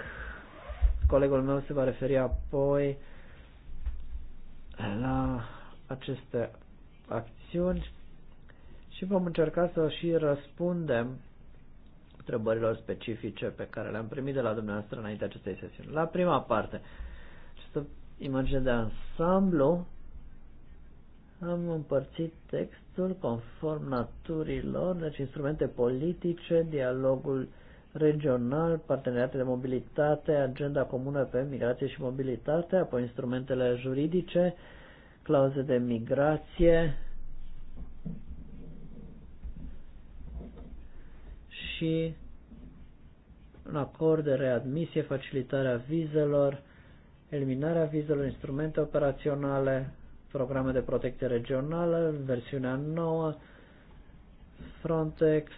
Speaker 2: Colegul meu se va referi apoi la aceste acțiuni și vom încerca să și răspundem întrebărilor specifice pe care le-am primit de la dumneavoastră înainte acestei sesiuni. La prima parte, această imagine de ansamblu, am împărțit textul conform naturilor, deci instrumente politice, dialogul regional, parteneriate de mobilitate, agenda comună pe migrație și mobilitate, apoi instrumentele juridice, clauze de migrație și un acord de readmisie, facilitarea vizelor, eliminarea vizelor, instrumente operaționale, programe de protecție regională, versiunea nouă, Frontex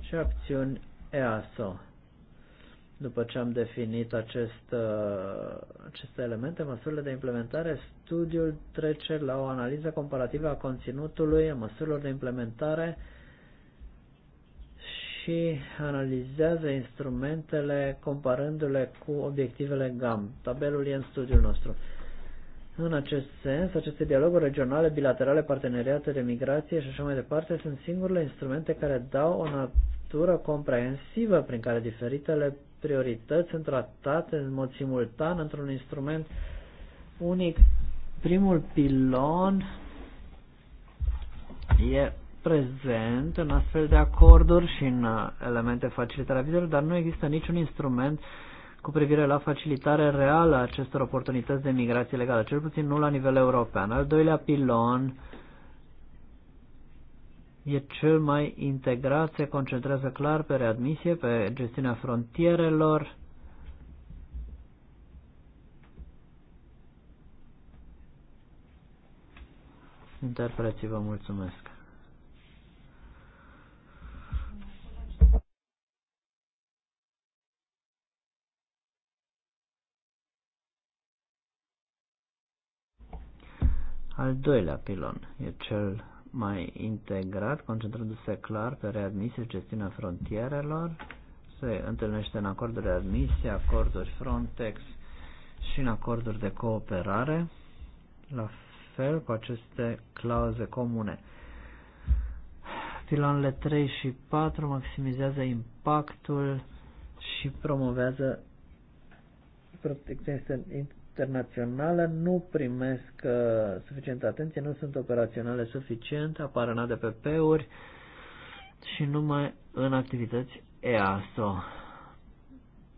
Speaker 2: și acțiuni EASO. După ce am definit acest, uh, aceste elemente, măsurile de implementare, studiul trece la o analiză comparativă a conținutului, a măsurilor de implementare și analizează instrumentele comparându-le cu obiectivele GAM. Tabelul e în studiul nostru. În acest sens, aceste dialoguri regionale, bilaterale, parteneriate de migrație și așa mai departe sunt singurele instrumente care dau o natură comprehensivă prin care diferitele priorități sunt tratate în mod simultan într-un instrument unic. Primul pilon e prezent în astfel de acorduri și în uh, elemente a vizelor, dar nu există niciun instrument cu privire la facilitare reală a acestor oportunități de migrație legală, cel puțin nu la nivel european. Al doilea pilon e cel mai integrat, se concentrează clar pe readmisie, pe gestiunea frontierelor, Interpreții vă mulțumesc. Al doilea pilon e cel mai integrat, concentrându-se clar pe readmisie gestiunea frontierelor. Se întâlnește în acorduri de admisie, acorduri Frontex și în acorduri de cooperare, la fel cu aceste clauze comune. Pilonele 3 și 4 maximizează impactul și promovează protecția internațională nu primesc uh, suficientă atenție, nu sunt operaționale suficient, apar în ADPP-uri și numai în activități EASO,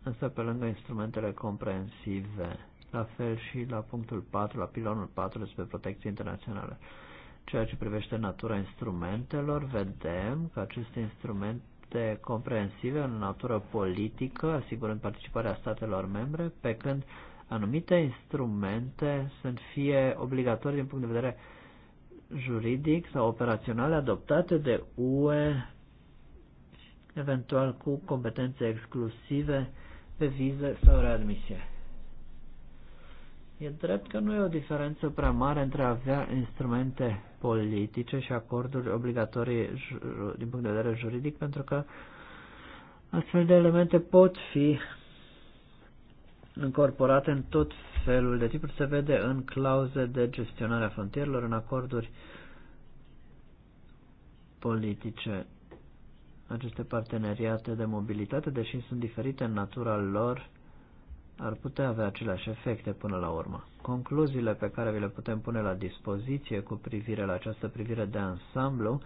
Speaker 2: însă pe lângă instrumentele comprensive, la fel și la punctul 4, la pilonul 4 despre protecție internațională. Ceea ce privește natura instrumentelor, vedem că aceste instrumente comprensive în natură politică, asigurând participarea statelor membre, pe când Anumite instrumente sunt fie obligatorii din punct de vedere juridic sau operaționale adoptate de UE, eventual cu competențe exclusive pe viză sau readmisie. E drept că nu e o diferență prea mare între a avea instrumente politice și acorduri obligatorii din punct de vedere juridic, pentru că astfel de elemente pot fi încorporate în tot felul de tipuri, se vede în clauze de gestionare a frontierelor, în acorduri politice. Aceste parteneriate de mobilitate, deși sunt diferite în natura lor, ar putea avea aceleași efecte până la urmă. Concluziile pe care vi le putem pune la dispoziție cu privire la această privire de ansamblu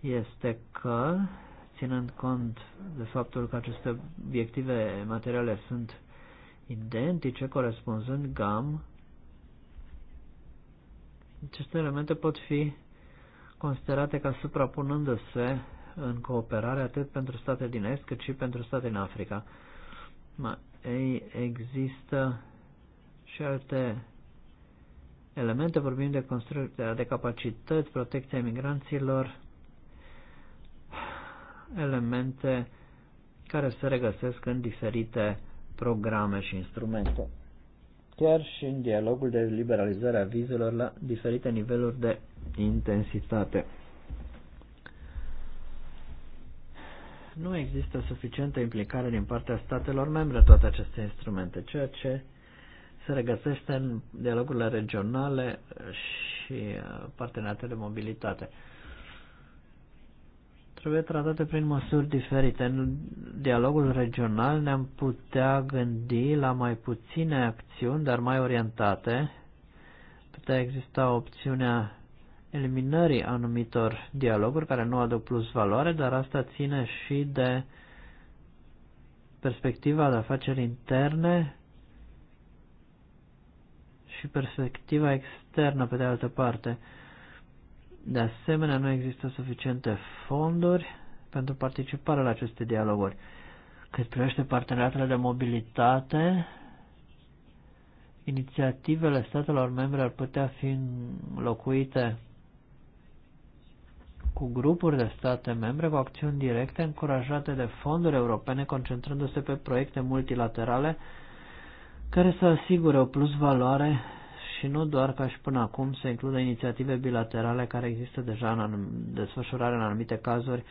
Speaker 2: este că, ținând cont de faptul că aceste obiective materiale sunt identice corespunzând gam. Aceste elemente pot fi considerate ca suprapunându-se în cooperare atât pentru state din Est cât și pentru state din Africa. Ei există și alte elemente, vorbim de construcția de capacități, protecția migranților, elemente care se regăsesc în diferite programe și instrumente. Chiar și în dialogul de liberalizare a vizelor la diferite niveluri de intensitate. Nu există suficientă implicare din partea statelor membre toate aceste instrumente, ceea ce se regăsește în dialogurile regionale și uh, parteneriatele de mobilitate trebuie tratate prin măsuri diferite. În dialogul regional ne-am putea gândi la mai puține acțiuni, dar mai orientate. Putea exista opțiunea eliminării anumitor dialoguri care nu aduc plus valoare, dar asta ține și de perspectiva de afaceri interne și perspectiva externă pe de altă parte. De asemenea, nu există suficiente fonduri pentru participarea la aceste dialoguri. Cât privește parteneriatele de mobilitate, inițiativele statelor membre ar putea fi înlocuite cu grupuri de state membre cu acțiuni directe încurajate de fonduri europene, concentrându-se pe proiecte multilaterale care să asigure o plus valoare și nu doar ca și până acum se includă inițiative bilaterale care există deja în desfășurare în anumite cazuri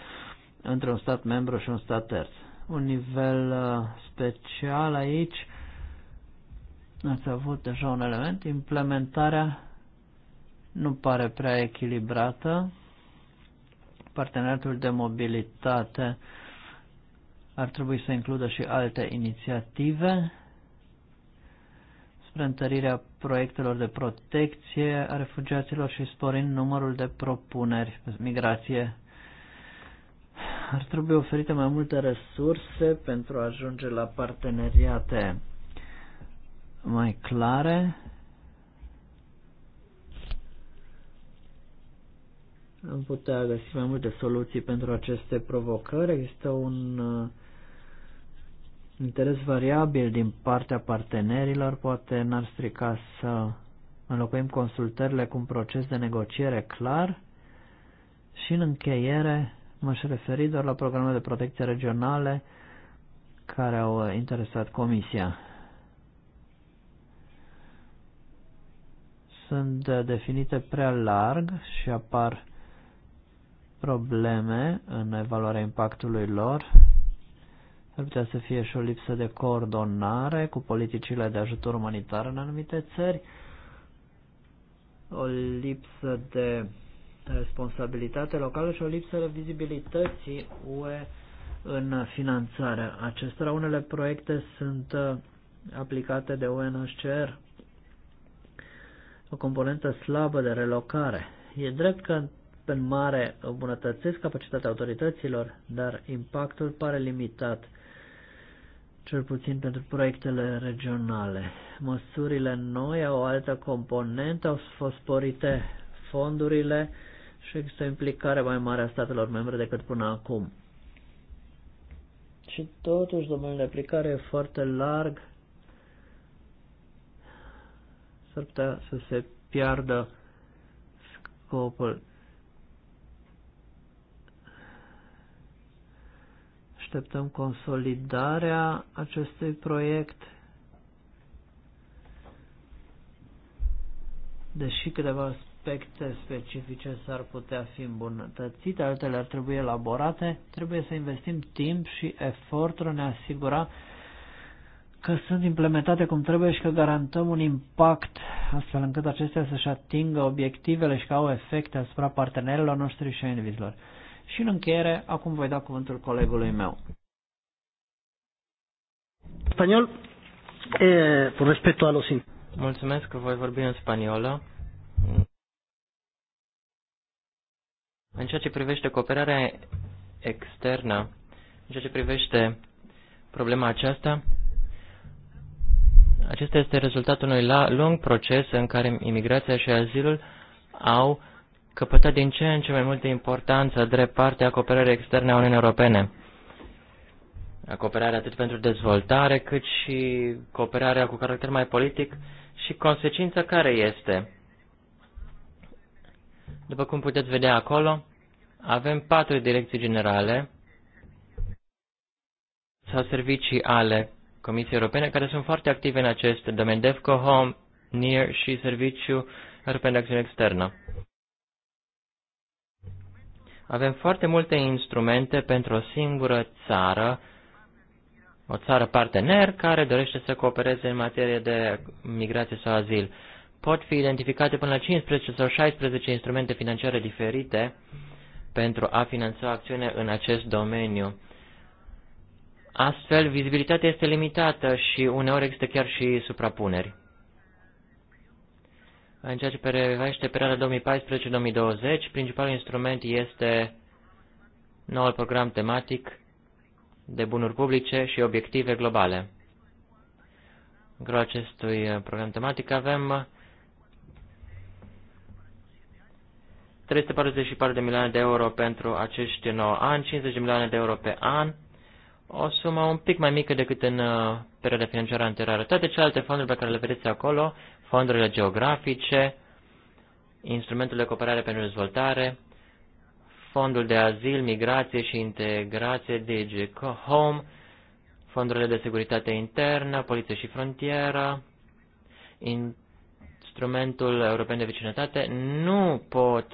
Speaker 2: între un stat membru și un stat terț. Un nivel uh, special aici, ați avut deja un element, implementarea nu pare prea echilibrată, parteneriatul de mobilitate ar trebui să includă și alte inițiative, întărirea proiectelor de protecție a refugiaților și sporind numărul de propuneri migrație. Ar trebui oferite mai multe resurse pentru a ajunge la parteneriate mai clare. Am putea găsi mai multe soluții pentru aceste provocări. Există un uh, interes variabil din partea partenerilor, poate n-ar strica să înlocuim consultările cu un proces de negociere clar și în încheiere m-aș referi doar la programele de protecție regionale care au interesat Comisia. Sunt definite prea larg și apar probleme în evaluarea impactului lor, ar putea să fie și o lipsă de coordonare cu politicile de ajutor umanitar în anumite țări, o lipsă de responsabilitate locală și o lipsă de vizibilității UE în finanțarea acestora. Unele proiecte sunt uh, aplicate de UNHCR, o componentă slabă de relocare. E drept că în mare îmbunătățesc capacitatea autorităților, dar impactul pare limitat cel puțin pentru proiectele regionale. Măsurile noi au o altă componentă, au fost sporite fondurile și există o implicare mai mare a statelor membre decât până acum. Și totuși domeniul de aplicare e foarte larg, s-ar putea să se piardă scopul Așteptăm consolidarea acestui proiect. Deși câteva aspecte specifice s-ar putea fi îmbunătățite, altele ar trebui elaborate, trebuie să investim timp și efort în a asigura că sunt implementate cum trebuie și că garantăm un impact astfel încât acestea să-și atingă obiectivele și că au efecte asupra partenerilor noștri și a indivizilor. Și în încheiere, acum voi da cuvântul colegului meu.
Speaker 4: Spaniol, cu respectul a losin. Mulțumesc că voi vorbi în spaniolă. În ceea ce privește cooperarea externă, în ceea ce privește problema aceasta, acesta este rezultatul unui lung proces în care imigrația și azilul au căpătă din ce în ce mai multă importanță drept parte a cooperării externe a Uniunii Europene. Acoperarea atât pentru dezvoltare, cât și cooperarea cu caracter mai politic și consecința care este. După cum puteți vedea acolo, avem patru direcții generale sau servicii ale Comisiei Europene care sunt foarte active în acest domeniu, DEFCO, HOME, NIR și Serviciu European de Acțiune Externă. Avem foarte multe instrumente pentru o singură țară, o țară partener care dorește să coopereze în materie de migrație sau azil. Pot fi identificate până la 15 sau 16 instrumente financiare diferite pentru a finanța acțiune în acest domeniu. Astfel, vizibilitatea este limitată și uneori există chiar și suprapuneri. În ceea ce privește perioada 2014-2020, principalul instrument este noul program tematic de bunuri publice și obiective globale. În cadrul acestui uh, program tematic avem 344 de milioane de euro pentru acești 9 ani, 50 de milioane de euro pe an, o sumă un pic mai mică decât în uh, perioada financiară anterioară. Toate celelalte fonduri pe care le vedeți acolo fondurile geografice, instrumentul de cooperare pentru dezvoltare, fondul de azil, migrație și integrație DG Home, fondurile de securitate internă, poliție și frontieră, instrumentul european de vecinătate, nu pot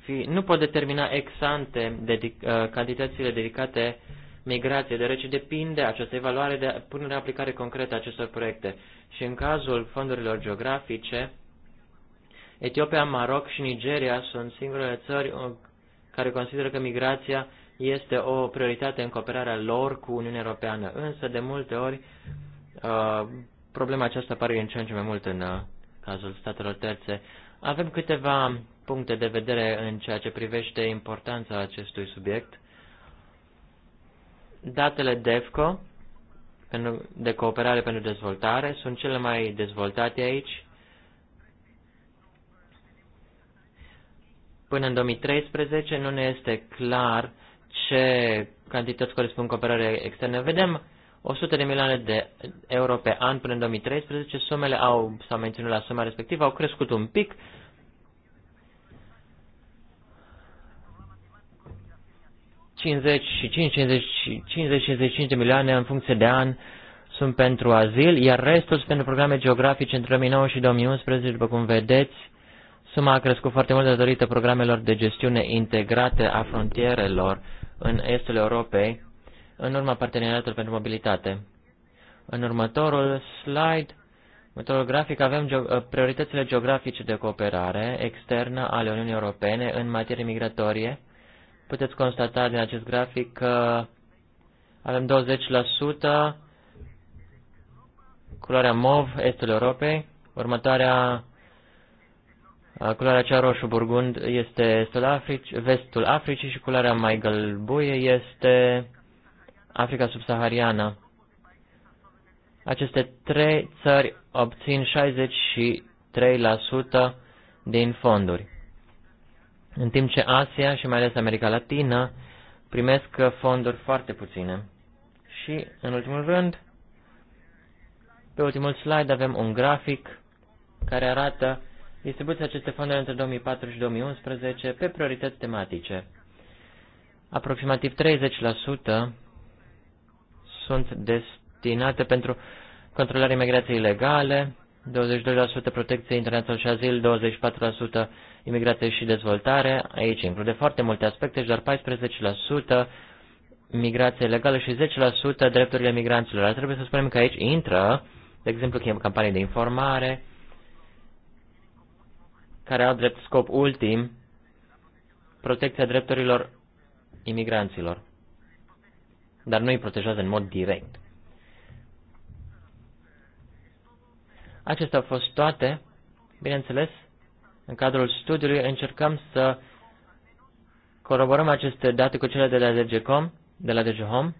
Speaker 4: fi, nu pot determina ex ante dedic, uh, cantitățile dedicate uh, migrație, deoarece depinde această evaluare de în aplicare concretă a acestor proiecte. Și în cazul fondurilor geografice, Etiopia, Maroc și Nigeria sunt singurele țări uh, care consideră că migrația este o prioritate în cooperarea lor cu Uniunea Europeană. Însă, de multe ori, uh, problema aceasta apare în ce în ce mai mult în uh, cazul statelor terțe. Avem câteva puncte de vedere în ceea ce privește importanța acestui subiect. Datele DEFCO de cooperare pentru dezvoltare sunt cele mai dezvoltate aici. Până în 2013 nu ne este clar ce cantități corespund cooperare externe. Vedem 100 de milioane de euro pe an până în 2013, sumele au, s-au menținut la suma respectivă, au crescut un pic, 55, 50, 50, 55 de milioane în funcție de an sunt pentru azil, iar restul sunt pentru programe geografice între 2009 și 2011, după cum vedeți. Suma a crescut foarte mult datorită programelor de gestiune integrate a frontierelor în estul Europei, în urma parteneriatului pentru mobilitate. În următorul slide, următorul grafic, avem uh, prioritățile geografice de cooperare externă ale Uniunii Europene în materie migratorie, Puteți constata din acest grafic că avem 20% culoarea mov, estul Europei. Următoarea culoarea cea roșu burgund este estul Africi, vestul Africii și culoarea mai galbuie este Africa subsahariană. Aceste trei țări obțin 63% din fonduri în timp ce Asia și mai ales America Latină primesc fonduri foarte puține. Și, în ultimul rând, pe ultimul slide avem un grafic care arată distribuția acestei fonduri între 2004 și 2011 pe priorități tematice. Aproximativ 30% sunt destinate pentru controlarea imigrației ilegale, 22% protecție internațională și azil, 24% imigrație și dezvoltare, aici include foarte multe aspecte și doar 14% migrație legală și 10% drepturile migranților. Ar trebui să spunem că aici intră, de exemplu, campanii de informare, care au drept scop ultim protecția drepturilor imigranților, dar nu îi protejează în mod direct. Acestea au fost toate, bineînțeles, în cadrul studiului încercăm să coroborăm aceste date cu cele de la DGCOM, de la DGHOM.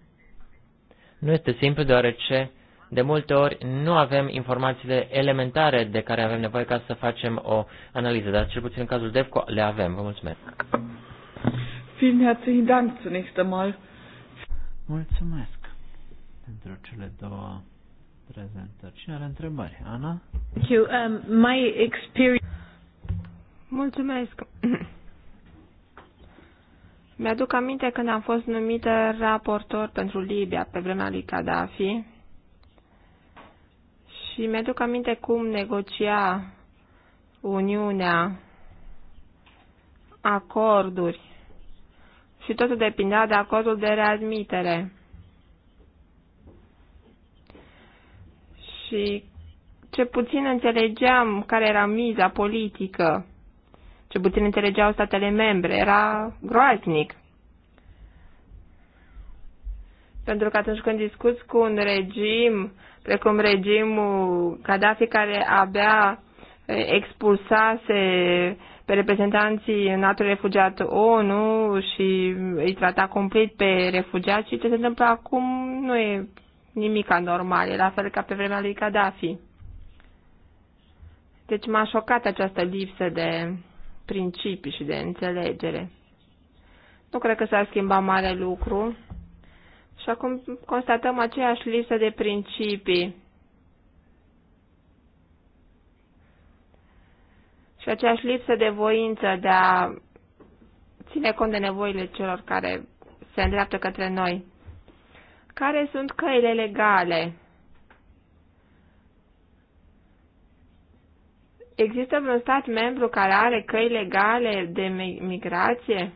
Speaker 4: Nu este simplu, deoarece de multe ori nu avem informațiile elementare de care avem nevoie ca să facem o analiză, dar cel puțin în cazul DEVCO le avem. Vă mulțumesc!
Speaker 3: Vielen herzlichen Dank zunächst einmal. Mulțumesc
Speaker 2: pentru cele două prezentări. Cine are întrebări? Ana?
Speaker 1: Thank you. Um, my experience... Mulțumesc! Mi-aduc aminte când am fost numită raportor pentru Libia pe vremea lui Gaddafi și mi-aduc aminte cum negocia Uniunea acorduri și totul depindea de acordul de readmitere. Și ce puțin înțelegeam care era miza politică ce puțin înțelegeau statele membre. Era groaznic. Pentru că atunci când discuți cu un regim, precum regimul Gaddafi, care abia eh, expulsase pe reprezentanții în altul refugiat ONU și îi trata complet pe refugiați și ce se întâmplă acum nu e nimic anormal, e la fel ca pe vremea lui Gaddafi. Deci m-a șocat această lipsă de principii și de înțelegere. Nu cred că s-a schimbat mare lucru și acum constatăm aceeași lipsă de principii și aceeași lipsă de voință de a ține cont de nevoile celor care se îndreaptă către noi. Care sunt căile legale Există vreun stat membru care are căi legale de migrație?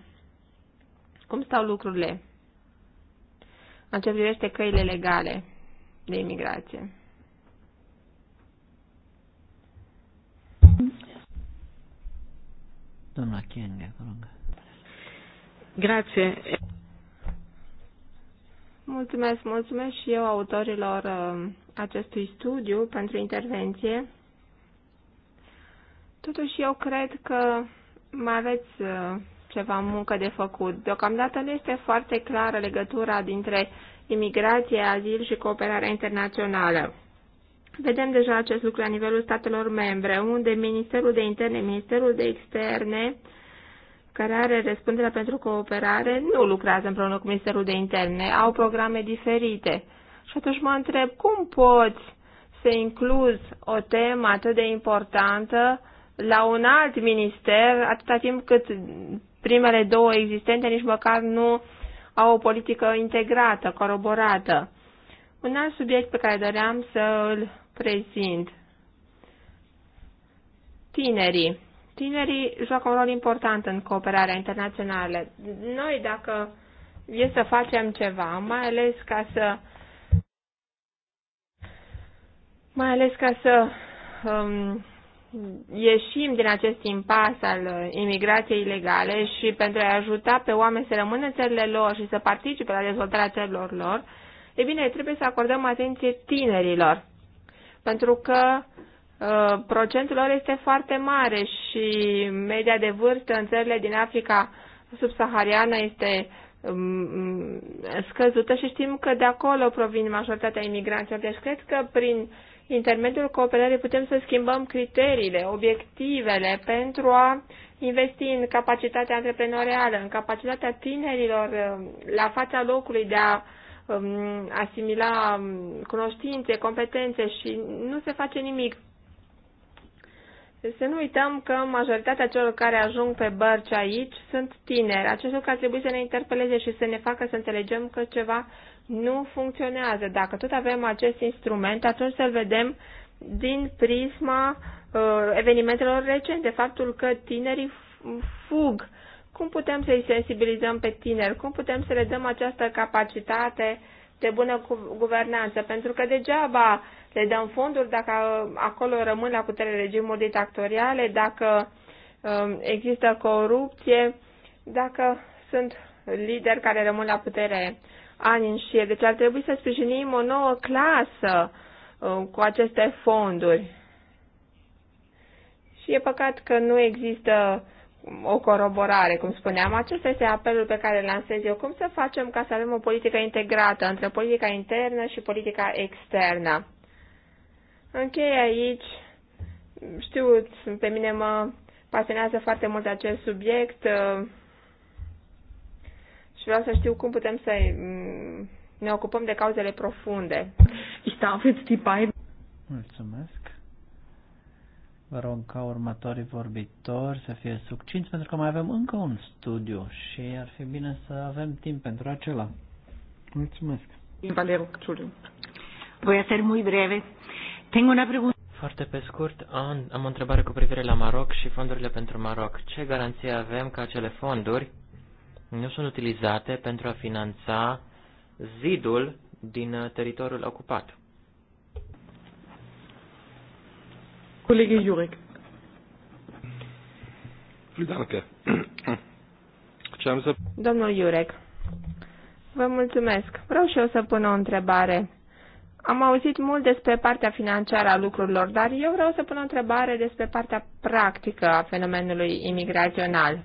Speaker 1: Cum stau lucrurile în ce privește căile legale de imigrație?
Speaker 2: Doamna Chienge, vă rog.
Speaker 3: Grație.
Speaker 1: Mulțumesc, mulțumesc și eu autorilor uh, acestui studiu pentru intervenție. Totuși, eu cred că mai aveți uh, ceva muncă de făcut. Deocamdată nu este foarte clară legătura dintre imigrație, azil și cooperarea internațională. Vedem deja acest lucru la nivelul statelor membre, unde Ministerul de Interne, Ministerul de Externe, care are răspunderea pentru cooperare, nu lucrează împreună cu Ministerul de Interne, au programe diferite. Și atunci mă întreb, cum poți să incluzi o temă atât de importantă la un alt minister atâta timp cât primele două existente nici măcar nu au o politică integrată, coroborată. Un alt subiect pe care doream să îl prezint. Tinerii. Tinerii joacă un rol important în cooperarea internațională. Noi, dacă e să facem ceva, mai ales ca să mai ales ca să um, ieșim din acest impas al uh, imigrației ilegale și pentru a ajuta pe oameni să rămână în țările lor și să participe la dezvoltarea țărilor lor, e bine, trebuie să acordăm atenție tinerilor, pentru că uh, procentul lor este foarte mare și media de vârstă în țările din Africa subsahariană este um, scăzută și știm că de acolo provin majoritatea imigranților. Deci cred că prin uh, intermediul cooperării putem să schimbăm criteriile, obiectivele pentru a investi în capacitatea antreprenorială, în capacitatea tinerilor um, la fața locului de a um, asimila um, cunoștințe, competențe și nu se face nimic. Să nu uităm că majoritatea celor care ajung pe bărci aici sunt tineri. Acest lucru ar trebui să ne interpeleze și să ne facă să înțelegem că ceva nu funcționează. Dacă tot avem acest instrument, atunci să-l vedem din prisma uh, evenimentelor recente, faptul că tinerii fug. Cum putem să-i sensibilizăm pe tineri? Cum putem să le dăm această capacitate de bună guvernanță? Pentru că degeaba le dăm fonduri dacă acolo rămân la putere regimuri dictatoriale, dacă uh, există corupție, dacă sunt lideri care rămân la putere ani în șir. Deci ar trebui să sprijinim o nouă clasă uh, cu aceste fonduri. Și e păcat că nu există o coroborare, cum spuneam. Acesta este apelul pe care îl lansez eu. Cum să facem ca să avem o politică integrată între politica internă și politica externă? Închei aici. Știu, pe mine mă pasionează foarte mult acest subiect. Uh, și vreau să știu cum putem să mm, ne ocupăm de cauzele profunde. Ich darf jetzt die beiden.
Speaker 3: Mulțumesc.
Speaker 2: Vă rog ca următorii vorbitori să fie succinți pentru că mai avem încă un studiu și ar fi bine să avem timp pentru acela. Mulțumesc.
Speaker 3: Valero, Giuliu. Voi ser muy breve. Tengo una pregunta. Foarte pe
Speaker 4: scurt, am, am o întrebare cu privire la Maroc și fondurile pentru Maroc. Ce garanție avem că acele fonduri nu sunt utilizate pentru a finanța zidul din uh, teritoriul ocupat.
Speaker 1: Colegi Iurec.
Speaker 4: Ce am să...
Speaker 1: Domnul Iurec, vă mulțumesc. Vreau și eu să pun o întrebare. Am auzit mult despre partea financiară a lucrurilor, dar eu vreau să pun o întrebare despre partea practică a fenomenului imigrațional.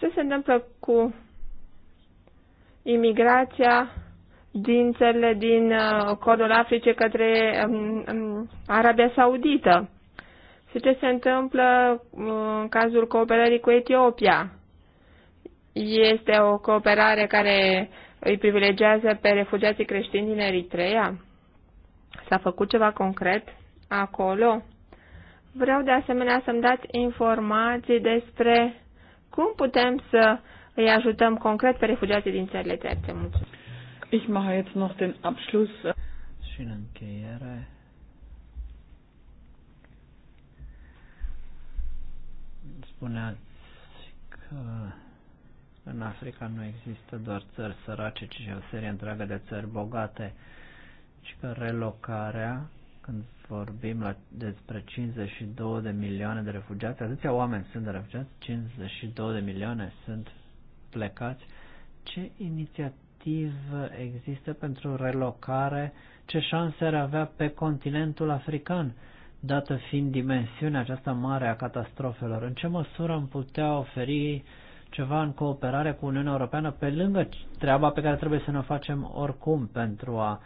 Speaker 1: Ce se întâmplă cu imigrația din țările din uh, Codul Africe către um, um, Arabia Saudită? Și ce se întâmplă uh, în cazul cooperării cu Etiopia? Este o cooperare care îi privilegiază pe refugiații creștini din Eritrea? S-a făcut ceva concret acolo? Vreau de asemenea să-mi dați informații despre cum putem să îi ajutăm concret pe refugiații din țările terțe? Mulțumesc. Ich mache jetzt noch den Abschluss.
Speaker 2: Și în încheiere. Spuneați că în Africa nu există doar țări sărace, ci și o serie întreagă de țări bogate, ci că relocarea când vorbim la, despre 52 de milioane de refugiați, atâția oameni sunt de refugiați, 52 de milioane sunt plecați, ce inițiativă există pentru relocare, ce șanse ar avea pe continentul african, dată fiind dimensiunea aceasta mare a catastrofelor? În ce măsură am putea oferi ceva în cooperare cu Uniunea Europeană pe lângă treaba pe care trebuie să ne o facem oricum pentru a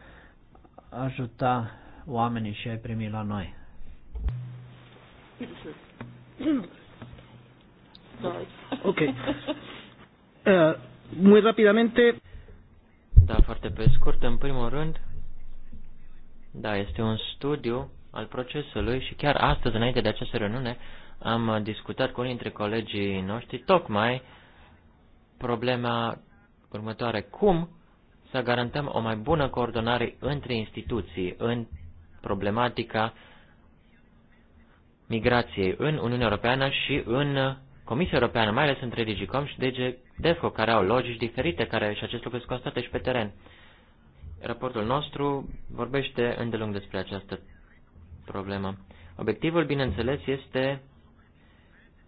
Speaker 2: ajuta oamenii și ai primit la noi.
Speaker 4: Ok.
Speaker 3: Uh,
Speaker 4: eh, rapidamente. Da, foarte pe scurt. În primul rând, da, este un studiu al procesului și chiar astăzi, înainte de această reuniune, am discutat cu unii dintre colegii noștri tocmai problema următoare. Cum să garantăm o mai bună coordonare între instituții, în problematica migrației în Uniunea Europeană și în Comisia Europeană, mai ales între DigiCom și DG DEFCO, care au logici diferite care, și acest lucru se constată și pe teren. Raportul nostru vorbește îndelung despre această problemă. Obiectivul, bineînțeles, este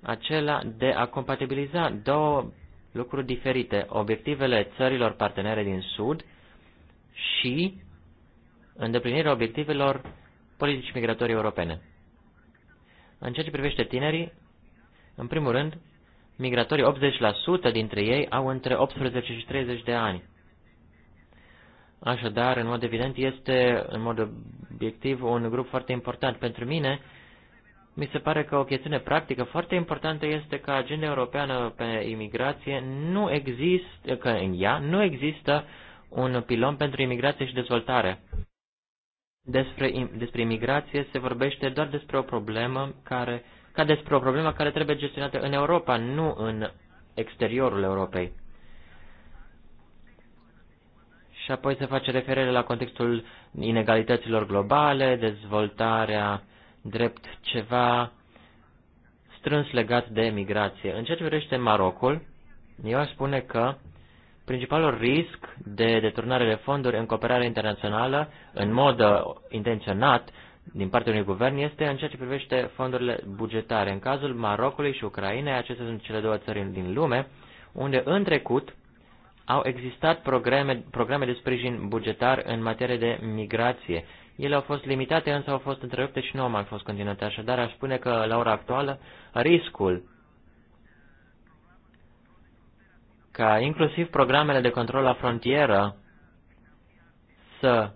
Speaker 4: acela de a compatibiliza două lucruri diferite, obiectivele țărilor partenere din Sud și îndeplinirea obiectivelor politici migratorii europene. În ceea ce privește tinerii, în primul rând, migratorii 80% dintre ei au între 18 și 30 de ani. Așadar, în mod evident, este, în mod obiectiv, un grup foarte important. Pentru mine, mi se pare că o chestiune practică foarte importantă este că agenda europeană pe imigrație nu există, că în ea nu există un pilon pentru imigrație și dezvoltare despre, despre imigrație se vorbește doar despre o problemă care, ca despre o problemă care trebuie gestionată în Europa, nu în exteriorul Europei. Și apoi se face referire la contextul inegalităților globale, dezvoltarea drept ceva strâns legat de migrație. În ceea ce privește Marocul, eu aș spune că Principalul risc de deturnare de fonduri în cooperare internațională, în mod uh, intenționat, din partea unui guvern este în ceea ce privește fondurile bugetare. În cazul Marocului și Ucrainei, acestea sunt cele două țări din lume, unde în trecut au existat programe, programe de sprijin bugetar în materie de migrație. Ele au fost limitate, însă au fost întrerupte și nu au mai fost continuate. Așadar, aș spune că, la ora actuală, riscul ca inclusiv programele de control la frontieră să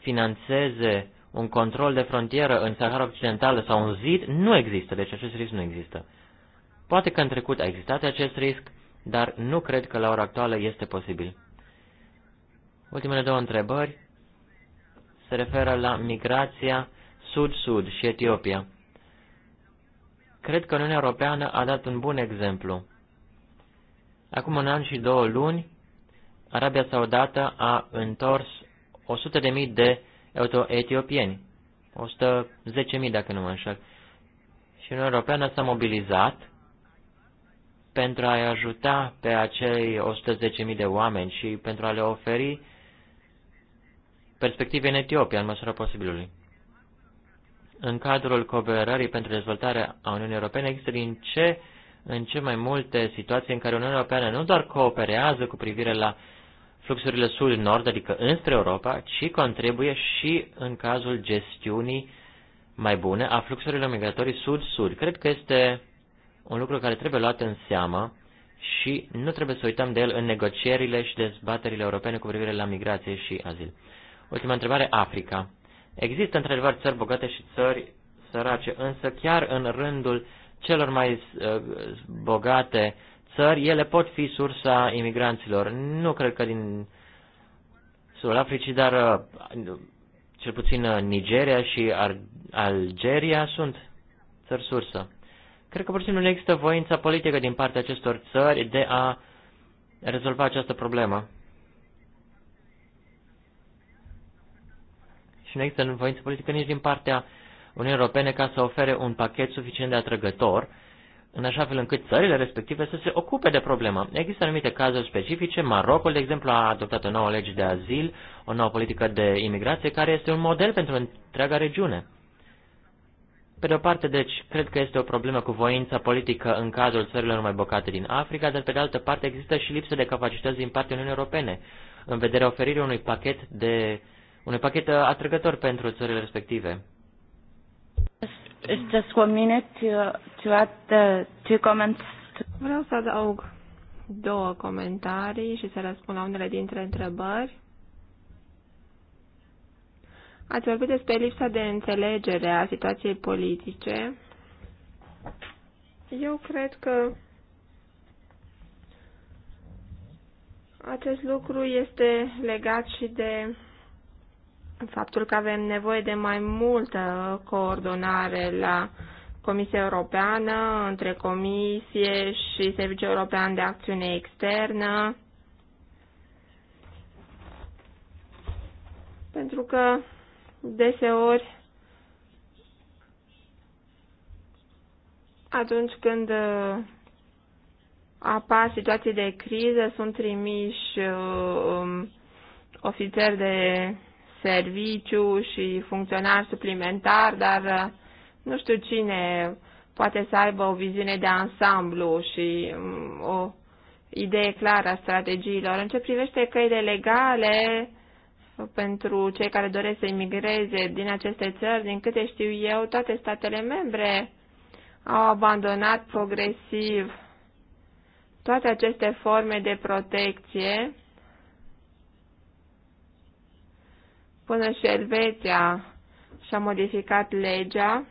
Speaker 4: financeze un control de frontieră în Sahara Occidentală sau un zid, nu există, deci acest risc nu există. Poate că în trecut a existat acest risc, dar nu cred că la ora actuală este posibil. Ultimele două întrebări se referă la migrația sud-sud și Etiopia. Cred că Uniunea Europeană a dat un bun exemplu. Acum un an și două luni, Arabia Saudată a întors 100.000 de etiopieni, 110.000 dacă nu mă înșel. Și Uniunea Europeană s-a mobilizat pentru a-i ajuta pe acei 110.000 de oameni și pentru a le oferi perspective în Etiopia, în măsura posibilului. În cadrul cooperării pentru dezvoltarea a Uniunii Europene există din ce în ce mai multe situații în care Uniunea Europeană nu doar cooperează cu privire la fluxurile sud-nord, adică înspre Europa, ci contribuie și în cazul gestiunii mai bune a fluxurilor migratorii sud-sud. Cred că este un lucru care trebuie luat în seamă și nu trebuie să uităm de el în negocierile și dezbaterile europene cu privire la migrație și azil. Ultima întrebare, Africa. Există într-adevăr țări bogate și țări sărace, însă chiar în rândul celor mai uh, bogate țări, ele pot fi sursa imigranților. Nu cred că din Sudul Africii, dar uh, cel puțin uh, Nigeria și Algeria sunt țări sursă. Cred că pur și simplu nu există voința politică din partea acestor țări de a rezolva această problemă. Și nu există voință politică nici din partea Uniunii Europene ca să ofere un pachet suficient de atrăgător, în așa fel încât țările respective să se ocupe de problemă. Există anumite cazuri specifice. Marocul, de exemplu, a adoptat o nouă lege de azil, o nouă politică de imigrație, care este un model pentru întreaga regiune. Pe de o parte, deci, cred că este o problemă cu voința politică în cazul țărilor mai bogate din Africa, dar pe de altă parte există și lipsă de capacități din partea Uniunii Europene în vederea oferirii unui pachet de unui pachet uh, atrăgător pentru țările respective
Speaker 1: just one minute to, to add the two comments. Vreau să adaug două comentarii și să răspund la unele dintre întrebări. Ați vorbit despre lipsa de înțelegere a situației politice. Eu cred că acest lucru este legat și de faptul că avem nevoie de mai multă coordonare la Comisia Europeană, între Comisie și Serviciul European de Acțiune Externă, pentru că deseori atunci când apar situații de criză, sunt trimiși uh, um, ofițeri de serviciu și funcționar suplimentar, dar uh, nu știu cine poate să aibă o viziune de ansamblu și mm, o idee clară a strategiilor. În ce privește căile legale uh, pentru cei care doresc să imigreze din aceste țări, din câte știu eu, toate statele membre au abandonat progresiv toate aceste forme de protecție Până și Elveția și-a modificat legea.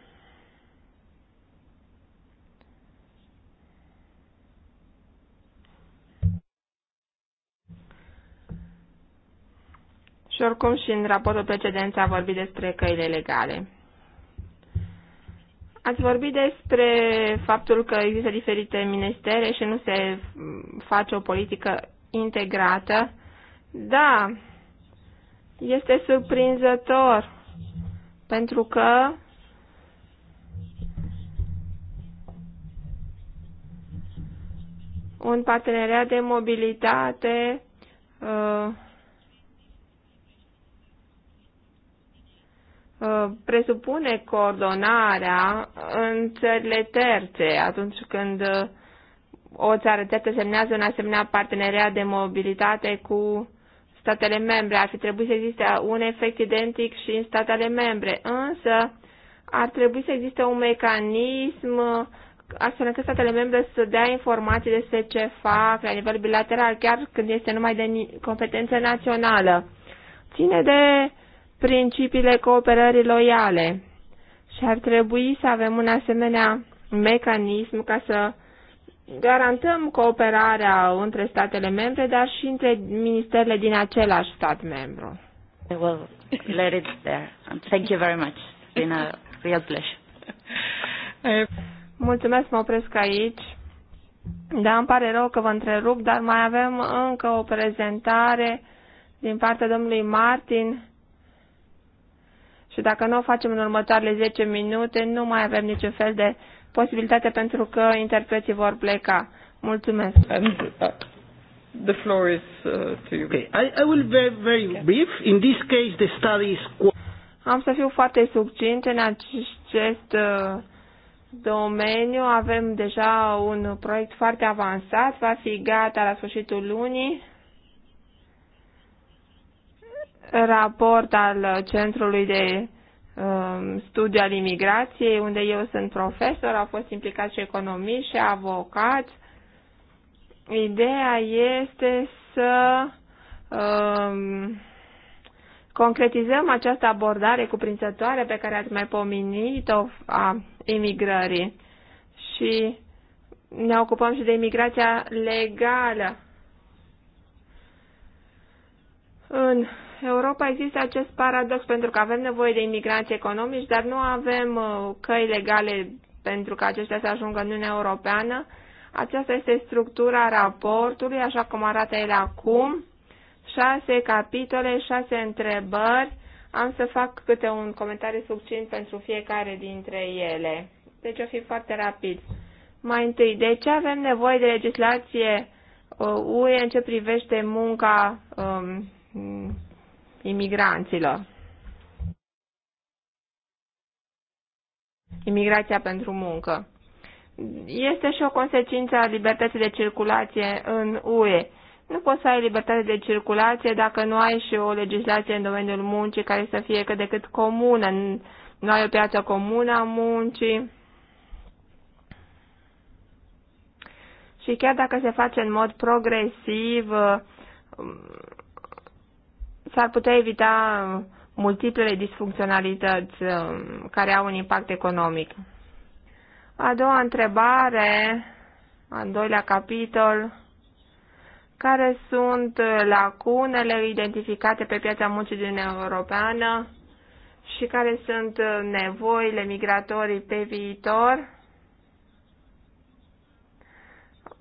Speaker 1: Și oricum și în raportul precedent a vorbit despre căile legale. Ați vorbit despre faptul că există diferite ministere și nu se face o politică integrată. Da, este surprinzător pentru că un parteneriat de mobilitate uh, uh, presupune coordonarea în țările terțe atunci când uh, o țară terță semnează un asemenea parteneriat de mobilitate cu statele membre. Ar fi trebuit să existe un efect identic și în statele membre, însă ar trebui să existe un mecanism astfel încât statele membre să dea informații despre ce fac la nivel bilateral, chiar când este numai de competență națională. Ține de principiile cooperării loiale și ar trebui să avem un asemenea mecanism ca să garantăm cooperarea între statele membre, dar și între ministerele din același stat membru. let it there. thank you very much. It's been a real pleasure. Mulțumesc, mă opresc aici. Da, îmi pare rău că vă întrerup, dar mai avem încă o prezentare din partea domnului Martin. Și dacă nu o facem în următoarele 10 minute, nu mai avem niciun fel de posibilitate pentru că interpreții vor pleca. Mulțumesc. And, uh, the
Speaker 3: floor is uh, to you. Okay. I, I will very, very brief. In this case, the study is...
Speaker 1: Am să fiu foarte succint în acest uh, domeniu. Avem deja un proiect foarte avansat. Va fi gata la sfârșitul lunii. Raport al Centrului de Um, studiu al imigrației, unde eu sunt profesor, au fost implicați și economiști și avocați. Ideea este să um, concretizăm această abordare cuprinsătoare pe care ați mai pomenit-o a imigrării și ne ocupăm și de imigrația legală. În Europa există acest paradox pentru că avem nevoie de imigranți economici, dar nu avem uh, căi legale pentru că aceștia să ajungă în Uniunea Europeană. Aceasta este structura raportului, așa cum arată el acum. Șase capitole, șase întrebări. Am să fac câte un comentariu succint pentru fiecare dintre ele. Deci o fi foarte rapid. Mai întâi, de ce avem nevoie de legislație uh, UE în ce privește munca um, imigranților. Imigrația pentru muncă. Este și o consecință a libertății de circulație în UE. Nu poți să ai libertate de circulație dacă nu ai și o legislație în domeniul muncii care să fie cât de cât comună. Nu ai o piață comună a muncii. Și chiar dacă se face în mod progresiv, s-ar putea evita uh, multiplele disfuncționalități uh, care au un impact economic. A doua întrebare, al doilea capitol, care sunt lacunele identificate pe piața muncii din Europeană și care sunt uh, nevoile migratorii pe viitor.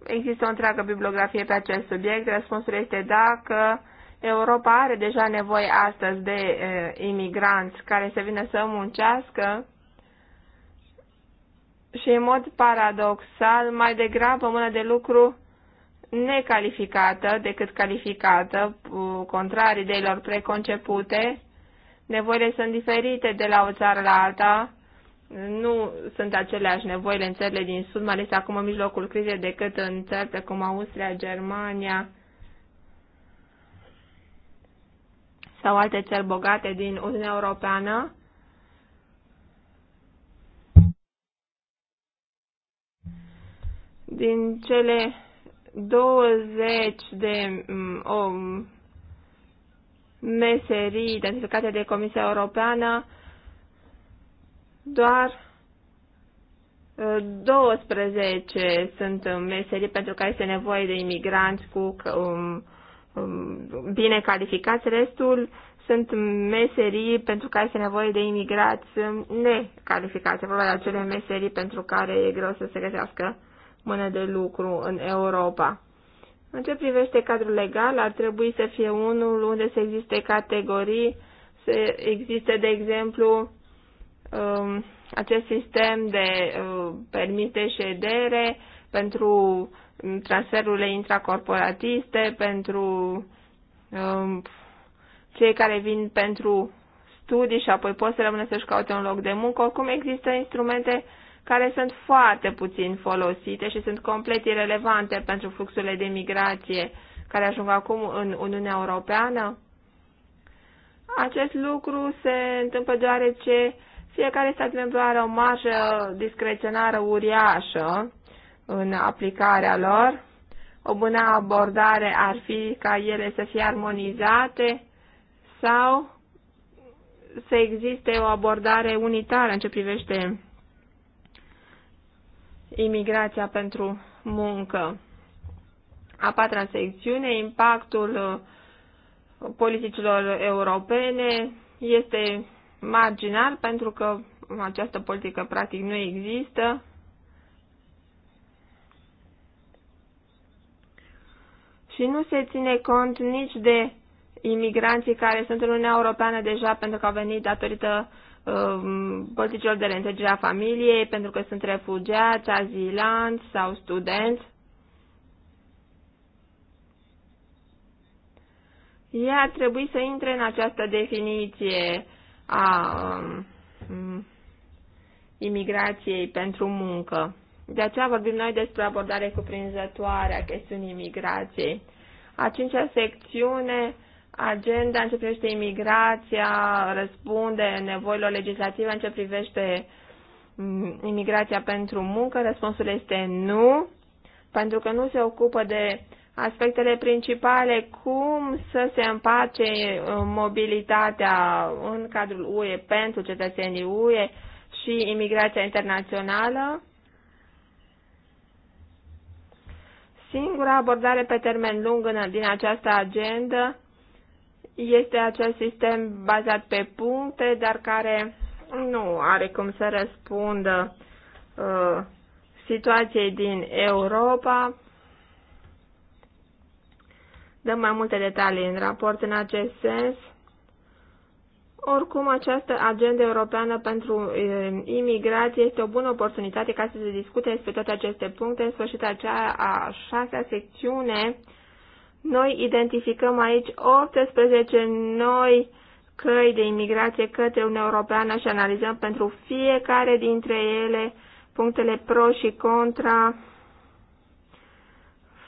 Speaker 1: Există o întreagă bibliografie pe acest subiect. Răspunsul este dacă Europa are deja nevoie astăzi de uh, imigranți care să vină să muncească și, în mod paradoxal, mai degrabă mână de lucru necalificată decât calificată, contrar ideilor preconcepute. Nevoile sunt diferite de la o țară la alta. Nu sunt aceleași nevoile în țările din Sud, mai ales acum în mijlocul crizei, decât în țări precum Austria, Germania, sau alte țări bogate din Uniunea Europeană, din cele 20 de um, meserii identificate de Comisia Europeană, doar 12 uh, sunt meserii pentru care este nevoie de imigranți cu um, Um, bine calificați, restul sunt meserii pentru care este nevoie de imigrați necalificați, vorba de acele meserii pentru care e greu să se găsească mână de lucru în Europa. În ce privește cadrul legal, ar trebui să fie unul unde să existe categorii, să existe, de exemplu, um, acest sistem de uh, permis de ședere pentru transferurile intracorporatiste, pentru um, cei care vin pentru studii și apoi pot să rămână să-și caute un loc de muncă. Oricum există instrumente care sunt foarte puțin folosite și sunt complet irelevante pentru fluxurile de migrație care ajung acum în Uniunea Europeană. Acest lucru se întâmplă deoarece fiecare stat membru are o marjă discreționară uriașă în aplicarea lor. O bună abordare ar fi ca ele să fie armonizate sau să existe o abordare unitară în ce privește imigrația pentru muncă. A patra secțiune, impactul uh, politicilor europene este marginal pentru că această politică practic nu există. și nu se ține cont nici de imigranții care sunt în Uniunea Europeană deja pentru că au venit datorită um, politicilor de reîntregire a familiei, pentru că sunt refugiați, azilanți sau studenți. Ei ar trebui să intre în această definiție a um, imigrației pentru muncă. De aceea vorbim noi despre abordare cuprinzătoare a chestiunii imigrației. A cincea secțiune, agenda în ce privește imigrația, răspunde nevoilor legislative în ce privește mm, imigrația pentru muncă. Răspunsul este nu, pentru că nu se ocupă de aspectele principale, cum să se împace mobilitatea în cadrul UE pentru cetățenii UE și imigrația internațională. Singura abordare pe termen lung în, din această agendă este acest sistem bazat pe puncte, dar care nu are cum să răspundă uh, situației din Europa. Dăm mai multe detalii în raport în acest sens. Oricum, această agenda europeană pentru e, imigrație este o bună oportunitate ca să se discute despre toate aceste puncte. În sfârșit, acea a șasea secțiune, noi identificăm aici 18 noi căi de imigrație către Uniunea Europeană și analizăm pentru fiecare dintre ele punctele pro și contra,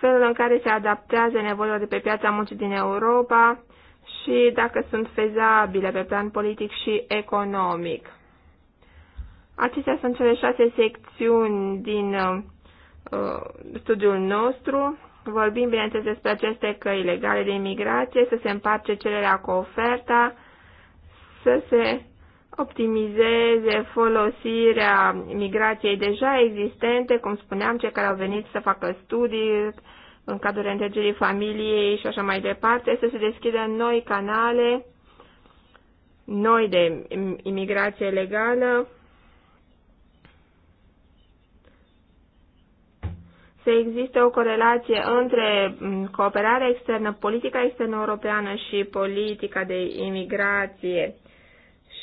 Speaker 1: felul în care se adaptează nevoilor de pe piața muncii din Europa, și dacă sunt fezabile pe plan politic și economic. Acestea sunt cele șase secțiuni din uh, studiul nostru. Vorbim, bineînțeles, despre aceste căi legale de imigrație, să se împarce cererea cu oferta, să se optimizeze folosirea migrației deja existente, cum spuneam, cei care au venit să facă studii, în cadrul reîntregerii familiei și așa mai departe, să se deschidă noi canale, noi de imigrație legală, să existe o corelație între cooperarea externă, politica externă europeană și politica de imigrație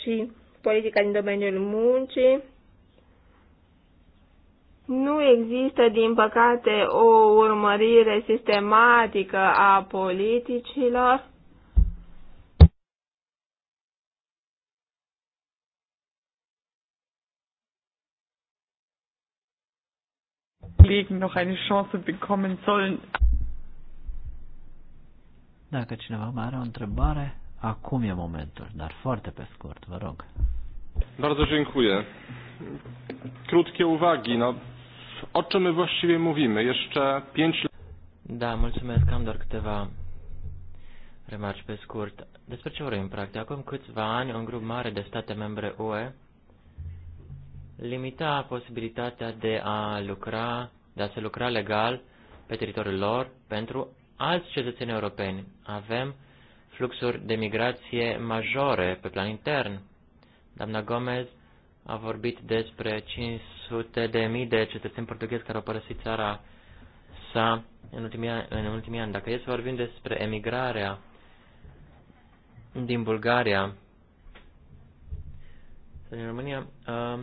Speaker 1: și politica din domeniul muncii, nu există, din păcate, o urmărire sistematică a politicilor.
Speaker 3: noch eine Chance bekommen sollen.
Speaker 2: Dacă cineva mai are o întrebare, acum e momentul, dar foarte pe scurt, vă rog.
Speaker 4: Bardzo dziękuję. Krótkie uwagi. No, o czym my właściwie mówimy? Jeszcze pięć lat... Da, mulțumesc, am doar câteva remarci pe scurt. Despre ce vorbim, practic? Acum câțiva ani, un grup mare de state membre UE limita posibilitatea de a lucra, de a se lucra legal pe teritoriul lor pentru alți cetățeni europeni. Avem fluxuri de migrație majore pe plan intern. Doamna Gomez a vorbit despre 500 de mii de cetățeni portughezi care au părăsit țara sa în ultimii, ani, în ultimii ani. Dacă e să vorbim despre emigrarea din Bulgaria din România, uh,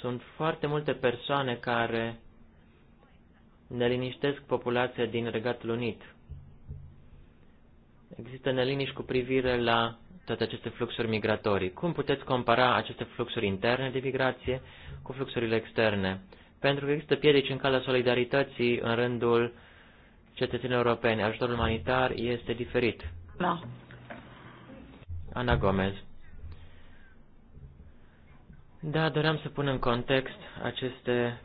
Speaker 4: sunt foarte multe persoane care neliniștesc populația din Regatul Unit. Există neliniști cu privire la toate aceste fluxuri migratorii. Cum puteți compara aceste fluxuri interne de migrație cu fluxurile externe? Pentru că există piedici în calea solidarității în rândul cetățenilor europeni. Ajutorul umanitar este diferit. Da. Ana Gomez. Da, doream să pun în context aceste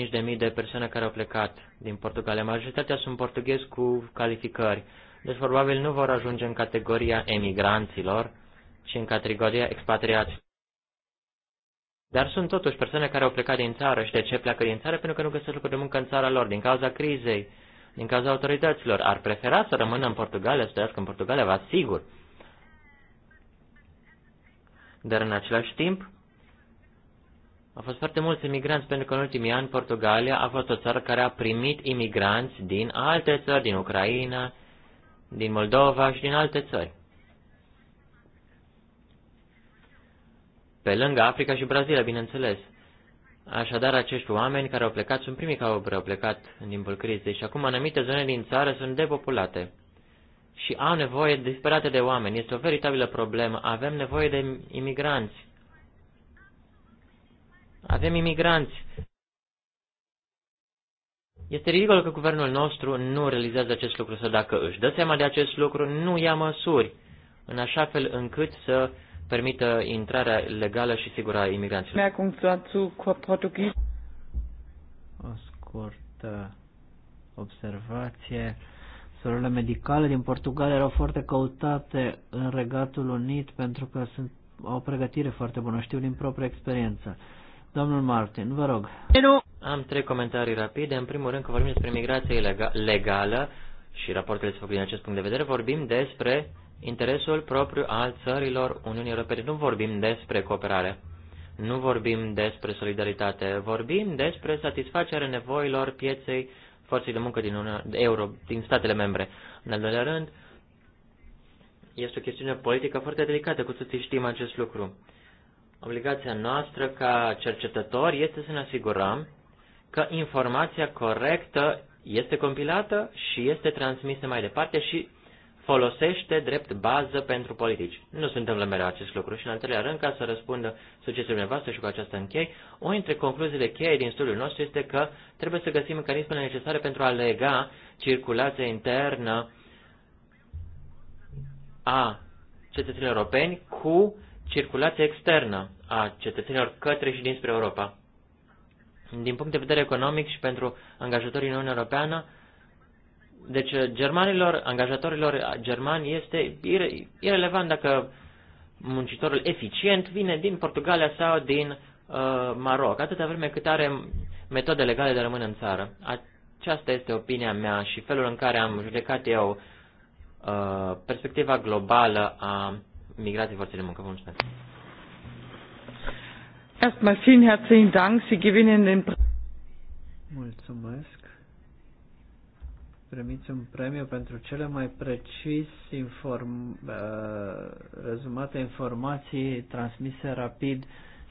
Speaker 4: 485.000 de persoane care au plecat din Portugalia. Majoritatea sunt portughezi cu calificări deci probabil nu vor ajunge în categoria emigranților, ci în categoria expatriați. Dar sunt totuși persoane care au plecat din țară și de ce pleacă din țară? Pentru că nu găsesc lucruri de muncă în țara lor, din cauza crizei, din cauza autorităților. Ar prefera să rămână în Portugalia, să trăiască în Portugalia, vă sigur. Dar în același timp, au fost foarte mulți imigranți pentru că în ultimii ani Portugalia a fost o țară care a primit imigranți din alte țări, din Ucraina, din Moldova și din alte țări. Pe lângă Africa și Brazilia, bineînțeles. Așadar, acești oameni care au plecat sunt primii care au plecat în timpul crizei și acum anumite zone din țară sunt depopulate și au nevoie disperate de oameni. Este o veritabilă problemă. Avem nevoie de imigranți. Avem imigranți este ridicol că guvernul nostru nu realizează acest lucru, sau dacă își dă seama de acest lucru, nu ia măsuri în așa fel încât să permită intrarea legală și sigură a imigranților.
Speaker 3: O
Speaker 2: scurtă
Speaker 3: observație.
Speaker 2: Solurile medicale din Portugalia erau foarte căutate în Regatul Unit pentru că sunt o pregătire foarte bună, știu din propria experiență. Domnul Martin, vă rog.
Speaker 4: Am trei comentarii rapide. În primul rând, că vorbim despre migrație legală și raportele se fac din acest punct de vedere, vorbim despre interesul propriu al țărilor Uniunii Europene. Nu vorbim despre cooperare, nu vorbim despre solidaritate, vorbim despre satisfacerea nevoilor pieței forței de muncă din, Uniunea, de euro, din statele membre. În al doilea rând, este o chestiune politică foarte delicată, cu toții știm acest lucru. Obligația noastră ca cercetători este să ne asigurăm că informația corectă este compilată și este transmisă mai departe și folosește drept bază pentru politici. Nu se întâmplă mereu acest lucru și, în al treilea rând, ca să răspundă succesul dumneavoastră și cu această închei, o dintre concluziile cheie din studiul nostru este că trebuie să găsim mecanismele necesare pentru a lega circulația internă a cetățenilor europeni cu circulația externă a cetățenilor către și dinspre Europa. Din punct de vedere economic și pentru angajatorii în Uniunea Europeană, deci germanilor, angajatorilor germani este ire irelevant dacă muncitorul eficient vine din Portugalia sau din uh, Maroc, atâta vreme cât are metode legale de a rămâne în țară. Aceasta este opinia mea și felul în care am judecat eu uh, perspectiva globală a migrației forței de muncă. Vă mulțumesc.
Speaker 3: Erstmal vielen herzlichen Dank. Sie gewinnen den
Speaker 2: Mulțumesc. Primiți un premiu pentru cele mai precis inform, uh, rezumate informații transmise rapid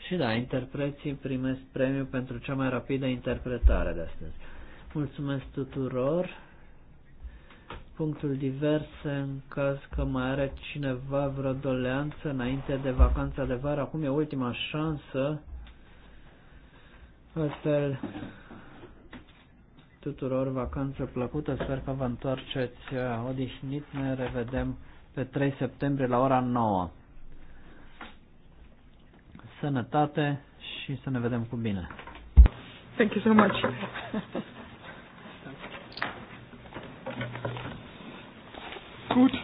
Speaker 2: și da, interpreții primesc premiu pentru cea mai rapidă interpretare de astăzi. Mulțumesc tuturor! punctul diverse în caz că mai are cineva vreo doleanță înainte de vacanța de vară. Acum e ultima șansă. Astfel, tuturor vacanță plăcută. Sper că vă întoarceți uh, odihnit. Ne revedem pe 3 septembrie la ora 9. Sănătate și să ne vedem cu bine.
Speaker 3: Thank you so much. Gut.